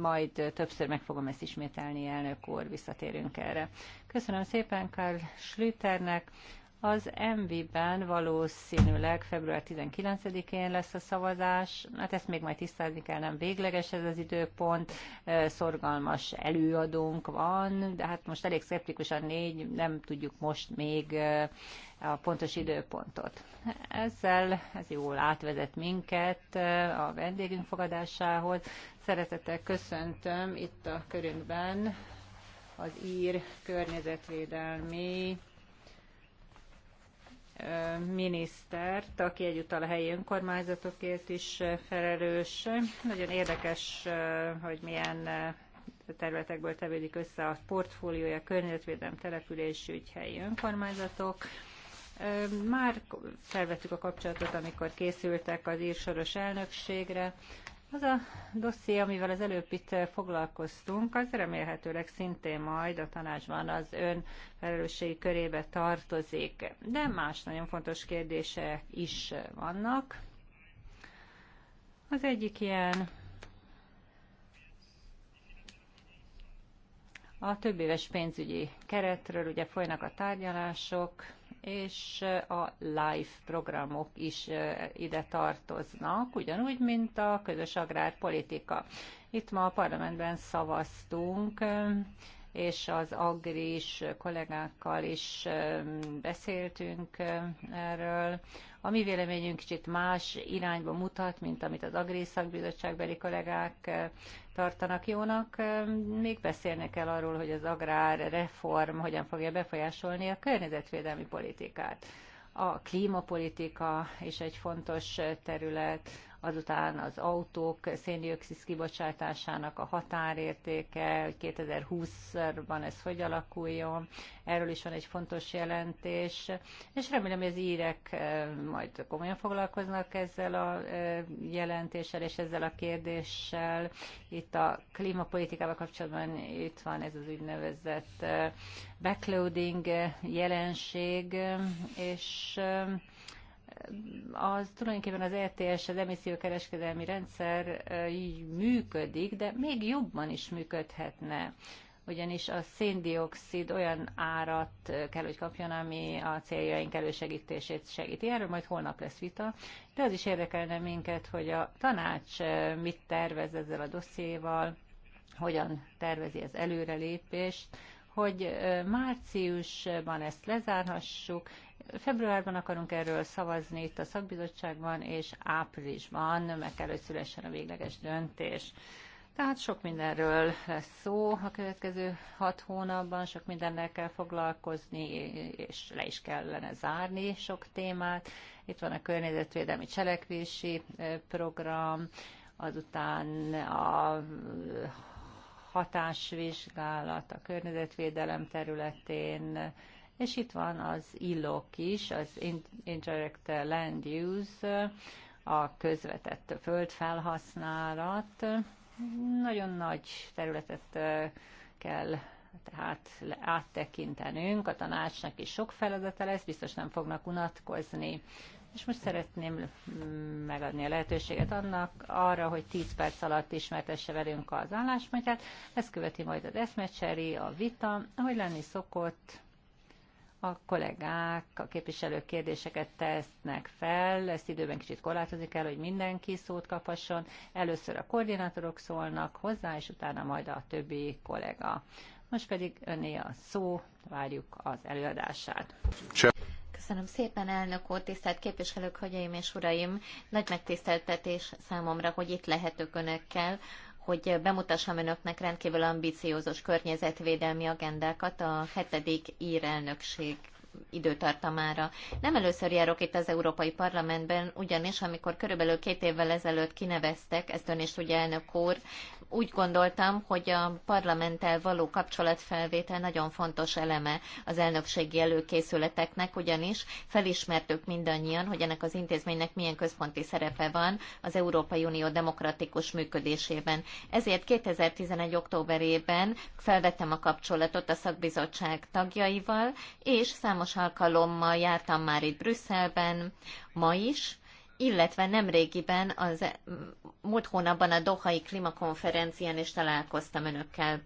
majd többször meg fogom ezt ismételni, elnök úr, visszatérünk erre. Köszönöm szépen Karl Schlüternek. Az MV-ben valószínűleg február 19-én lesz a szavazás, hát ezt még majd tisztázni kell, nem végleges ez az időpont, szorgalmas előadónk van, de hát most elég szeptikusan négy, nem tudjuk most még a pontos időpontot. Ezzel ez jól átvezet minket a vendégünk fogadásához. Szeretettel köszöntöm itt a körünkben az ír környezetvédelmi minisztert, aki egyúttal a helyi önkormányzatokért is felelős. Nagyon érdekes, hogy milyen területekből tevődik össze a portfóliója, környezetvédelem, településügy, helyi önkormányzatok. Már felvettük a kapcsolatot, amikor készültek az írsoros elnökségre. Az a dosszié, amivel az előbb itt eh, foglalkoztunk, az remélhetőleg szintén majd a tanácsban az ön felelősségi körébe tartozik, de más nagyon fontos kérdése is vannak. Az egyik ilyen a többéves pénzügyi keretről ugye folynak a tárgyalások, és a LIFE programok is ide tartoznak, ugyanúgy, mint a közös agrárpolitika. Itt ma a parlamentben szavaztunk és az agris kollégákkal is beszéltünk erről. A mi véleményünk kicsit más irányba mutat, mint amit az Agri Szakbizottságbeli kollégák tartanak jónak. Még beszélni kell arról, hogy az agrárreform hogyan fogja befolyásolni a környezetvédelmi politikát. A klímapolitika is egy fontos terület, azután az autók széndiokszid kibocsátásának a határértéke, hogy 2020-ban ez hogy alakuljon, erről is van egy fontos jelentés, és remélem, hogy az írek majd komolyan foglalkoznak ezzel a jelentéssel és ezzel a kérdéssel. Itt a klímapolitikával kapcsolatban itt van ez az úgynevezett backloading jelenség, és az tulajdonképpen az ETS, az emissziókereskedelmi rendszer így működik, de még jobban is működhetne ugyanis a széndiokszid olyan árat kell, hogy kapjon, ami a céljaink elősegítését segíti. Erről majd holnap lesz vita, de az is érdekelne minket, hogy a tanács mit tervez ezzel a dosszéval, hogyan tervezi az előrelépést, hogy márciusban ezt lezárhassuk, Februárban akarunk erről szavazni itt a szakbizottságban, és áprilisban meg kell, hogy szülessen a végleges döntés. Tehát sok mindenről lesz szó a következő hat hónapban, sok mindennel kell foglalkozni, és le is kellene zárni sok témát. Itt van a környezetvédelmi cselekvési program, azután a hatásvizsgálat a környezetvédelem területén, és itt van az illók is, az Indirect Land Use, a közvetett földfelhasználat. Nagyon nagy területet kell tehát áttekintenünk, a tanácsnak is sok feladata lesz, biztos nem fognak unatkozni. És most szeretném mm, megadni a lehetőséget annak arra, hogy 10 perc alatt ismertesse velünk az álláspontját. Ezt követi majd az eszmecseri, a vita, ahogy lenni szokott, a kollégák, a képviselők kérdéseket tesznek fel, ezt időben kicsit korlátozni kell, hogy mindenki szót kaphasson. Először a koordinátorok szólnak hozzá, és utána majd a többi kollega. Most pedig öné a szó, várjuk az előadását. Köszönöm szépen, elnök úr, tisztelt képviselők, hölgyeim és uraim! Nagy megtiszteltetés számomra, hogy itt lehetök önökkel hogy bemutassam önöknek rendkívül ambiciózus környezetvédelmi agendákat a hetedik ír elnökség időtartamára. Nem először járok itt az Európai Parlamentben, ugyanis amikor körülbelül két évvel ezelőtt kineveztek, ezt ön is tudja, elnök úr, úgy gondoltam, hogy a parlamenttel való kapcsolatfelvétel nagyon fontos eleme az elnökségi előkészületeknek, ugyanis felismertük mindannyian, hogy ennek az intézménynek milyen központi szerepe van az Európai Unió demokratikus működésében. Ezért 2011. októberében felvettem a kapcsolatot a szakbizottság tagjaival, és számos számos alkalommal jártam már itt Brüsszelben, ma is, illetve nemrégiben az e- múlt hónapban a Dohai Klimakonferencián is találkoztam önökkel.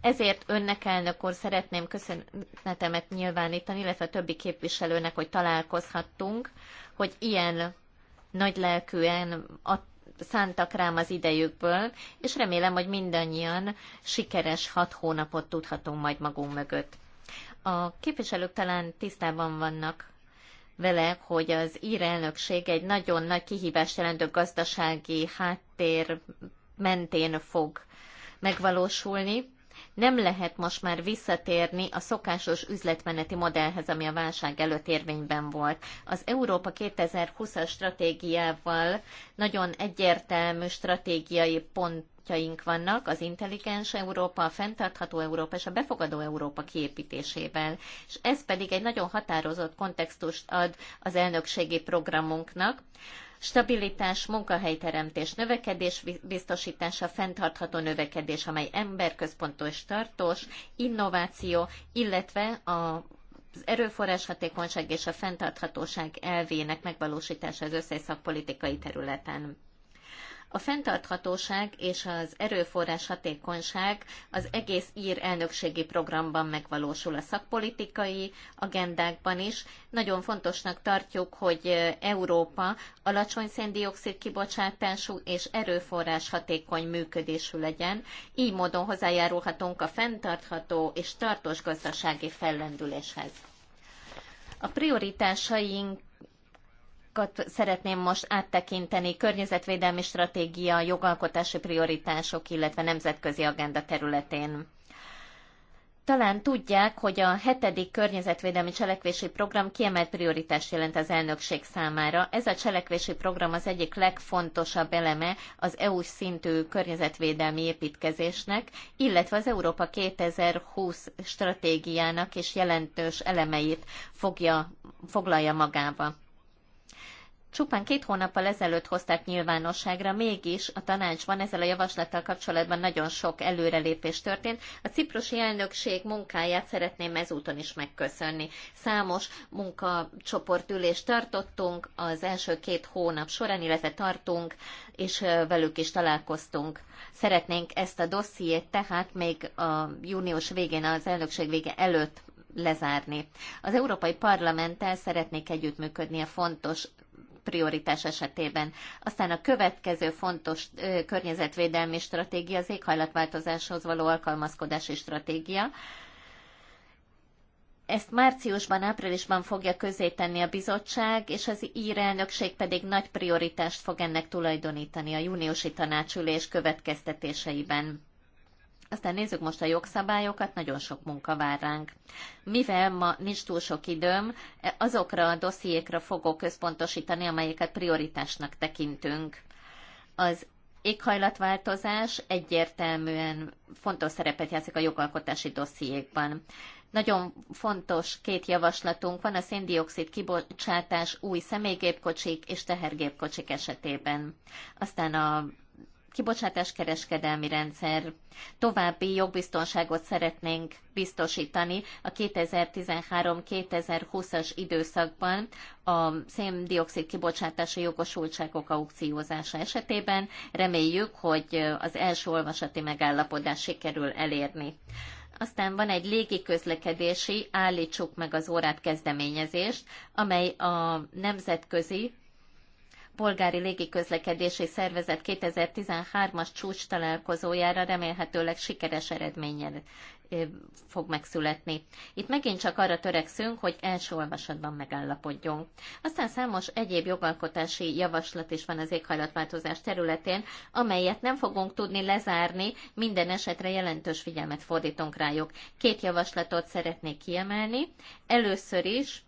Ezért önnek, elnök úr, szeretném köszönetemet nyilvánítani, illetve a többi képviselőnek, hogy találkozhattunk, hogy ilyen nagy lelkűen szántak rám az idejükből, és remélem, hogy mindannyian sikeres hat hónapot tudhatunk majd magunk mögött. A képviselők talán tisztában vannak vele, hogy az ír elnökség egy nagyon nagy kihívást jelentő gazdasági háttér mentén fog megvalósulni nem lehet most már visszatérni a szokásos üzletmeneti modellhez, ami a válság előtt érvényben volt. Az Európa 2020-as stratégiával nagyon egyértelmű stratégiai pont vannak az intelligens Európa, a fenntartható Európa és a befogadó Európa kiépítésével, és ez pedig egy nagyon határozott kontextust ad az elnökségi programunknak stabilitás, munkahelyteremtés, növekedés biztosítása, fenntartható növekedés, amely emberközpontú és tartós, innováció, illetve a az erőforrás hatékonyság és a fenntarthatóság elvének megvalósítása az összes szakpolitikai területen. A fenntarthatóság és az erőforrás hatékonyság az egész ír elnökségi programban megvalósul a szakpolitikai agendákban is. Nagyon fontosnak tartjuk, hogy Európa alacsony széndiokszid kibocsátású és erőforrás hatékony működésű legyen. Így módon hozzájárulhatunk a fenntartható és tartós gazdasági fellendüléshez. A prioritásaink szeretném most áttekinteni, környezetvédelmi stratégia, jogalkotási prioritások, illetve nemzetközi agenda területén. Talán tudják, hogy a hetedik környezetvédelmi cselekvési program kiemelt prioritást jelent az elnökség számára. Ez a cselekvési program az egyik legfontosabb eleme az EU szintű környezetvédelmi építkezésnek, illetve az Európa 2020 stratégiának és jelentős elemeit fogja, foglalja magába. Csupán két hónappal ezelőtt hozták nyilvánosságra, mégis a tanácsban ezzel a javaslattal kapcsolatban nagyon sok előrelépés történt. A ciprusi elnökség munkáját szeretném ezúton is megköszönni. Számos munkacsoportülést tartottunk az első két hónap során, illetve tartunk, és velük is találkoztunk. Szeretnénk ezt a dossziét tehát még a június végén, az elnökség vége előtt lezárni. Az Európai Parlamenttel szeretnék együttműködni a fontos prioritás esetében. Aztán a következő fontos környezetvédelmi stratégia az éghajlatváltozáshoz való alkalmazkodási stratégia. Ezt márciusban, áprilisban fogja tenni a bizottság, és az ír elnökség pedig nagy prioritást fog ennek tulajdonítani a júniusi tanácsülés következtetéseiben. Aztán nézzük most a jogszabályokat, nagyon sok munka vár ránk. Mivel ma nincs túl sok időm, azokra a dossziékra fogok összpontosítani, amelyeket prioritásnak tekintünk. Az éghajlatváltozás egyértelműen fontos szerepet játszik a jogalkotási dossziékban. Nagyon fontos két javaslatunk van a széndiokszid kibocsátás új személygépkocsik és tehergépkocsik esetében. Aztán a kibocsátáskereskedelmi rendszer. További jogbiztonságot szeretnénk biztosítani a 2013-2020-as időszakban a széndiokszid kibocsátási jogosultságok aukciózása esetében. Reméljük, hogy az első olvasati megállapodás sikerül elérni. Aztán van egy légiközlekedési Állítsuk meg az órát kezdeményezést, amely a nemzetközi Polgári Légiközlekedési Szervezet 2013-as csúcs találkozójára remélhetőleg sikeres eredménnyel fog megszületni. Itt megint csak arra törekszünk, hogy első olvasatban megállapodjunk. Aztán számos egyéb jogalkotási javaslat is van az éghajlatváltozás területén, amelyet nem fogunk tudni lezárni, minden esetre jelentős figyelmet fordítunk rájuk. Két javaslatot szeretnék kiemelni. Először is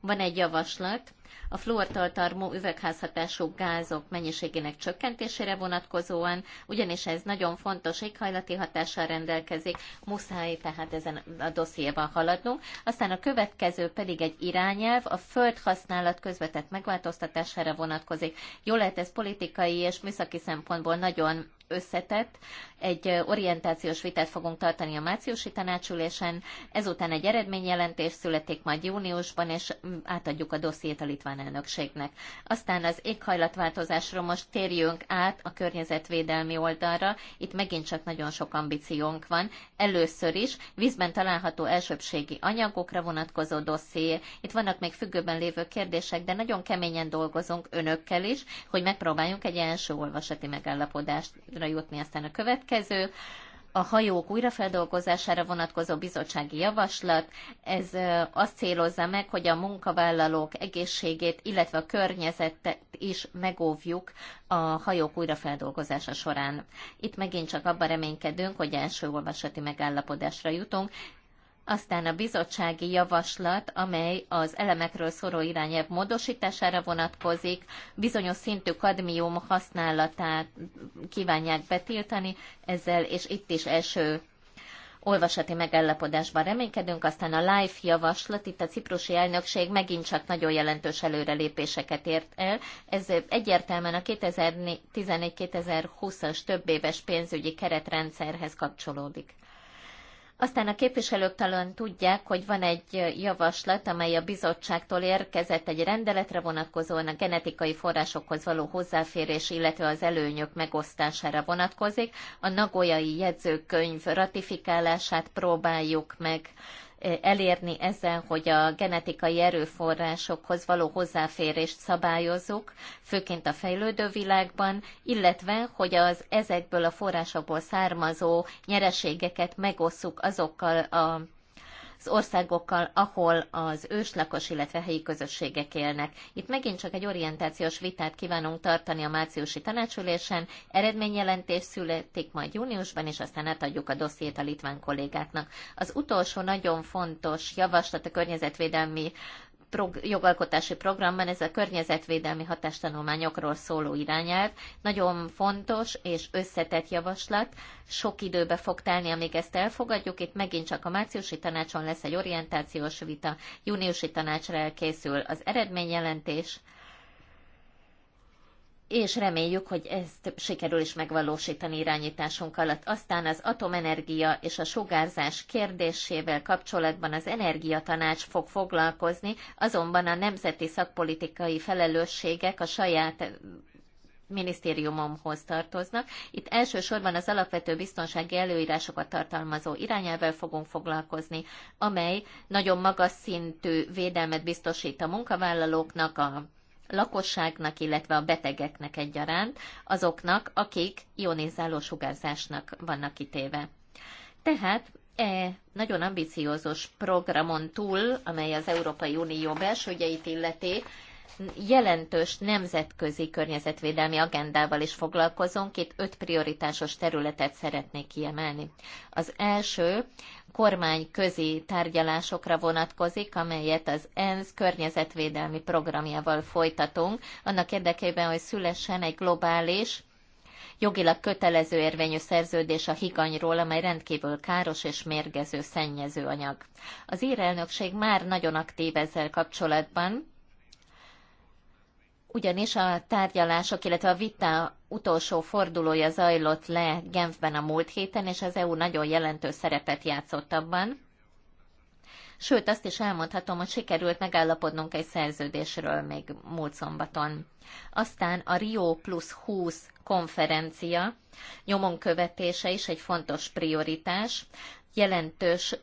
van egy javaslat, a fluortartalmú üvegházhatású gázok mennyiségének csökkentésére vonatkozóan, ugyanis ez nagyon fontos éghajlati hatással rendelkezik, muszáj tehát ezen a dossziéval haladnunk. Aztán a következő pedig egy irányelv, a földhasználat közvetett megváltoztatására vonatkozik. Jó lehet ez politikai és műszaki szempontból nagyon összetett. Egy orientációs vitát fogunk tartani a márciusi tanácsülésen, ezután egy eredményjelentés születik majd júniusban, és átadjuk a dossziét a litván elnökségnek. Aztán az éghajlatváltozásról most térjünk át a környezetvédelmi oldalra. Itt megint csak nagyon sok ambíciónk van. Először is vízben található elsőbségi anyagokra vonatkozó dosszié. Itt vannak még függőben lévő kérdések, de nagyon keményen dolgozunk önökkel is, hogy megpróbáljunk egy első olvasati megállapodásra jutni. Aztán a következő a hajók újrafeldolgozására vonatkozó bizottsági javaslat, ez azt célozza meg, hogy a munkavállalók egészségét, illetve a környezetet is megóvjuk a hajók újrafeldolgozása során. Itt megint csak abban reménykedünk, hogy első olvasati megállapodásra jutunk, aztán a bizottsági javaslat, amely az elemekről szóló irányelv módosítására vonatkozik, bizonyos szintű kadmium használatát kívánják betiltani ezzel, és itt is első olvasati megállapodásban reménykedünk, aztán a LIFE javaslat, itt a ciprusi elnökség megint csak nagyon jelentős előrelépéseket ért el. Ez egyértelműen a 2014-2020-as többéves pénzügyi keretrendszerhez kapcsolódik. Aztán a képviselők talán tudják, hogy van egy javaslat, amely a bizottságtól érkezett egy rendeletre vonatkozóan a genetikai forrásokhoz való hozzáférés, illetve az előnyök megosztására vonatkozik. A nagoyai jegyzőkönyv ratifikálását próbáljuk meg elérni ezzel, hogy a genetikai erőforrásokhoz való hozzáférést szabályozzuk, főként a fejlődő világban, illetve, hogy az ezekből a forrásokból származó nyereségeket megosszuk azokkal a az országokkal, ahol az őslakos, illetve helyi közösségek élnek. Itt megint csak egy orientációs vitát kívánunk tartani a márciusi tanácsülésen, eredményjelentés születik majd júniusban, és aztán átadjuk a dossziét a litván kollégáknak. Az utolsó nagyon fontos javaslat a környezetvédelmi prog- jogalkotási programban ez a környezetvédelmi hatástanulmányokról szóló irányelv. Nagyon fontos és összetett javaslat. Sok időbe fog telni, amíg ezt elfogadjuk. Itt megint csak a márciusi tanácson lesz egy orientációs vita, júniusi tanácsra elkészül az eredményjelentés, és reméljük, hogy ezt sikerül is megvalósítani irányításunk alatt. Aztán az atomenergia és a sugárzás kérdésével kapcsolatban az energiatanács fog foglalkozni, azonban a nemzeti szakpolitikai felelősségek a saját minisztériumomhoz tartoznak. Itt elsősorban az alapvető biztonsági előírásokat tartalmazó irányelvel fogunk foglalkozni, amely nagyon magas szintű védelmet biztosít a munkavállalóknak, a lakosságnak, illetve a betegeknek egyaránt, azoknak, akik ionizáló sugárzásnak vannak kitéve. Tehát e nagyon ambiciózus programon túl, amely az Európai Unió ügyeit illeti, jelentős nemzetközi környezetvédelmi agendával is foglalkozunk. Itt öt prioritásos területet szeretnék kiemelni. Az első közi tárgyalásokra vonatkozik, amelyet az ENSZ környezetvédelmi programjával folytatunk, annak érdekében, hogy szülessen egy globális, jogilag kötelező érvényű szerződés a higanyról, amely rendkívül káros és mérgező szennyező anyag. Az írelnökség már nagyon aktív ezzel kapcsolatban, ugyanis a tárgyalások, illetve a vita utolsó fordulója zajlott le Genfben a múlt héten, és az EU nagyon jelentős szerepet játszott abban. Sőt, azt is elmondhatom, hogy sikerült megállapodnunk egy szerződésről még múlt szombaton. Aztán a Rio Plus 20 konferencia nyomon követése is egy fontos prioritás jelentős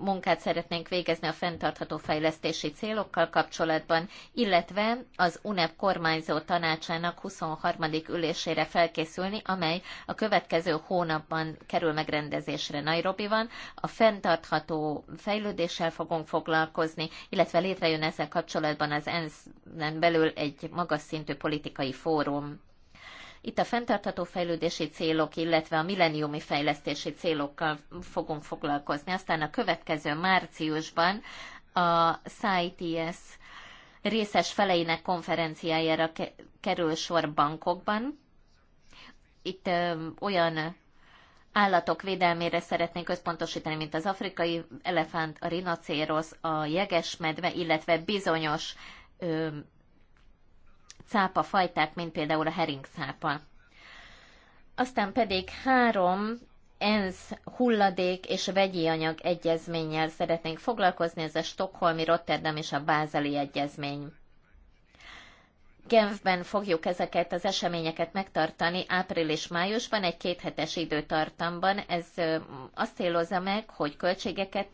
munkát szeretnénk végezni a fenntartható fejlesztési célokkal kapcsolatban, illetve az UNEP kormányzó tanácsának 23. ülésére felkészülni, amely a következő hónapban kerül megrendezésre Nairobi-ban, A fenntartható fejlődéssel fogunk foglalkozni, illetve létrejön ezzel kapcsolatban az ENSZ-en belül egy magas szintű politikai fórum. Itt a fenntartható fejlődési célok, illetve a milleniumi fejlesztési célokkal fogunk foglalkozni. Aztán a következő márciusban a SciTS részes feleinek konferenciájára kerül sor bankokban. Itt ö, olyan állatok védelmére szeretnénk összpontosítani, mint az afrikai elefánt, a rinocérosz, a jegesmedve, illetve bizonyos ö, cápa fajták, mint például a cápa. Aztán pedig három ENSZ hulladék és vegyi anyag egyezménnyel szeretnénk foglalkozni, ez a Stockholmi, Rotterdam és a Bázeli egyezmény. Genfben fogjuk ezeket az eseményeket megtartani április-májusban, egy kéthetes időtartamban. Ez azt célozza meg, hogy költségeket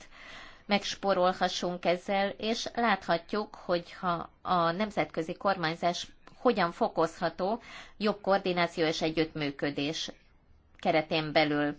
megsporolhassunk ezzel, és láthatjuk, hogy ha a nemzetközi kormányzás hogyan fokozható jobb koordináció és együttműködés keretén belül.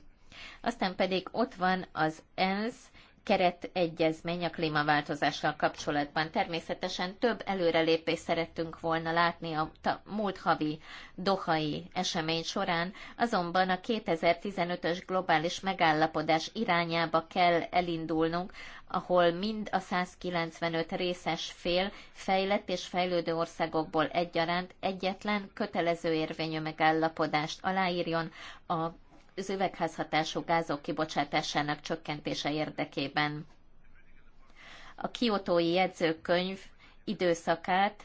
Aztán pedig ott van az ENSZ keretegyezmény a klímaváltozással kapcsolatban. Természetesen több előrelépést szerettünk volna látni a múlt havi dohai esemény során, azonban a 2015-ös globális megállapodás irányába kell elindulnunk, ahol mind a 195 részes fél fejlett és fejlődő országokból egyaránt egyetlen kötelező érvényű megállapodást aláírjon a az üvegházhatású gázok kibocsátásának csökkentése érdekében. A kiotói jegyzőkönyv időszakát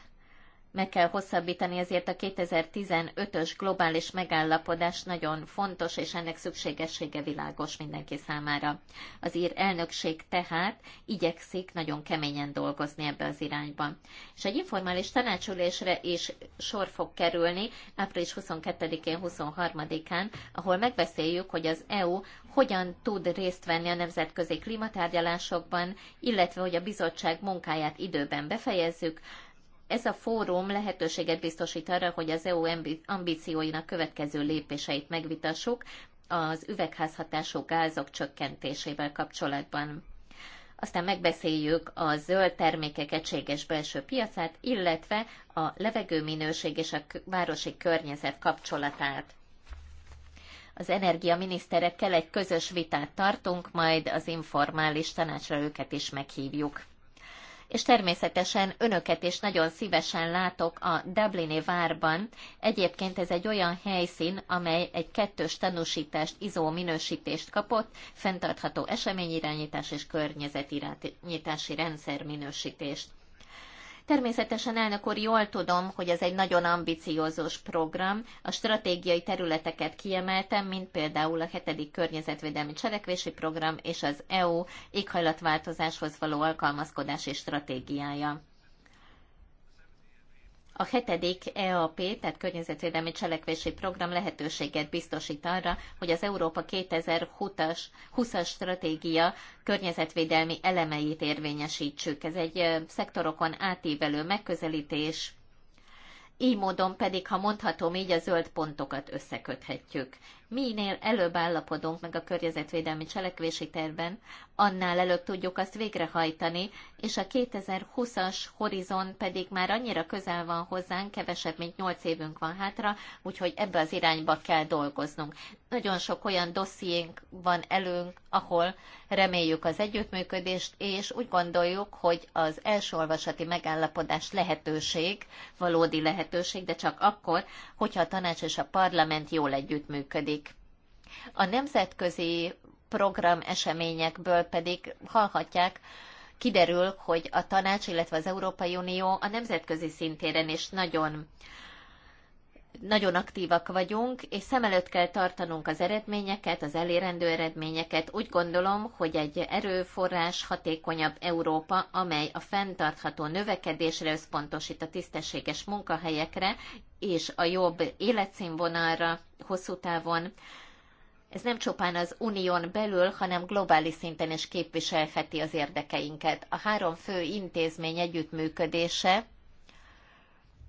meg kell hosszabbítani, ezért a 2015-ös globális megállapodás nagyon fontos, és ennek szükségessége világos mindenki számára. Az ír elnökség tehát igyekszik nagyon keményen dolgozni ebbe az irányba. És egy informális tanácsülésre is sor fog kerülni április 22-én, 23-án, ahol megbeszéljük, hogy az EU hogyan tud részt venni a nemzetközi klimatárgyalásokban, illetve hogy a bizottság munkáját időben befejezzük, ez a fórum lehetőséget biztosít arra, hogy az EU ambícióinak következő lépéseit megvitassuk az üvegházhatású gázok csökkentésével kapcsolatban. Aztán megbeszéljük a zöld termékek egységes belső piacát, illetve a levegőminőség és a városi környezet kapcsolatát az energiaminiszterekkel egy közös vitát tartunk, majd az informális tanácsra őket is meghívjuk és természetesen önöket is nagyon szívesen látok a Dublini várban. Egyébként ez egy olyan helyszín, amely egy kettős tanúsítást, izó minősítést kapott, fenntartható eseményirányítás és környezetirányítási rendszer minősítést. Természetesen, elnök úr, jól tudom, hogy ez egy nagyon ambiciózus program. A stratégiai területeket kiemeltem, mint például a 7. környezetvédelmi cselekvési program és az EU éghajlatváltozáshoz való alkalmazkodási stratégiája. A hetedik EAP, tehát Környezetvédelmi Cselekvési Program lehetőséget biztosít arra, hogy az Európa 2020-as stratégia környezetvédelmi elemeit érvényesítsük. Ez egy szektorokon átívelő megközelítés, így módon pedig, ha mondhatom így, a zöld pontokat összeköthetjük minél előbb állapodunk meg a környezetvédelmi cselekvési tervben, annál előbb tudjuk azt végrehajtani, és a 2020-as horizont pedig már annyira közel van hozzánk, kevesebb, mint 8 évünk van hátra, úgyhogy ebbe az irányba kell dolgoznunk. Nagyon sok olyan dossziénk van előnk, ahol reméljük az együttműködést, és úgy gondoljuk, hogy az első olvasati megállapodás lehetőség, valódi lehetőség, de csak akkor, hogyha a tanács és a parlament jól együttműködik. A nemzetközi program eseményekből pedig hallhatják, kiderül, hogy a tanács, illetve az Európai Unió a nemzetközi szintéren is nagyon nagyon aktívak vagyunk, és szem előtt kell tartanunk az eredményeket, az elérendő eredményeket. Úgy gondolom, hogy egy erőforrás hatékonyabb Európa, amely a fenntartható növekedésre összpontosít a tisztességes munkahelyekre és a jobb életszínvonalra hosszú távon, ez nem csupán az unión belül, hanem globális szinten is képviselheti az érdekeinket. A három fő intézmény együttműködése,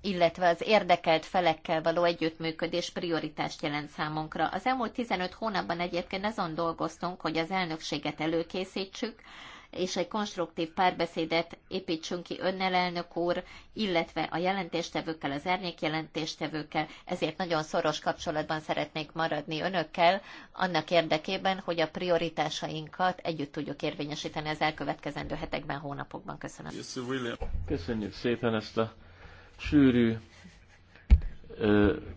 illetve az érdekelt felekkel való együttműködés prioritást jelent számunkra. Az elmúlt 15 hónapban egyébként azon dolgoztunk, hogy az elnökséget előkészítsük, és egy konstruktív párbeszédet építsünk ki önnel, elnök úr, illetve a jelentéstevőkkel, az árnyék jelentéstevőkkel, ezért nagyon szoros kapcsolatban szeretnék maradni önökkel, annak érdekében, hogy a prioritásainkat együtt tudjuk érvényesíteni az elkövetkezendő hetekben, hónapokban. Köszönöm. Köszönjük szépen ezt a sűrű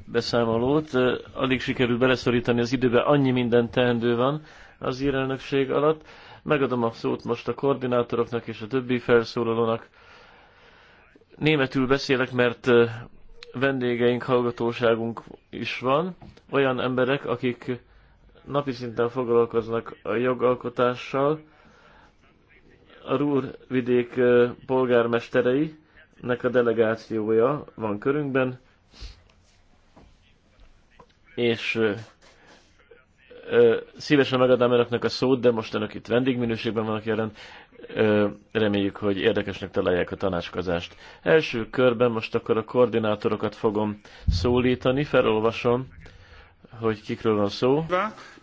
beszámolót. Alig sikerült beleszorítani az időbe, annyi minden teendő van az írelnökség alatt. Megadom a szót most a koordinátoroknak és a többi felszólalónak. Németül beszélek, mert vendégeink, hallgatóságunk is van. Olyan emberek, akik napi szinten foglalkoznak a jogalkotással, a Rúr vidék nek a delegációja van körünkben, és Szívesen megadnám önöknek a szót, de most önök itt vendégminőségben vannak jelen. Reméljük, hogy érdekesnek találják a tanácskozást. Első körben most akkor a koordinátorokat fogom szólítani, felolvasom hogy kikről van szó.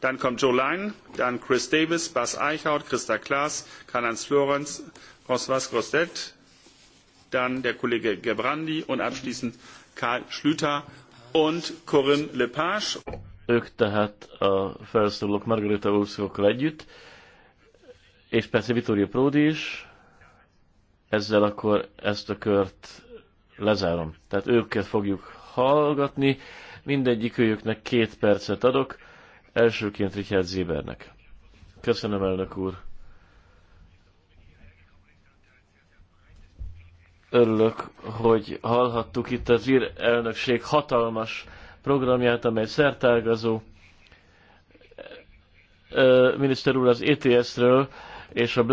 Dann kommt Joe Lein, dann Chris Davis, Bas Eichhaut, Christa Klaas, Karl-Heinz Florenz, François Grosset, dann der Kollege Gebrandi und abschließend Karl Schlüter und Corinne Lepage ők tehát a felszólók Margarita Ulszkokkal együtt, és persze Vittorio Pródi is, ezzel akkor ezt a kört lezárom. Tehát őket fogjuk hallgatni, mindegyik őjöknek két percet adok, elsőként Richard Zébernek. Köszönöm, elnök úr! Örülök, hogy hallhattuk itt az ír elnökség hatalmas programját, amely szertágazó. Miniszter úr az ETS-ről és a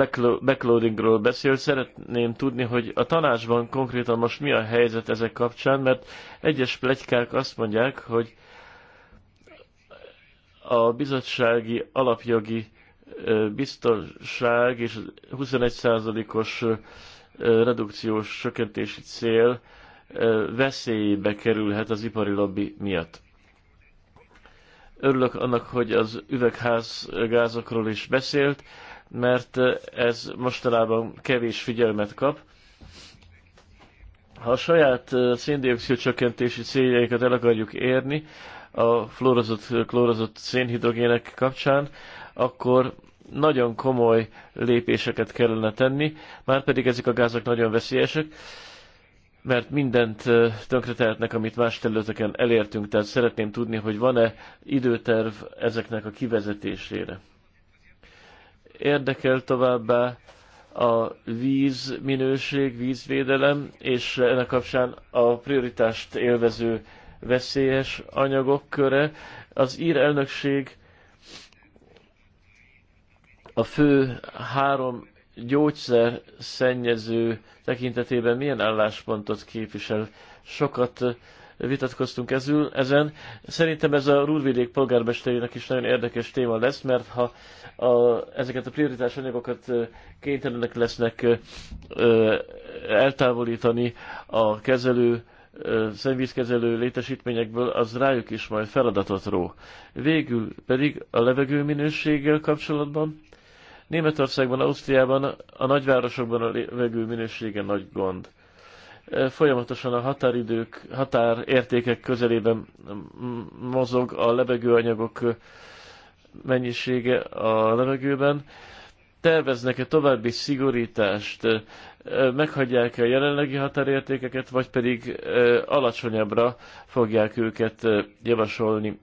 backloadingról beszélt. Szeretném tudni, hogy a tanácsban konkrétan most mi a helyzet ezek kapcsán, mert egyes plegykák azt mondják, hogy a bizottsági alapjogi biztonság és 21%-os redukciós csökkentési cél veszélybe kerülhet az ipari lobby miatt. Örülök annak, hogy az üvegházgázokról is beszélt, mert ez mostanában kevés figyelmet kap. Ha a saját széndiokszid csökkentési céljaikat el akarjuk érni a fluorozott, klórozott szénhidrogének kapcsán, akkor nagyon komoly lépéseket kellene tenni, már pedig ezek a gázok nagyon veszélyesek mert mindent tönkretehetnek, amit más területeken elértünk, tehát szeretném tudni, hogy van-e időterv ezeknek a kivezetésére. Érdekel továbbá a vízminőség, vízvédelem, és ennek kapcsán a prioritást élvező veszélyes anyagok köre. Az ír elnökség a fő három gyógyszer szennyező tekintetében milyen álláspontot képvisel. Sokat eh, vitatkoztunk ezül, ezen. Szerintem ez a Rúdvidék polgármesterének is nagyon érdekes téma lesz, mert ha a, ezeket a prioritás anyagokat eh, kénytelenek lesznek ö, eh, eltávolítani a kezelő szennyvízkezelő létesítményekből, az rájuk is majd feladatot ró. Végül pedig a levegő minőséggel kapcsolatban Németországban, Ausztriában, a nagyvárosokban a levegő minősége nagy gond. Folyamatosan a határidők, határértékek közelében mozog a levegőanyagok mennyisége a levegőben. Terveznek-e további szigorítást, meghagyják-e a jelenlegi határértékeket, vagy pedig alacsonyabbra fogják őket javasolni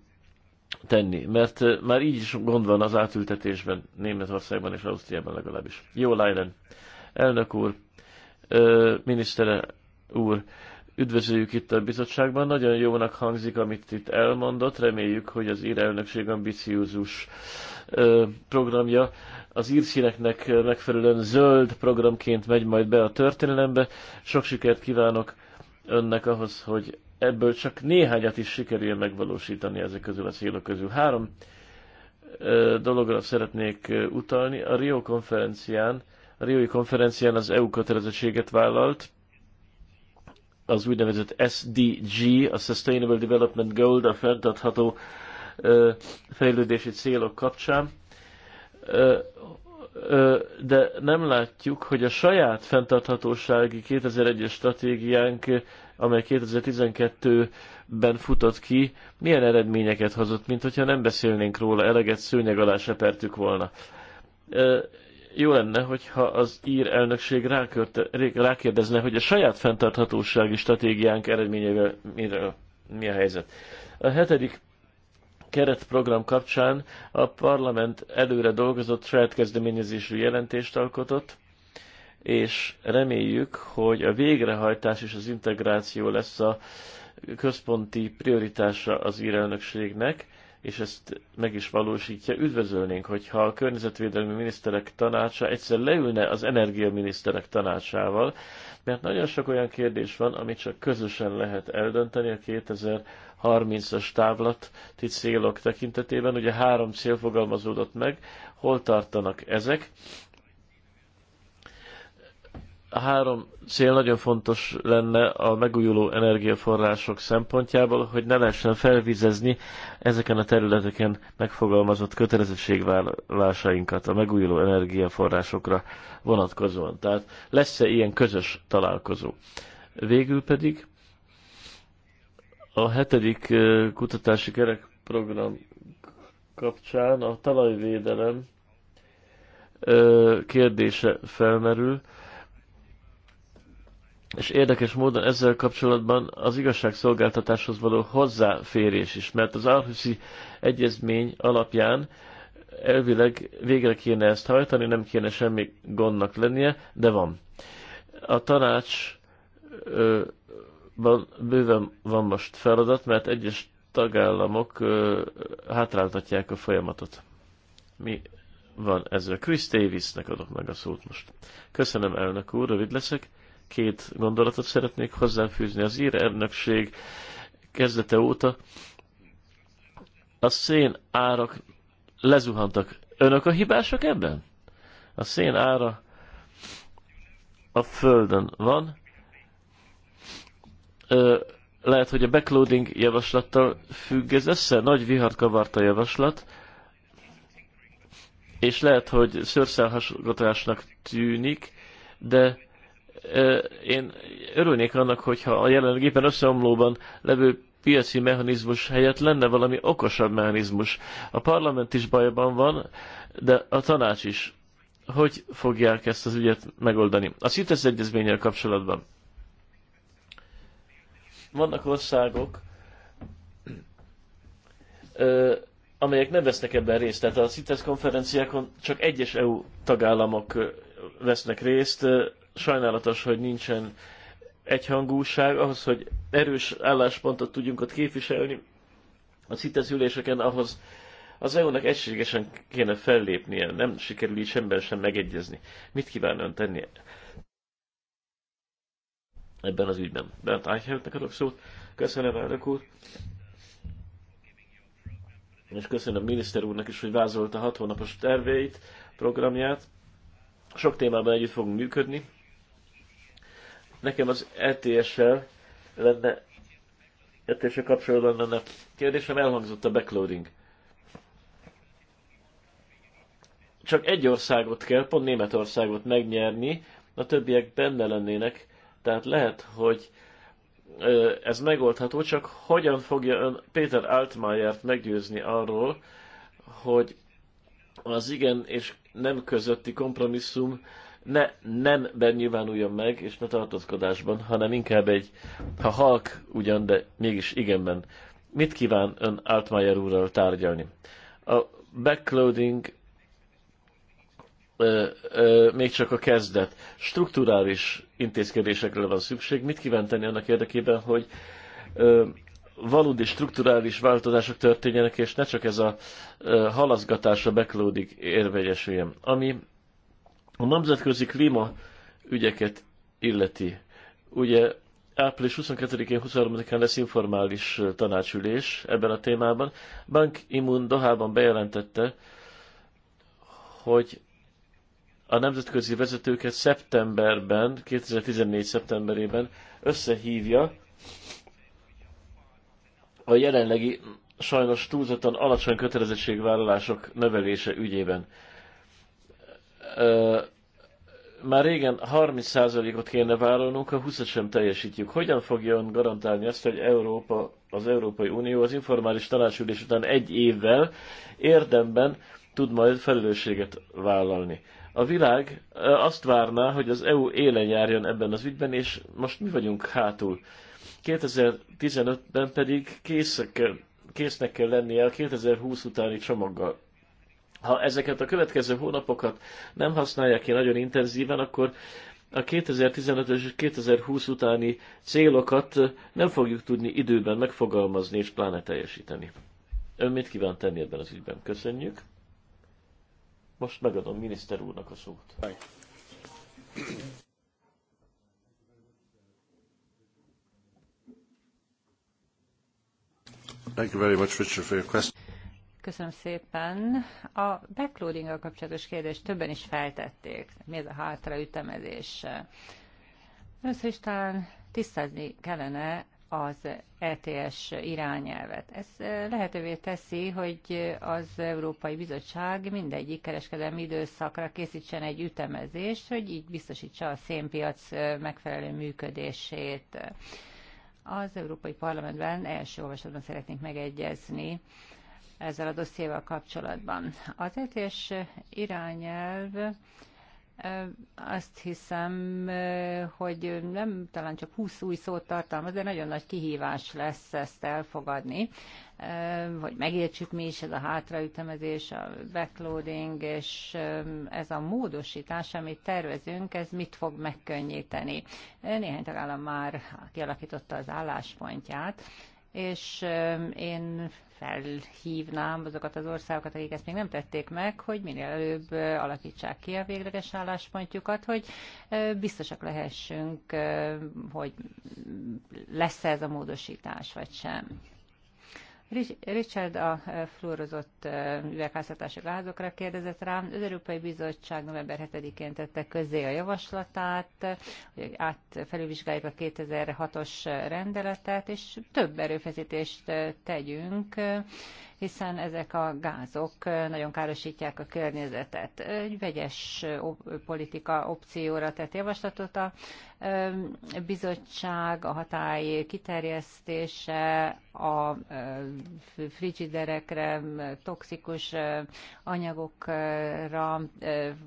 tenni, mert már így is gond van az átültetésben Németországban és Ausztriában legalábbis. Jó, Leiden, Elnök úr, minisztere úr, üdvözöljük itt a bizottságban. Nagyon jónak hangzik, amit itt elmondott. Reméljük, hogy az ír elnökség ambiciózus programja az írszíneknek megfelelően zöld programként megy majd be a történelembe. Sok sikert kívánok önnek ahhoz, hogy ebből csak néhányat is sikerül megvalósítani ezek közül a célok közül. Három dologra szeretnék utalni. A Rio konferencián, a Rioi konferencián az EU kötelezettséget vállalt, az úgynevezett SDG, a Sustainable Development Goal, a fenntartható fejlődési célok kapcsán, de nem látjuk, hogy a saját fenntarthatósági 2001-es stratégiánk amely 2012-ben futott ki, milyen eredményeket hozott, mint hogyha nem beszélnénk róla, eleget szőnyeg alá sepertük volna. Jó lenne, hogyha az ír elnökség rákörte, rákérdezne, hogy a saját fenntarthatósági stratégiánk eredményeivel miről, mi a helyzet. A hetedik keretprogram kapcsán a parlament előre dolgozott saját kezdeményezésű jelentést alkotott, és reméljük, hogy a végrehajtás és az integráció lesz a központi prioritása az írelnökségnek, és ezt meg is valósítja. Üdvözölnénk, hogyha a környezetvédelmi miniszterek tanácsa egyszer leülne az energiaminiszterek tanácsával, mert nagyon sok olyan kérdés van, amit csak közösen lehet eldönteni a 2030-as távlati célok tekintetében. Ugye három cél fogalmazódott meg, hol tartanak ezek, a három cél nagyon fontos lenne a megújuló energiaforrások szempontjából, hogy ne lehessen felvizezni ezeken a területeken megfogalmazott kötelezettségvállásainkat a megújuló energiaforrásokra vonatkozóan. Tehát lesz-e ilyen közös találkozó? Végül pedig a hetedik kutatási kerekprogram kapcsán a talajvédelem kérdése felmerül, és érdekes módon ezzel kapcsolatban az igazságszolgáltatáshoz való hozzáférés is, mert az Aarhuszi Egyezmény alapján elvileg végre kéne ezt hajtani, nem kéne semmi gondnak lennie, de van. A tanács ö, van, bőven van most feladat, mert egyes tagállamok ö, hátráltatják a folyamatot. Mi van ezzel? Chris Davisnek adok meg a szót most. Köszönöm, elnök úr, rövid leszek két gondolatot szeretnék hozzáfűzni. Az ír elnökség kezdete óta a szén árak lezuhantak. Önök a hibások ebben? A szén ára a földön van. Ö, lehet, hogy a backloading javaslattal függ ez össze. Nagy vihart kavart a javaslat, és lehet, hogy szőrszálhasgatásnak tűnik, de én örülnék annak, hogyha a jelenleg éppen összeomlóban levő piaci mechanizmus helyett lenne valami okosabb mechanizmus. A parlament is bajban van, de a tanács is. Hogy fogják ezt az ügyet megoldani? A CITES egyezménnyel kapcsolatban. Vannak országok, amelyek nem vesznek ebben részt. Tehát a CITES konferenciákon csak egyes EU tagállamok vesznek részt, sajnálatos, hogy nincsen egyhangúság, ahhoz, hogy erős álláspontot tudjunk ott képviselni, a CITES üléseken ahhoz az EU-nak egységesen kéne fellépnie, nem sikerül így semben sem megegyezni. Mit kíván ön tenni ebben az ügyben? Bent Eichelt-nek adok szót. Köszönöm, elnök úr. És köszönöm miniszter úrnak is, hogy vázolta hat hónapos terveit, programját. Sok témában együtt fogunk működni Nekem az ETS-sel lenne, ETS-sel kapcsolatban lenne kérdésem, elhangzott a backloading. Csak egy országot kell, pont Németországot megnyerni, a többiek benne lennének, tehát lehet, hogy ez megoldható, csak hogyan fogja ön Péter Altmaiert meggyőzni arról, hogy az igen és nem közötti kompromisszum ne nemben nyilvánuljon meg, és ne tartózkodásban, hanem inkább egy, ha halk ugyan, de mégis igenben. Mit kíván ön Altmaier úrral tárgyalni? A backloading ö, ö, még csak a kezdet. Strukturális intézkedésekre van szükség. Mit kíván tenni annak érdekében, hogy ö, valódi strukturális változások történjenek, és ne csak ez a ö, backloading érvegyesüljön. Ami a nemzetközi klíma ügyeket illeti. Ugye április 22-én, 23-án lesz informális tanácsülés ebben a témában. Bank Imun Dohában bejelentette, hogy a nemzetközi vezetőket szeptemberben, 2014. szeptemberében összehívja a jelenlegi sajnos túlzottan alacsony kötelezettségvállalások növelése ügyében már régen 30%-ot kéne vállalnunk, ha 20-at sem teljesítjük. Hogyan fogja ön garantálni azt, hogy Európa, az Európai Unió az informális tanácsülés után egy évvel érdemben tud majd felelősséget vállalni? A világ azt várná, hogy az EU élen járjon ebben az ügyben, és most mi vagyunk hátul. 2015-ben pedig készek, késznek kell lennie a 2020 utáni csomaggal ha ezeket a következő hónapokat nem használják ki nagyon intenzíven, akkor a 2015-ös és 2020 utáni célokat nem fogjuk tudni időben megfogalmazni és pláne teljesíteni. Ön mit kíván tenni ebben az ügyben? Köszönjük. Most megadom miniszter úrnak a szót. Thank you very much, Richard, for your question. Köszönöm szépen. A backloading kapcsolatos kérdést többen is feltették. Mi ez a hátraütemezés? Először is talán tisztázni kellene az ETS irányelvet. Ez eh, lehetővé teszi, hogy az Európai Bizottság mindegyik kereskedelmi időszakra készítsen egy ütemezést, hogy így biztosítsa a szénpiac eh, megfelelő működését. Az Európai Parlamentben első olvasatban szeretnénk megegyezni ezzel a dossziéval kapcsolatban. Az ETS irányelv azt hiszem, hogy nem talán csak 20 új szót tartalmaz, de nagyon nagy kihívás lesz ezt elfogadni, hogy megértsük mi is ez a hátraütemezés, a backloading, és ez a módosítás, amit tervezünk, ez mit fog megkönnyíteni. Néhány tagállam már kialakította az álláspontját, és én felhívnám azokat az országokat, akik ezt még nem tették meg, hogy minél előbb alakítsák ki a végleges álláspontjukat, hogy biztosak lehessünk, hogy lesz -e ez a módosítás, vagy sem. Richard a e, fluorozott e, üvegházhatású gázokra kérdezett rám. Az Európai Bizottság november 7-én tette közzé a javaslatát, hogy át a 2006-os rendeletet, és több erőfeszítést e, tegyünk hiszen ezek a gázok nagyon károsítják a környezetet. Egy vegyes politika opcióra tett javaslatot a bizottság, a hatály kiterjesztése, a frigiderekre, toxikus anyagokra,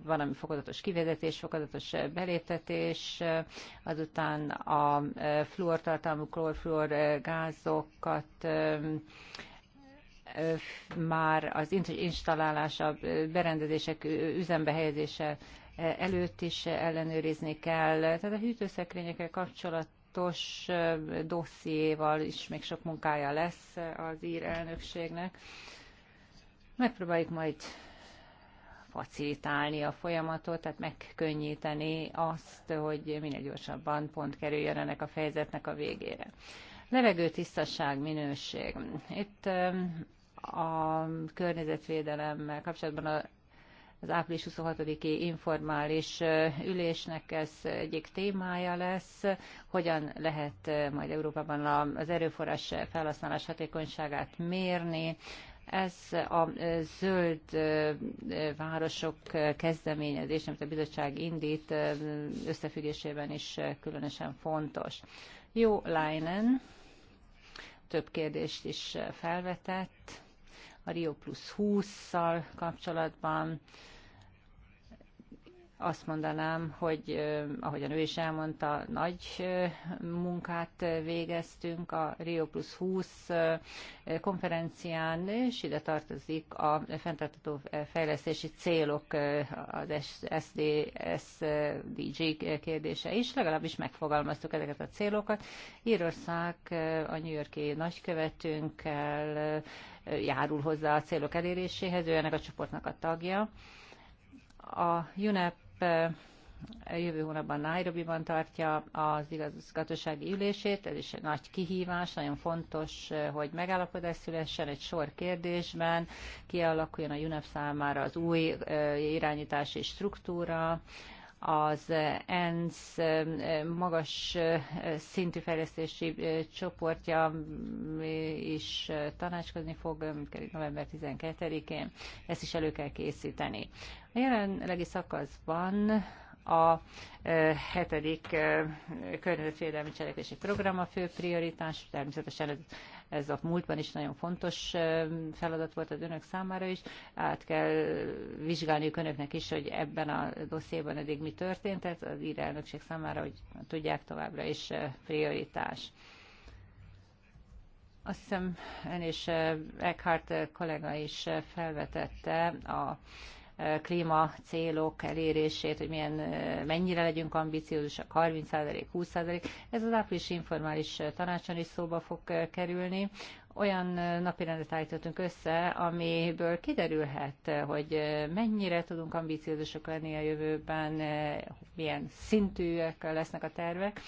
valami fokozatos kivezetés, fokozatos beléptetés, azután a fluortartalmú klorfluor gázokat már az installálása, berendezések üzembe helyezése előtt is ellenőrizni kell. Tehát a hűtőszekrényekkel kapcsolatos dossziéval is még sok munkája lesz az ír elnökségnek. Megpróbáljuk majd facilitálni a folyamatot, tehát megkönnyíteni azt, hogy minél gyorsabban pont kerüljön ennek a fejezetnek a végére. Levegő tisztaság, minőség. Itt a környezetvédelemmel kapcsolatban a az április 26-i informális ülésnek ez egyik témája lesz, hogyan lehet majd Európában az erőforrás felhasználás hatékonyságát mérni, ez a zöld városok kezdeményezés, amit a bizottság indít, összefüggésében is különösen fontos. Jó Leinen több kérdést is felvetett a Rio Plus 20-szal kapcsolatban, azt mondanám, hogy ahogyan ő is elmondta, nagy munkát végeztünk a Rio Plus 20 konferencián, és ide tartozik a fenntartató fejlesztési célok, az DG kérdése is, legalábbis megfogalmaztuk ezeket a célokat. Írország a New Yorki nagykövetünkkel járul hozzá a célok eléréséhez, ő ennek a csoportnak a tagja a UNEP Eh, jövő hónapban Nairobi-ban tartja az igazgatósági ülését, ez is egy nagy kihívás, nagyon fontos, eh, hogy megállapodás szülessen egy sor kérdésben, kialakuljon a UNEP számára az új eh, irányítási struktúra, az ENSZ magas szintű fejlesztési csoportja is tanácskozni fog november 12-én. Ezt is elő kell készíteni. A jelenlegi szakaszban a hetedik környezetvédelmi cselekvési program a fő prioritás, természetesen ez a múltban is nagyon fontos feladat volt az önök számára is. Át kell vizsgálni önöknek is, hogy ebben a dossziéban eddig mi történt, tehát az ír elnökség számára, hogy tudják továbbra is prioritás. Azt hiszem, ön és Eckhart kollega is felvetette a klímacélok elérését, hogy milyen, mennyire legyünk ambiciózusak, 30%, 20%. Ez az április informális tanácson is szóba fog kerülni olyan napirendet állítottunk össze, amiből kiderülhet, hogy mennyire tudunk ambiciózusok lenni a jövőben, milyen szintűek lesznek a tervek,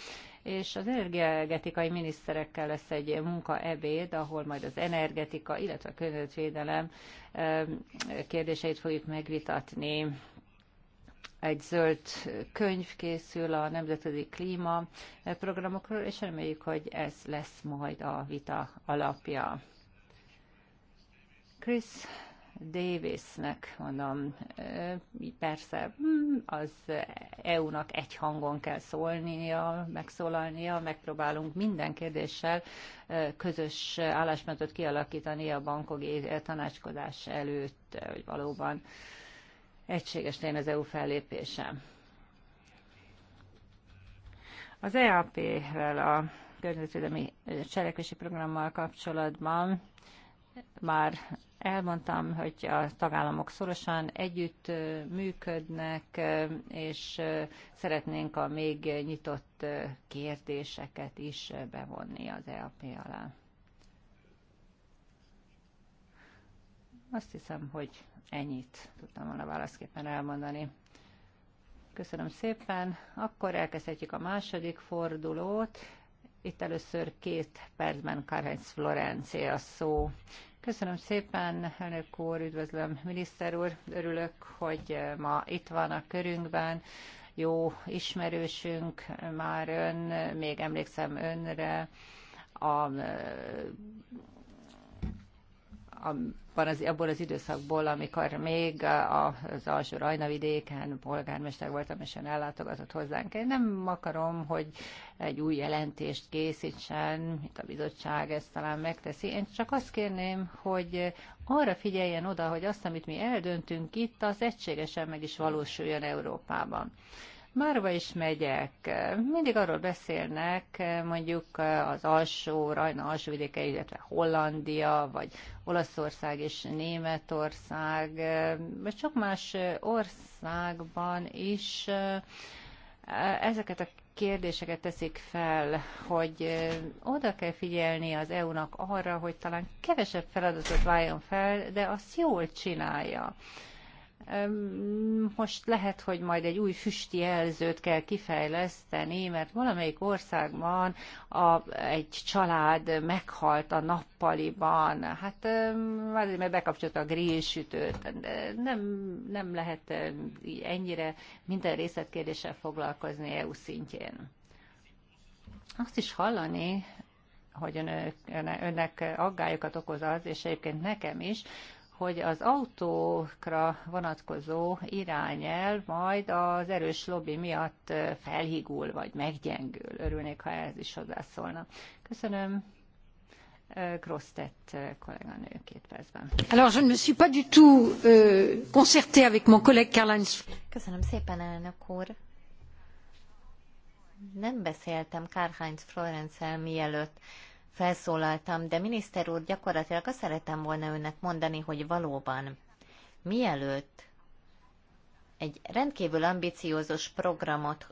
és az energetikai miniszterekkel lesz egy munkaebéd, ahol majd az energetika, illetve a környezetvédelem kérdéseit fogjuk megvitatni egy zöld könyv készül a nemzetközi klíma programokról, és reméljük, hogy ez lesz majd a vita alapja. Chris Davisnek mondom, persze az EU-nak egy hangon kell szólnia, megszólalnia, megpróbálunk minden kérdéssel közös álláspontot kialakítani a bankogi tanácskozás előtt, hogy valóban egységes legyen az EU fellépése. Az EAP-vel a környezetvédelmi cselekvési programmal kapcsolatban már Elmondtam, hogy a tagállamok szorosan együtt működnek, és szeretnénk a még nyitott kérdéseket is bevonni az EAP alá. Azt hiszem, hogy ennyit tudtam volna válaszképpen elmondani. Köszönöm szépen. Akkor elkezdhetjük a második fordulót. Itt először két percben Karenc Florencia szó. Köszönöm szépen, elnök úr, üdvözlöm, miniszter úr. Örülök, hogy ma itt van a körünkben. Jó ismerősünk már ön, még emlékszem önre. A abban az, abból az időszakból, amikor még az alsó vidéken polgármester voltam, és ön ellátogatott hozzánk. Én nem akarom, hogy egy új jelentést készítsen, itt a bizottság ezt talán megteszi. Én csak azt kérném, hogy arra figyeljen oda, hogy azt, amit mi eldöntünk itt, az egységesen meg is valósuljon Európában. Márva is megyek. Mindig arról beszélnek, mondjuk az alsó, Rajna alsó vidéke, illetve Hollandia, vagy Olaszország és Németország, vagy sok más országban is eh, ezeket a kérdéseket teszik fel, hogy eh, oda kell figyelni az EU-nak arra, hogy talán kevesebb feladatot váljon fel, de azt jól csinálja. Most lehet, hogy majd egy új jelzőt kell kifejleszteni, mert valamelyik országban a, egy család meghalt a nappaliban. Hát azért, mert bekapcsolta a grillsütőt. Nem, nem lehet ennyire minden részletkérdéssel foglalkozni EU szintjén. Azt is hallani, hogy önök, önnek aggályokat okoz az, és egyébként nekem is, hogy az autókra vonatkozó irányelv majd az erős lobby miatt felhigul vagy meggyengül. Örülnék, ha ez is hozzászólna. Köszönöm. Grosztett kolléganő két percben. Alors, je ne me suis pas du tout euh, avec mon collègue karl Köszönöm szépen, elnök úr. Nem beszéltem Karl-Heinz Florenzel mielőtt felszólaltam, de miniszter úr, gyakorlatilag azt szeretem volna önnek mondani, hogy valóban mielőtt egy rendkívül ambiciózus programot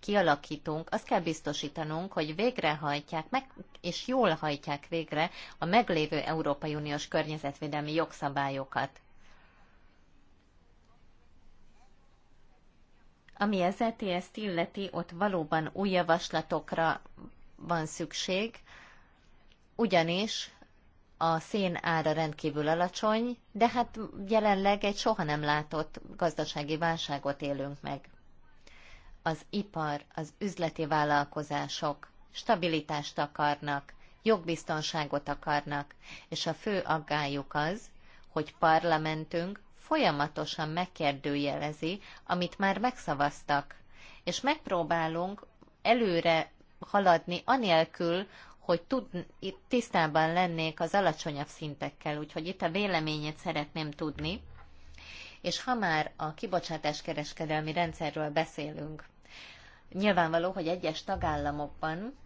kialakítunk, azt kell biztosítanunk, hogy végrehajtják meg, és jól hajtják végre a meglévő Európai Uniós környezetvédelmi jogszabályokat. Ami az ETS-t illeti, ott valóban új javaslatokra van szükség, ugyanis a szén ára rendkívül alacsony, de hát jelenleg egy soha nem látott gazdasági válságot élünk meg. Az ipar, az üzleti vállalkozások stabilitást akarnak, jogbiztonságot akarnak, és a fő aggájuk az, hogy parlamentünk folyamatosan megkérdőjelezi, amit már megszavaztak, és megpróbálunk előre haladni anélkül, hogy tud, itt tisztában lennék az alacsonyabb szintekkel, úgyhogy itt a véleményét szeretném tudni. És ha már a kereskedelmi rendszerről beszélünk, nyilvánvaló, hogy egyes tagállamokban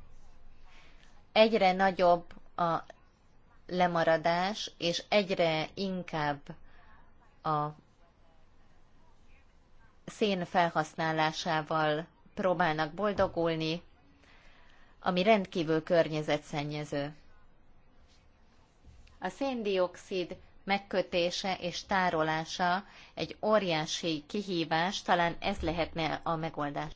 egyre nagyobb a lemaradás, és egyre inkább a szén felhasználásával próbálnak boldogulni, ami rendkívül környezetszennyező. A széndiokszid megkötése és tárolása egy óriási kihívás, talán ez lehetne a megoldás.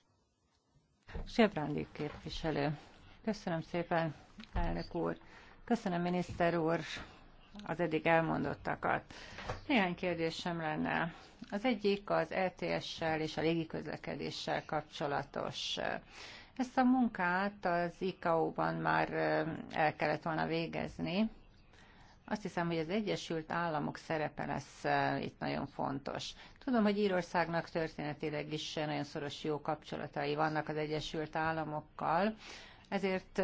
Sebrándi képviselő. Köszönöm szépen, elnök úr. Köszönöm, miniszter úr, az eddig elmondottakat. Néhány kérdésem lenne. Az egyik az ETS-sel és a légiközlekedéssel kapcsolatos. Ezt a munkát az ICAO-ban már el kellett volna végezni. Azt hiszem, hogy az Egyesült Államok szerepe lesz itt nagyon fontos. Tudom, hogy Írországnak történetileg is nagyon szoros jó kapcsolatai vannak az Egyesült Államokkal, ezért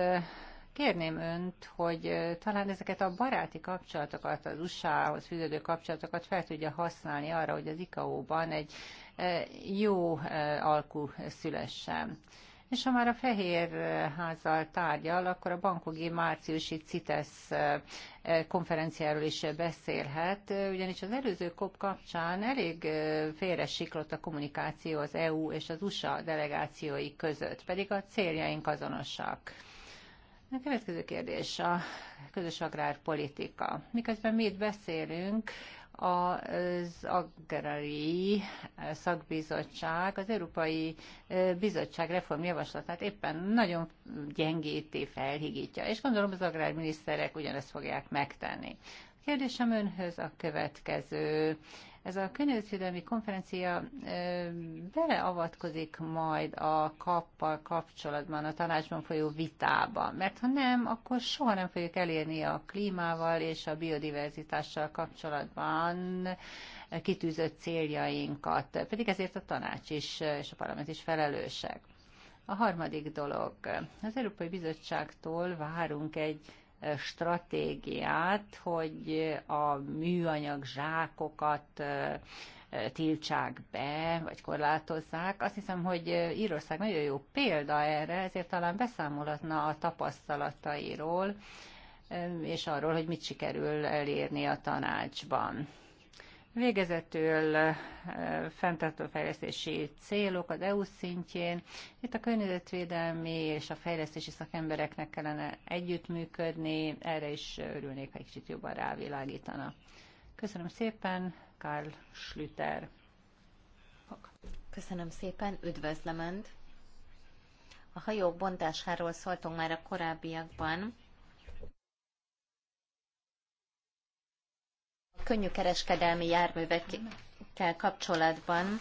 kérném önt, hogy talán ezeket a baráti kapcsolatokat, az USA-hoz fűződő kapcsolatokat fel tudja használni arra, hogy az ICAO-ban egy jó alkú szülessen és ha már a fehér házzal tárgyal, akkor a bankogi márciusi CITES konferenciáról is beszélhet, ugyanis az előző COP kapcsán elég félre siklott a kommunikáció az EU és az USA delegációi között, pedig a céljaink azonosak. A következő kérdés a közös agrárpolitika. Miközben mi itt beszélünk, az Agrári Szakbizottság az Európai Bizottság reformjavaslatát éppen nagyon gyengíti, felhigítja, és gondolom az agrárminiszterek ugyanezt fogják megtenni. Kérdésem önhöz a következő. Ez a környezetvédelmi konferencia beleavatkozik majd a kappal kapcsolatban, a tanácsban folyó vitába, mert ha nem, akkor soha nem fogjuk elérni a klímával és a biodiverzitással kapcsolatban kitűzött céljainkat. Pedig ezért a tanács is és a parlament is felelősek. A harmadik dolog. Az Európai Bizottságtól várunk egy stratégiát, hogy a műanyag zsákokat tiltsák be, vagy korlátozzák. Azt hiszem, hogy Írország nagyon jó példa erre, ezért talán beszámolhatna a tapasztalatairól, és arról, hogy mit sikerül elérni a tanácsban. Végezetül eh, fenntartó fejlesztési célok az EU szintjén. Itt a környezetvédelmi és a fejlesztési szakembereknek kellene együttműködni, erre is örülnék, ha egy kicsit jobban rávilágítana. Köszönöm szépen, Karl Schlüter. Köszönöm szépen, üdvözlöm Önt! A hajók bontásáról szóltunk már a korábbiakban, könnyű kereskedelmi járművekkel kapcsolatban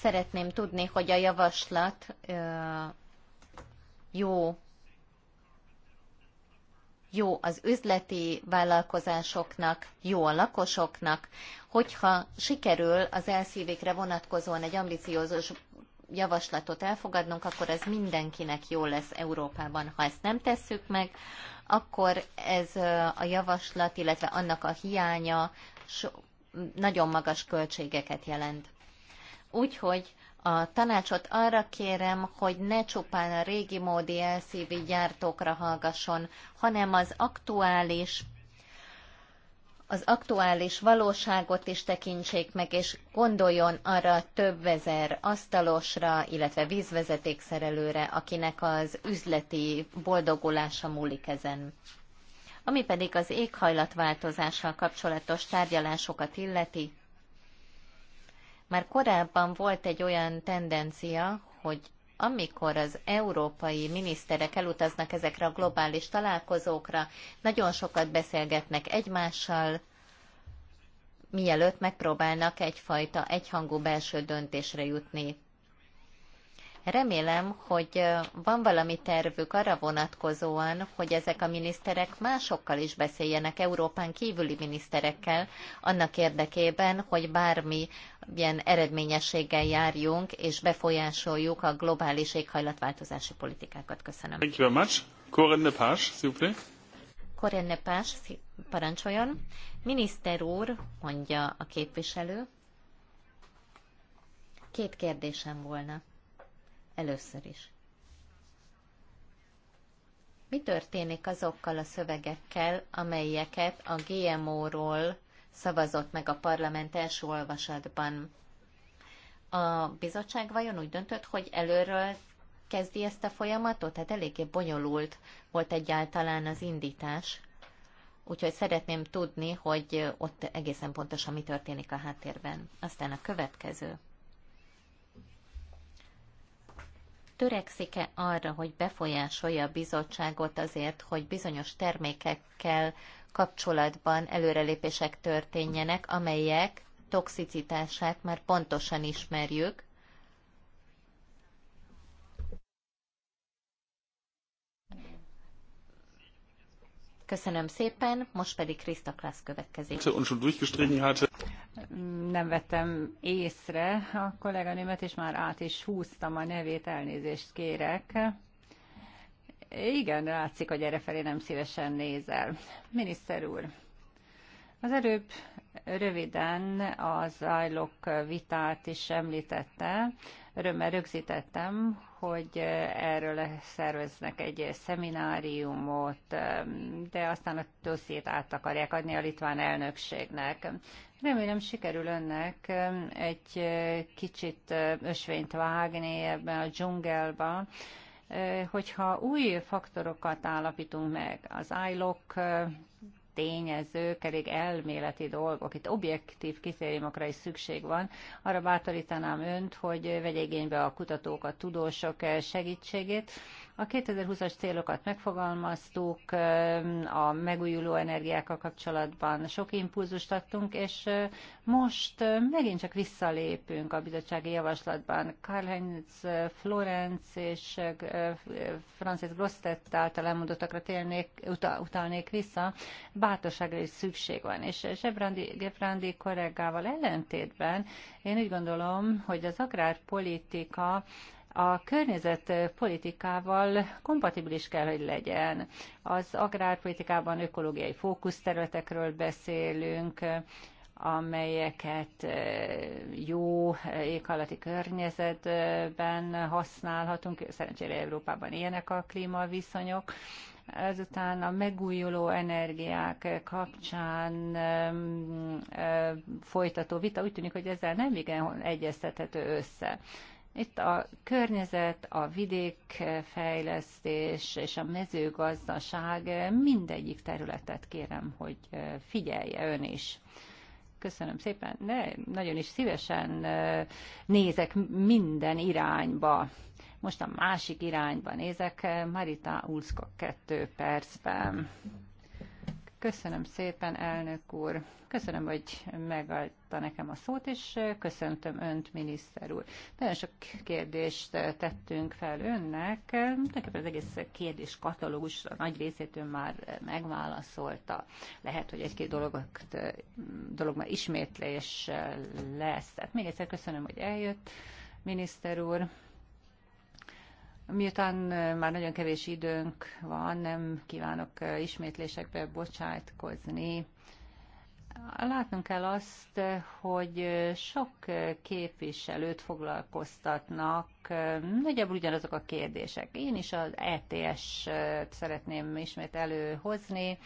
szeretném tudni, hogy a javaslat jó jó az üzleti vállalkozásoknak, jó a lakosoknak, hogyha sikerül az elszívékre vonatkozóan egy ambiciózus javaslatot elfogadnunk, akkor ez mindenkinek jó lesz Európában. Ha ezt nem tesszük meg, akkor ez a javaslat, illetve annak a hiánya nagyon magas költségeket jelent. Úgyhogy a tanácsot arra kérem, hogy ne csupán a régi módi LCV gyártókra hallgasson, hanem az aktuális az aktuális valóságot is tekintsék meg, és gondoljon arra több ezer asztalosra, illetve vízvezetékszerelőre, akinek az üzleti boldogulása múlik ezen. Ami pedig az éghajlatváltozással kapcsolatos tárgyalásokat illeti, már korábban volt egy olyan tendencia, hogy amikor az európai miniszterek elutaznak ezekre a globális találkozókra, nagyon sokat beszélgetnek egymással, mielőtt megpróbálnak egyfajta egyhangú belső döntésre jutni. Remélem, hogy van valami tervük arra vonatkozóan, hogy ezek a miniszterek másokkal is beszéljenek, Európán kívüli miniszterekkel, annak érdekében, hogy bármi ilyen eredményességgel járjunk, és befolyásoljuk a globális éghajlatváltozási politikákat. Köszönöm. Thank you very much. Corinne Pás, s'il Corinne Pás, parancsoljon. Miniszter úr, mondja a képviselő. Két kérdésem volna. Először is. Mi történik azokkal a szövegekkel, amelyeket a GMO-ról szavazott meg a parlament első olvasatban? A bizottság vajon úgy döntött, hogy előről kezdi ezt a folyamatot? Tehát eléggé bonyolult volt egyáltalán az indítás. Úgyhogy szeretném tudni, hogy ott egészen pontosan mi történik a háttérben. Aztán a következő. törekszik-e arra, hogy befolyásolja a bizottságot azért, hogy bizonyos termékekkel kapcsolatban előrelépések történjenek, amelyek toxicitását már pontosan ismerjük, Köszönöm szépen, most pedig Krista Klász következik. Nem vettem észre a kolléganőmet, és már át is húztam a nevét, elnézést kérek. Igen, látszik, hogy felé nem szívesen nézel. Miniszter úr, az előbb röviden az ajlok vitát is említette, örömmel rögzítettem, hogy erről szerveznek egy szemináriumot, de aztán a dossziét át akarják adni a litván elnökségnek. Remélem sikerül önnek egy kicsit ösvényt vágni ebben a dzsungelben, hogyha új faktorokat állapítunk meg, az ILOC tényezők, elég elméleti dolgok. Itt objektív kritériumokra is szükség van. Arra bátorítanám önt, hogy vegye igénybe a kutatók, a tudósok segítségét, a 2020-as célokat megfogalmaztuk, a megújuló energiákkal kapcsolatban sok impulzust adtunk, és most megint csak visszalépünk a bizottsági javaslatban. Karl-Heinz Florenz és Francis Grostet által elmondottakra télnék, utalnék vissza, bátorságra is szükség van. És Zsebrandi, Gebrandi korregával ellentétben én úgy gondolom, hogy az agrárpolitika a környezetpolitikával kompatibilis kell, hogy legyen. Az agrárpolitikában ökológiai fókuszterületekről beszélünk, amelyeket jó éghajlati környezetben használhatunk. Szerencsére Európában ilyenek a klímaviszonyok. Ezután a megújuló energiák kapcsán folytató vita úgy tűnik, hogy ezzel nem igen egyeztethető össze. Itt a környezet, a vidékfejlesztés és a mezőgazdaság eh, mindegyik területet kérem, hogy eh, figyelje ön is. Köszönöm szépen, Ne, nagyon is szívesen eh, nézek minden irányba. Most a másik irányba nézek, Marita Ulszka kettő percben. Köszönöm szépen, elnök úr. Köszönöm, hogy megadta nekem a szót, és köszöntöm önt, miniszter úr. Nagyon sok kérdést tettünk fel önnek. Tulajdonképpen az egész kérdés katalógusra nagy részét ön már megválaszolta. Lehet, hogy egy-két dolog, dolog már ismétlés lesz. Tehát még egyszer köszönöm, hogy eljött, miniszter úr. Miután már nagyon kevés időnk van, nem kívánok ismétlésekbe bocsátkozni. Látnunk kell azt, hogy sok képviselőt foglalkoztatnak nagyjából ugyanazok a kérdések. Én is az ETS-t szeretném ismét előhozni.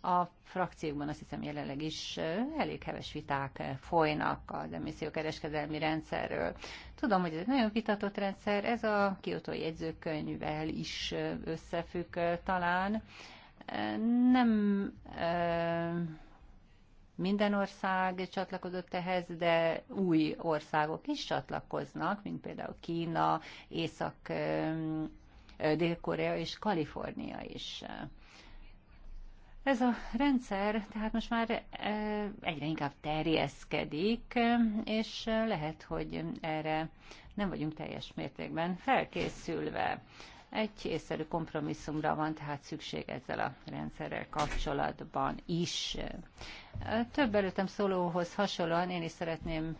A frakciókban azt hiszem jelenleg is elég heves viták folynak az emissziókereskedelmi rendszerről. Tudom, hogy ez egy nagyon vitatott rendszer, ez a kiotói jegyzőkönyvvel is összefügg talán. Nem minden ország csatlakozott ehhez, de új országok is csatlakoznak, mint például Kína, Észak, Dél-Korea és Kalifornia is. Ez a rendszer tehát most már egyre inkább terjeszkedik, és lehet, hogy erre nem vagyunk teljes mértékben felkészülve. Egy észszerű kompromisszumra van tehát szükség ezzel a rendszerrel kapcsolatban is. Több előttem szólóhoz hasonlóan én is szeretném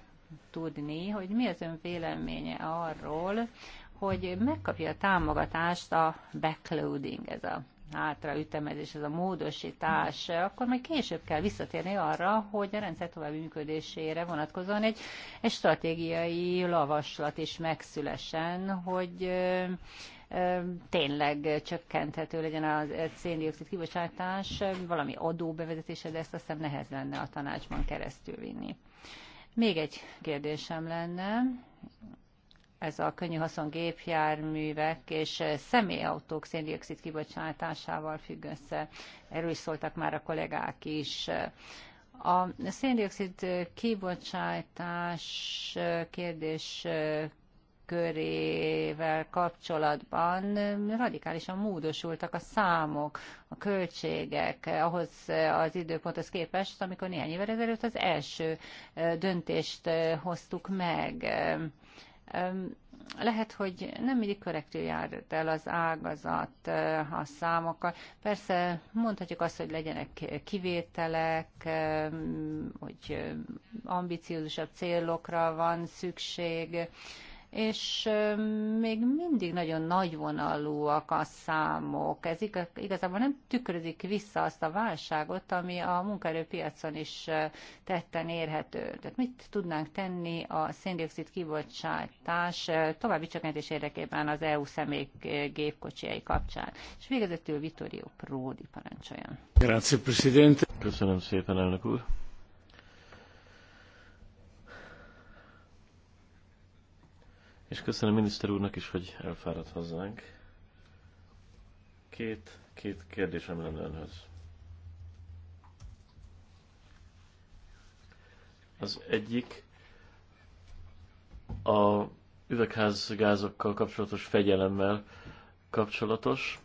tudni, hogy mi az ön véleménye arról, hogy megkapja a támogatást a backloading, ez a hátraütemezés, ez a módosítás, akkor majd később kell visszatérni arra, hogy a rendszer további működésére vonatkozóan egy, egy stratégiai lavaslat is megszülesen, hogy tényleg csökkenthető legyen a széndiokszid kibocsátás, valami adó bevezetése, de ezt azt hiszem nehez lenne a tanácsban keresztül vinni. Még egy kérdésem lenne, ez a könnyű haszon gépjárművek és eh, személyautók széndiokszid kibocsátásával függ össze. Erről is szóltak már a kollégák is. A széndiokszid kibocsátás eh, kérdés eh, körével kapcsolatban radikálisan módosultak a számok, a költségek ahhoz az időponthoz képest, amikor néhány évvel ezelőtt az első döntést hoztuk meg lehet, hogy nem mindig korrektül jár el az ágazat a számokkal. Persze mondhatjuk azt, hogy legyenek kivételek, hogy ambiciózusabb célokra van szükség, és még mindig nagyon nagyvonalúak a számok. Ez igazából nem tükrözik vissza azt a válságot, ami a munkaerőpiacon is tetten érhető. Tehát mit tudnánk tenni a széndiokszid kibocsátás további csökkentés érdekében az EU személy kapcsán? És végezetül Vittorio Pródi parancsoljon. Grazie, Presidente. Köszönöm szépen, elnök úr. és köszönöm miniszter úrnak is, hogy elfáradt hozzánk. Két, két kérdésem lenne önhöz. Az egyik a üvegházgázokkal kapcsolatos fegyelemmel kapcsolatos.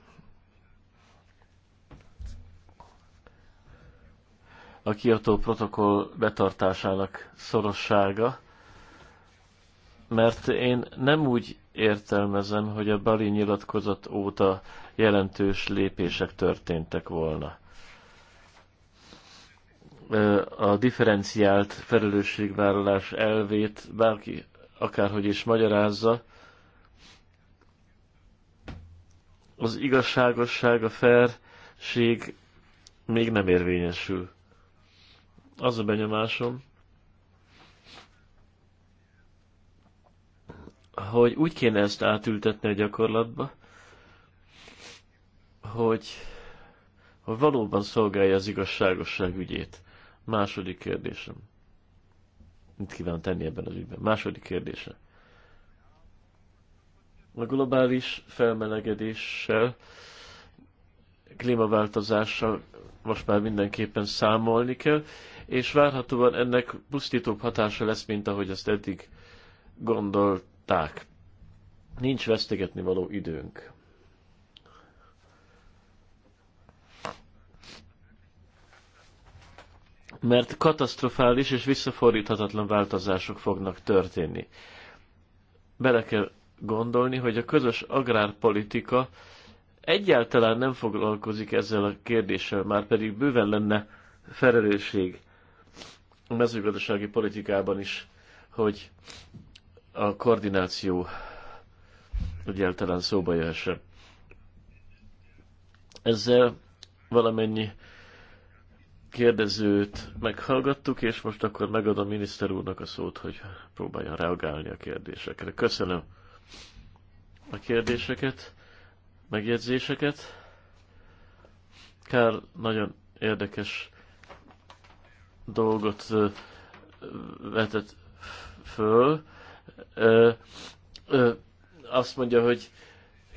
A kiató protokoll betartásának szorossága mert én nem úgy értelmezem, hogy a Bali nyilatkozat óta jelentős lépések történtek volna. A differenciált felelősségvállalás elvét bárki akárhogy is magyarázza, az igazságosság, a fairség még nem érvényesül. Az a benyomásom, hogy úgy kéne ezt átültetni a gyakorlatba, hogy, hogy valóban szolgálja az igazságosság ügyét. Második kérdésem. Mit kíván tenni ebben az ügyben? Második kérdése. A globális felmelegedéssel, klímaváltozással most már mindenképpen számolni kell, és várhatóan ennek pusztítóbb hatása lesz, mint ahogy azt eddig gondolt elfogadták. Nincs vesztegetni való időnk. Mert katasztrofális és visszafordíthatatlan változások fognak történni. Bele kell gondolni, hogy a közös agrárpolitika egyáltalán nem foglalkozik ezzel a kérdéssel, már pedig bőven lenne felelősség a mezőgazdasági politikában is, hogy a koordináció egyáltalán szóba jöhessen. Ezzel valamennyi kérdezőt meghallgattuk, és most akkor megadom miniszter úrnak a szót, hogy próbáljon reagálni a kérdésekre. Köszönöm a kérdéseket, megjegyzéseket. Kár nagyon érdekes dolgot vetett föl ö, ö, azt mondja, hogy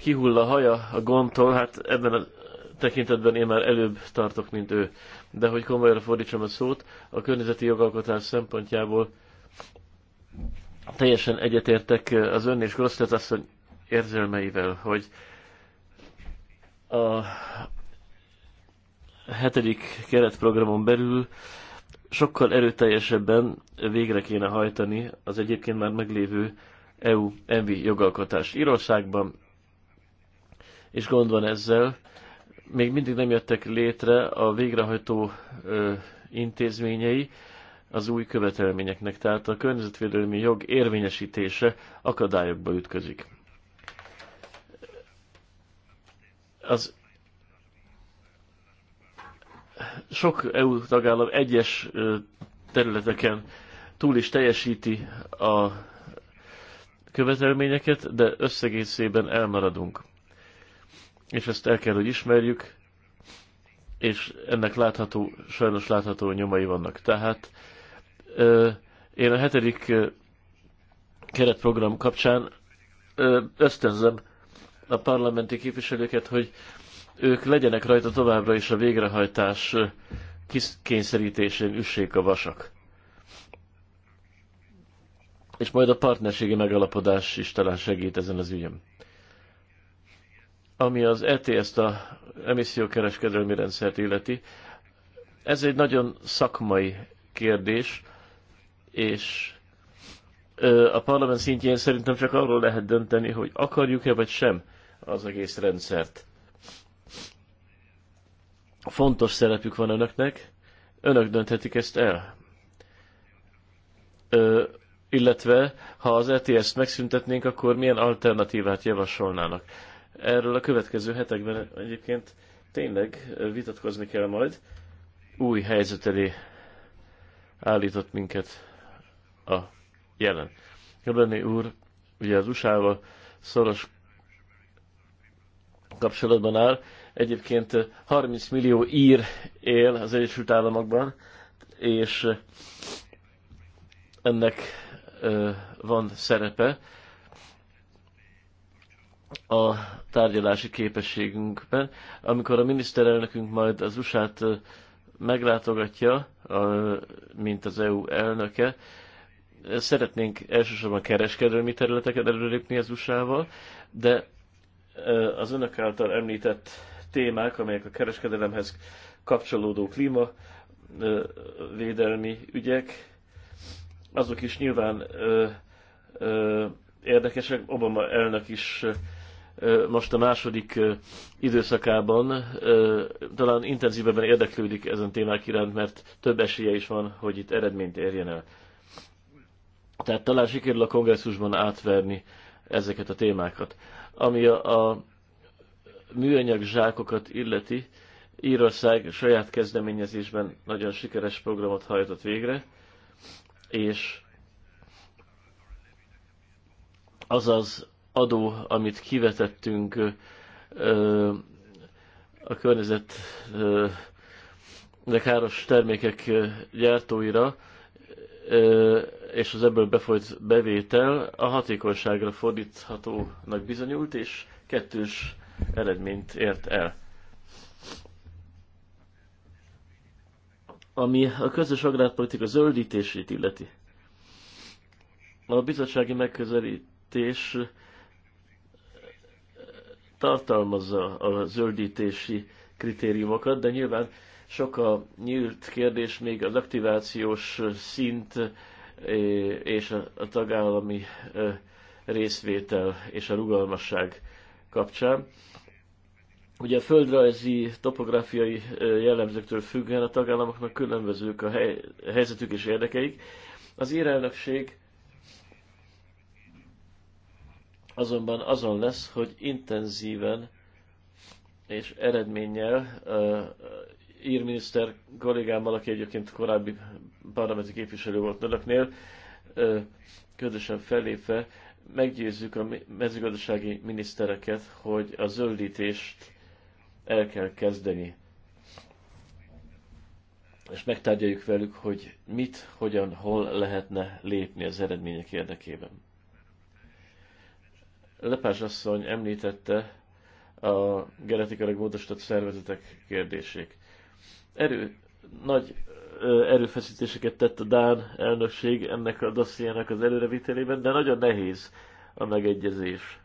kihull a haja a gondtól, hát ebben a tekintetben én már előbb tartok, mint ő. De hogy komolyra fordítsam a szót, a környezeti jogalkotás szempontjából teljesen egyetértek az ön és Grosztet asszony érzelmeivel, hogy a hetedik keretprogramon belül sokkal erőteljesebben végre kéne hajtani az egyébként már meglévő EU envi jogalkotás Írországban, és gond van ezzel. Még mindig nem jöttek létre a végrehajtó ö, intézményei az új követelményeknek, tehát a környezetvédelmi jog érvényesítése akadályokba ütközik. Az sok EU tagállam egyes területeken túl is teljesíti a követelményeket, de összegészében elmaradunk. És ezt el kell, hogy ismerjük, és ennek látható, sajnos látható nyomai vannak. Tehát én a hetedik keretprogram kapcsán ösztönzem a parlamenti képviselőket, hogy ők legyenek rajta továbbra is a végrehajtás kényszerítésén üssék a vasak. És majd a partnerségi megalapodás is talán segít ezen az ügyem. Ami az ets ezt a emissziókereskedelmi rendszert illeti, ez egy nagyon szakmai kérdés, és a parlament szintjén szerintem csak arról lehet dönteni, hogy akarjuk-e vagy sem az egész rendszert. Fontos szerepük van önöknek, önök dönthetik ezt el. Ö, illetve, ha az ETS-t megszüntetnénk, akkor milyen alternatívát javasolnának. Erről a következő hetekben egyébként tényleg vitatkozni kell majd. Új helyzet elé állított minket a jelen. Jobbenni úr ugye az USA-val szoros kapcsolatban áll, Egyébként 30 eh, millió ír él az Egyesült Államokban, és eh, ennek eh, van szerepe a tárgyalási képességünkben. Amikor a miniszterelnökünk majd az usa meglátogatja, mint az EU elnöke, szeretnénk elsősorban kereskedelmi területeket előrépni az USA-val, de az önök által említett témák, amelyek a kereskedelemhez kapcsolódó klíma védelmi ügyek, azok is nyilván ö, ö, érdekesek. Obama elnök is ö, most a második ö, időszakában ö, talán intenzívebben érdeklődik ezen témák iránt, mert több esélye is van, hogy itt eredményt érjen el. Tehát talán sikerül a kongresszusban átverni ezeket a témákat. Ami a, a műanyag zsákokat illeti, Írország saját kezdeményezésben nagyon sikeres programot hajtott végre, és az az adó, amit kivetettünk a környezet de káros termékek gyártóira, és az ebből befolyt bevétel a hatékonyságra fordíthatónak bizonyult, és kettős eredményt ért el. Ami a közös agrárpolitika zöldítését illeti. A bizottsági megközelítés tartalmazza a zöldítési kritériumokat, de nyilván sok a nyílt kérdés még az aktivációs szint eh, és a tagállami eh, részvétel és a rugalmasság kapcsán. Ugye a földrajzi, topográfiai jellemzőktől függően hát a tagállamoknak különbözők a helyzetük és érdekeik. Az írelnökség azonban azon lesz, hogy intenzíven és eredménnyel uh, írminiszter kollégámmal, aki egyébként korábbi parlamenti képviselő volt önöknél, uh, közösen fellépve meggyőzzük a mezőgazdasági minisztereket, hogy a zöldítést el kell kezdeni. És megtárgyaljuk velük, hogy mit, hogyan, hol lehetne lépni az eredmények érdekében. Lepás asszony említette a genetikailag módosított szervezetek kérdését. Erő, nagy erőfeszítéseket tett a Dán elnökség ennek a dossziának az előrevitelében, de nagyon nehéz a megegyezés.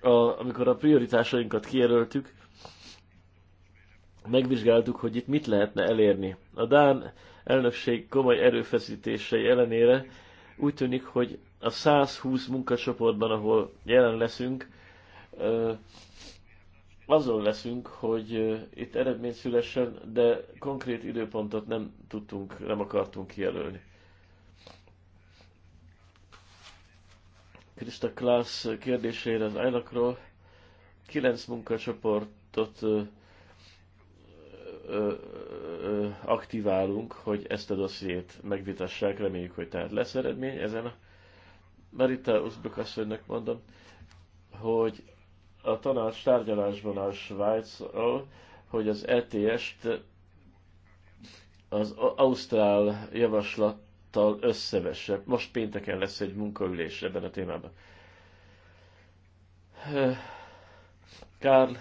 A, amikor a prioritásainkat kijelöltük, megvizsgáltuk, hogy itt mit lehetne elérni. A Dán elnökség komoly erőfeszítései ellenére úgy tűnik, hogy a 120 munkacsoportban, ahol jelen leszünk, azon leszünk, hogy itt eredmény szülessen, de konkrét időpontot nem tudtunk, nem akartunk kijelölni. Krista Klaas kérdésére az ilac Kilenc munkacsoportot ö, ö, ö, aktiválunk, hogy ezt a dossziét megvitassák. Reméljük, hogy tehát lesz eredmény ezen a Marita Uzbek mondom, hogy a tanács tárgyalásban a Svájcról, hogy az ETS-t az Ausztrál javaslattal összevesse. Most pénteken lesz egy munkaülés ebben a témában. Karl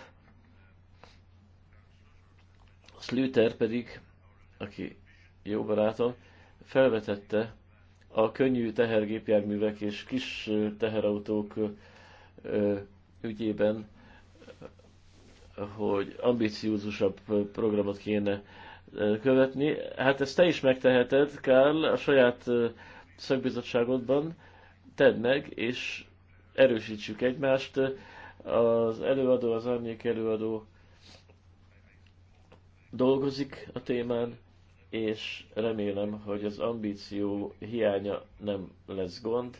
Slüter pedig, aki jó barátom, felvetette a könnyű tehergépjárművek és kis teherautók ügyében, hogy ambiciózusabb programot kéne követni. Hát ezt te is megteheted, Kárl, a saját szakbizottságodban tedd meg, és erősítsük egymást. Az előadó, az árnyék előadó dolgozik a témán, és remélem, hogy az ambíció hiánya nem lesz gond,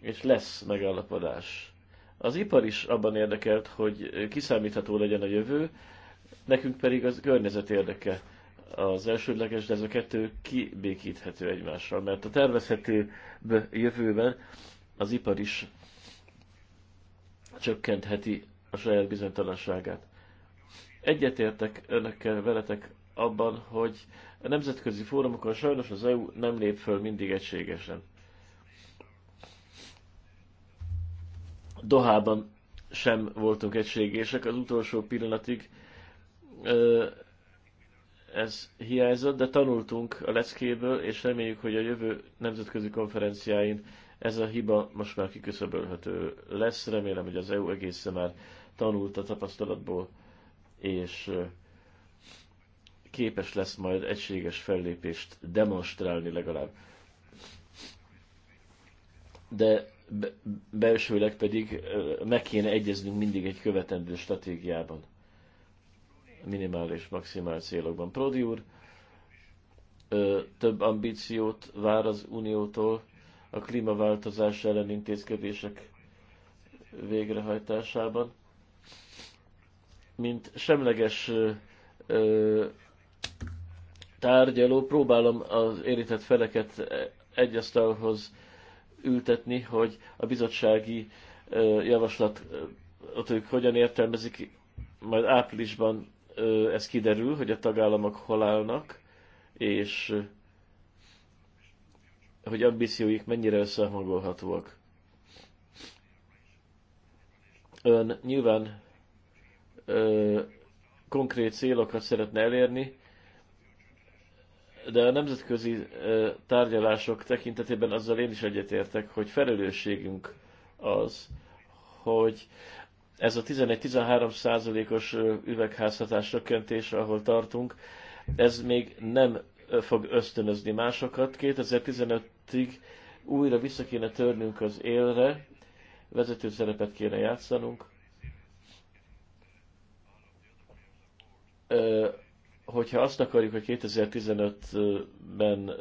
és lesz megállapodás. Az ipar is abban érdekelt, hogy kiszámítható legyen a jövő, nekünk pedig az környezet érdeke az elsődleges, de ez a kettő kibékíthető egymással, mert a tervezhető jövőben az ipar is csökkentheti a saját bizonytalanságát. Egyetértek önökkel, veletek abban, hogy a nemzetközi fórumokon sajnos az EU nem lép föl mindig egységesen. Dohában sem voltunk egységések, az utolsó pillanatig ez hiányzott, de tanultunk a leckéből, és reméljük, hogy a jövő nemzetközi konferenciáin ez a hiba most már kiküszöbölhető lesz. Remélem, hogy az EU egészen már tanult a tapasztalatból, és képes lesz majd egységes fellépést demonstrálni legalább. De belsőleg pedig meg kéne egyeznünk mindig egy követendő stratégiában, minimális és maximál célokban. Prodi úr több ambíciót vár az Uniótól a klímaváltozás ellen intézkedések végrehajtásában, mint semleges tárgyaló próbálom az érintett feleket e, egyasztalhoz asztalhoz ültetni, hogy a bizottsági javaslat ott ők hogyan értelmezik, majd áprilisban ez kiderül, hogy a tagállamok hol állnak, és hogy ambícióik mennyire összehangolhatóak. Ön nyilván ö, konkrét célokat szeretne elérni, de a nemzetközi tárgyalások tekintetében azzal én is egyetértek, hogy felelősségünk az, hogy ez a 11-13 százalékos üvegházhatás csökkentés, ahol tartunk, ez még nem fog ösztönözni másokat. 2015-ig újra vissza kéne törnünk az élre, vezető szerepet kéne játszanunk hogyha azt akarjuk, hogy 2015-ben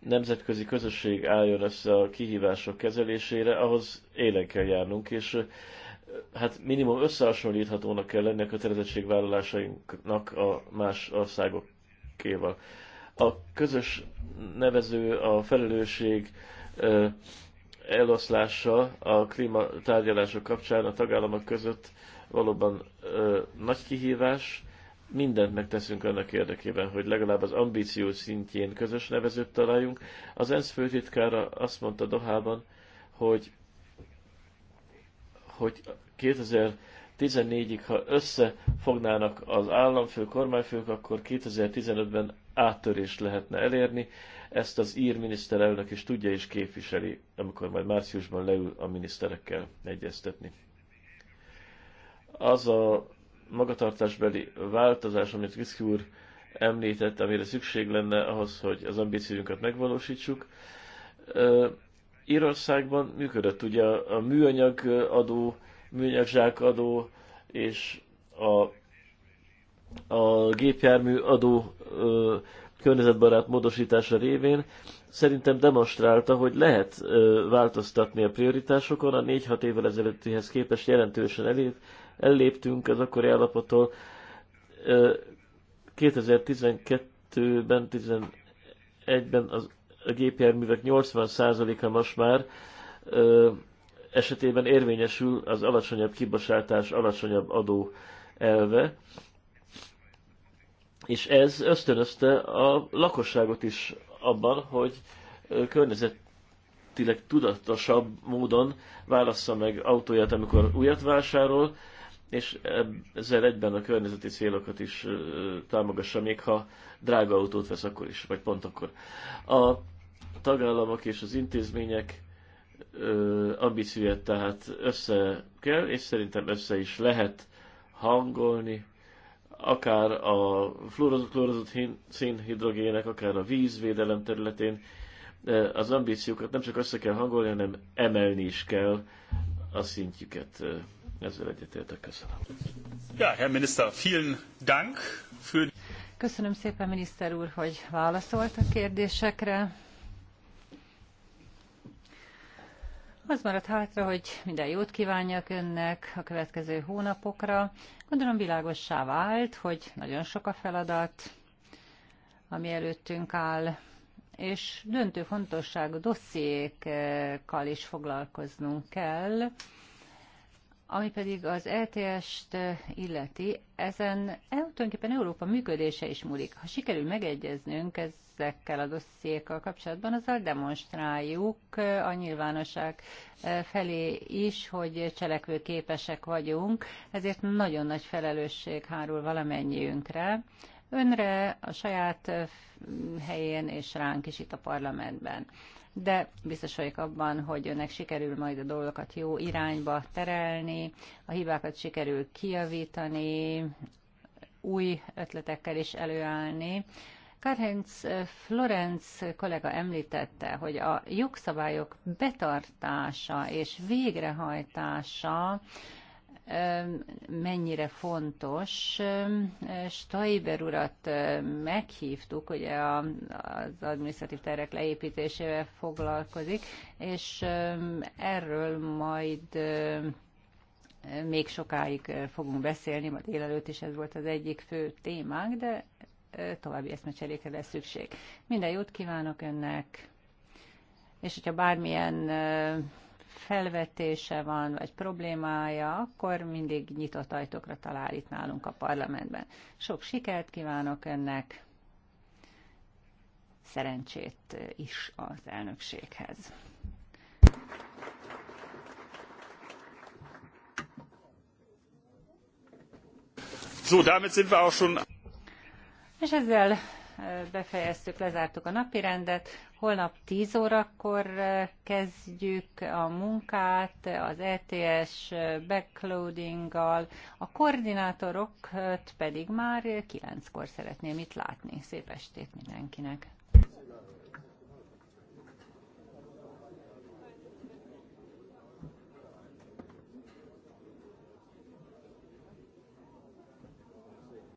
nemzetközi közösség álljon össze a kihívások kezelésére, ahhoz élen kell járnunk, és hát minimum összehasonlíthatónak kell lenni a kötelezettségvállalásainknak a más országokéval. A közös nevező a felelősség eloszlása a klímatárgyalások kapcsán a tagállamok között valóban nagy kihívás, mindent megteszünk annak érdekében, hogy legalább az ambíció szintjén közös nevezőt találjunk. Az ENSZ főtitkára azt mondta Dohában, hogy, hogy 2014-ig, ha összefognának az államfő, kormányfők, akkor 2015-ben áttörést lehetne elérni. Ezt az ír miniszterelnök is tudja és képviseli, amikor majd márciusban leül a miniszterekkel egyeztetni. Az a magatartásbeli változás, amit Viszki úr említett, amire szükség lenne ahhoz, hogy az ambíciójunkat megvalósítsuk. Írországban működött ugye a műanyag adó, műanyagzsák adó és a, a gépjármű adó környezetbarát módosítása révén szerintem demonstrálta, hogy lehet változtatni a prioritásokon, a 4-6 évvel ezelőttihez képest jelentősen elért, elléptünk az akkori állapottól. 2012-ben, 2011-ben az, a gépjárművek 80%-a most már esetében érvényesül az alacsonyabb kibocsátás, alacsonyabb adó elve, és ez ösztönözte a lakosságot is abban, hogy környezetileg tudatosabb módon válassza meg autóját, amikor újat vásárol, és ezzel egyben a környezeti célokat is támogassa, még ha drága autót vesz akkor is, vagy pont akkor. A tagállamok és az intézmények ambícióját tehát össze kell, és szerintem össze is lehet hangolni, akár a fluorozott, klórozott szénhidrogének, akár a vízvédelem területén, az ambíciókat nem csak össze kell hangolni, hanem emelni is kell a szintjüket. Ezzel egyetértek, köszönöm. Ja, Herr Minister, vielen Dank für... Köszönöm szépen, miniszter úr, hogy válaszolt a kérdésekre. Az maradt hátra, hogy minden jót kívánjak önnek a következő hónapokra. Gondolom világossá vált, hogy nagyon sok a feladat, ami előttünk áll, és döntő fontosságú dossziékkal is foglalkoznunk kell, ami pedig az ETS-t illeti, ezen e, tulajdonképpen Európa működése is múlik. Ha sikerül megegyeznünk ezekkel a dossziékkal kapcsolatban, azzal demonstráljuk a nyilvánosság felé is, hogy cselekvőképesek vagyunk, ezért nagyon nagy felelősség hárul valamennyiünkre, önre, a saját helyén és ránk is itt a parlamentben de biztos vagyok abban, hogy önnek sikerül majd a dolgokat jó irányba terelni, a hibákat sikerül kijavítani, új ötletekkel is előállni. Karhenc Florenc kollega említette, hogy a jogszabályok betartása és végrehajtása mennyire fontos. Stajber urat meghívtuk, ugye az administratív terek leépítésével foglalkozik, és erről majd még sokáig fogunk beszélni, ma délelőtt is ez volt az egyik fő témánk, de további eszmecserékre lesz szükség. Minden jót kívánok önnek, és hogyha bármilyen felvetése van, vagy problémája, akkor mindig nyitott ajtókra talál itt nálunk a parlamentben. Sok sikert kívánok önnek, szerencsét is az elnökséghez. So, damit sind wir auch schon. És ezzel befejeztük, lezártuk a rendet. Holnap 10 órakor eh, kezdjük a munkát az ETS eh, backloadinggal, a koordinátorokat pedig már 9-kor szeretném itt látni. Szép estét mindenkinek!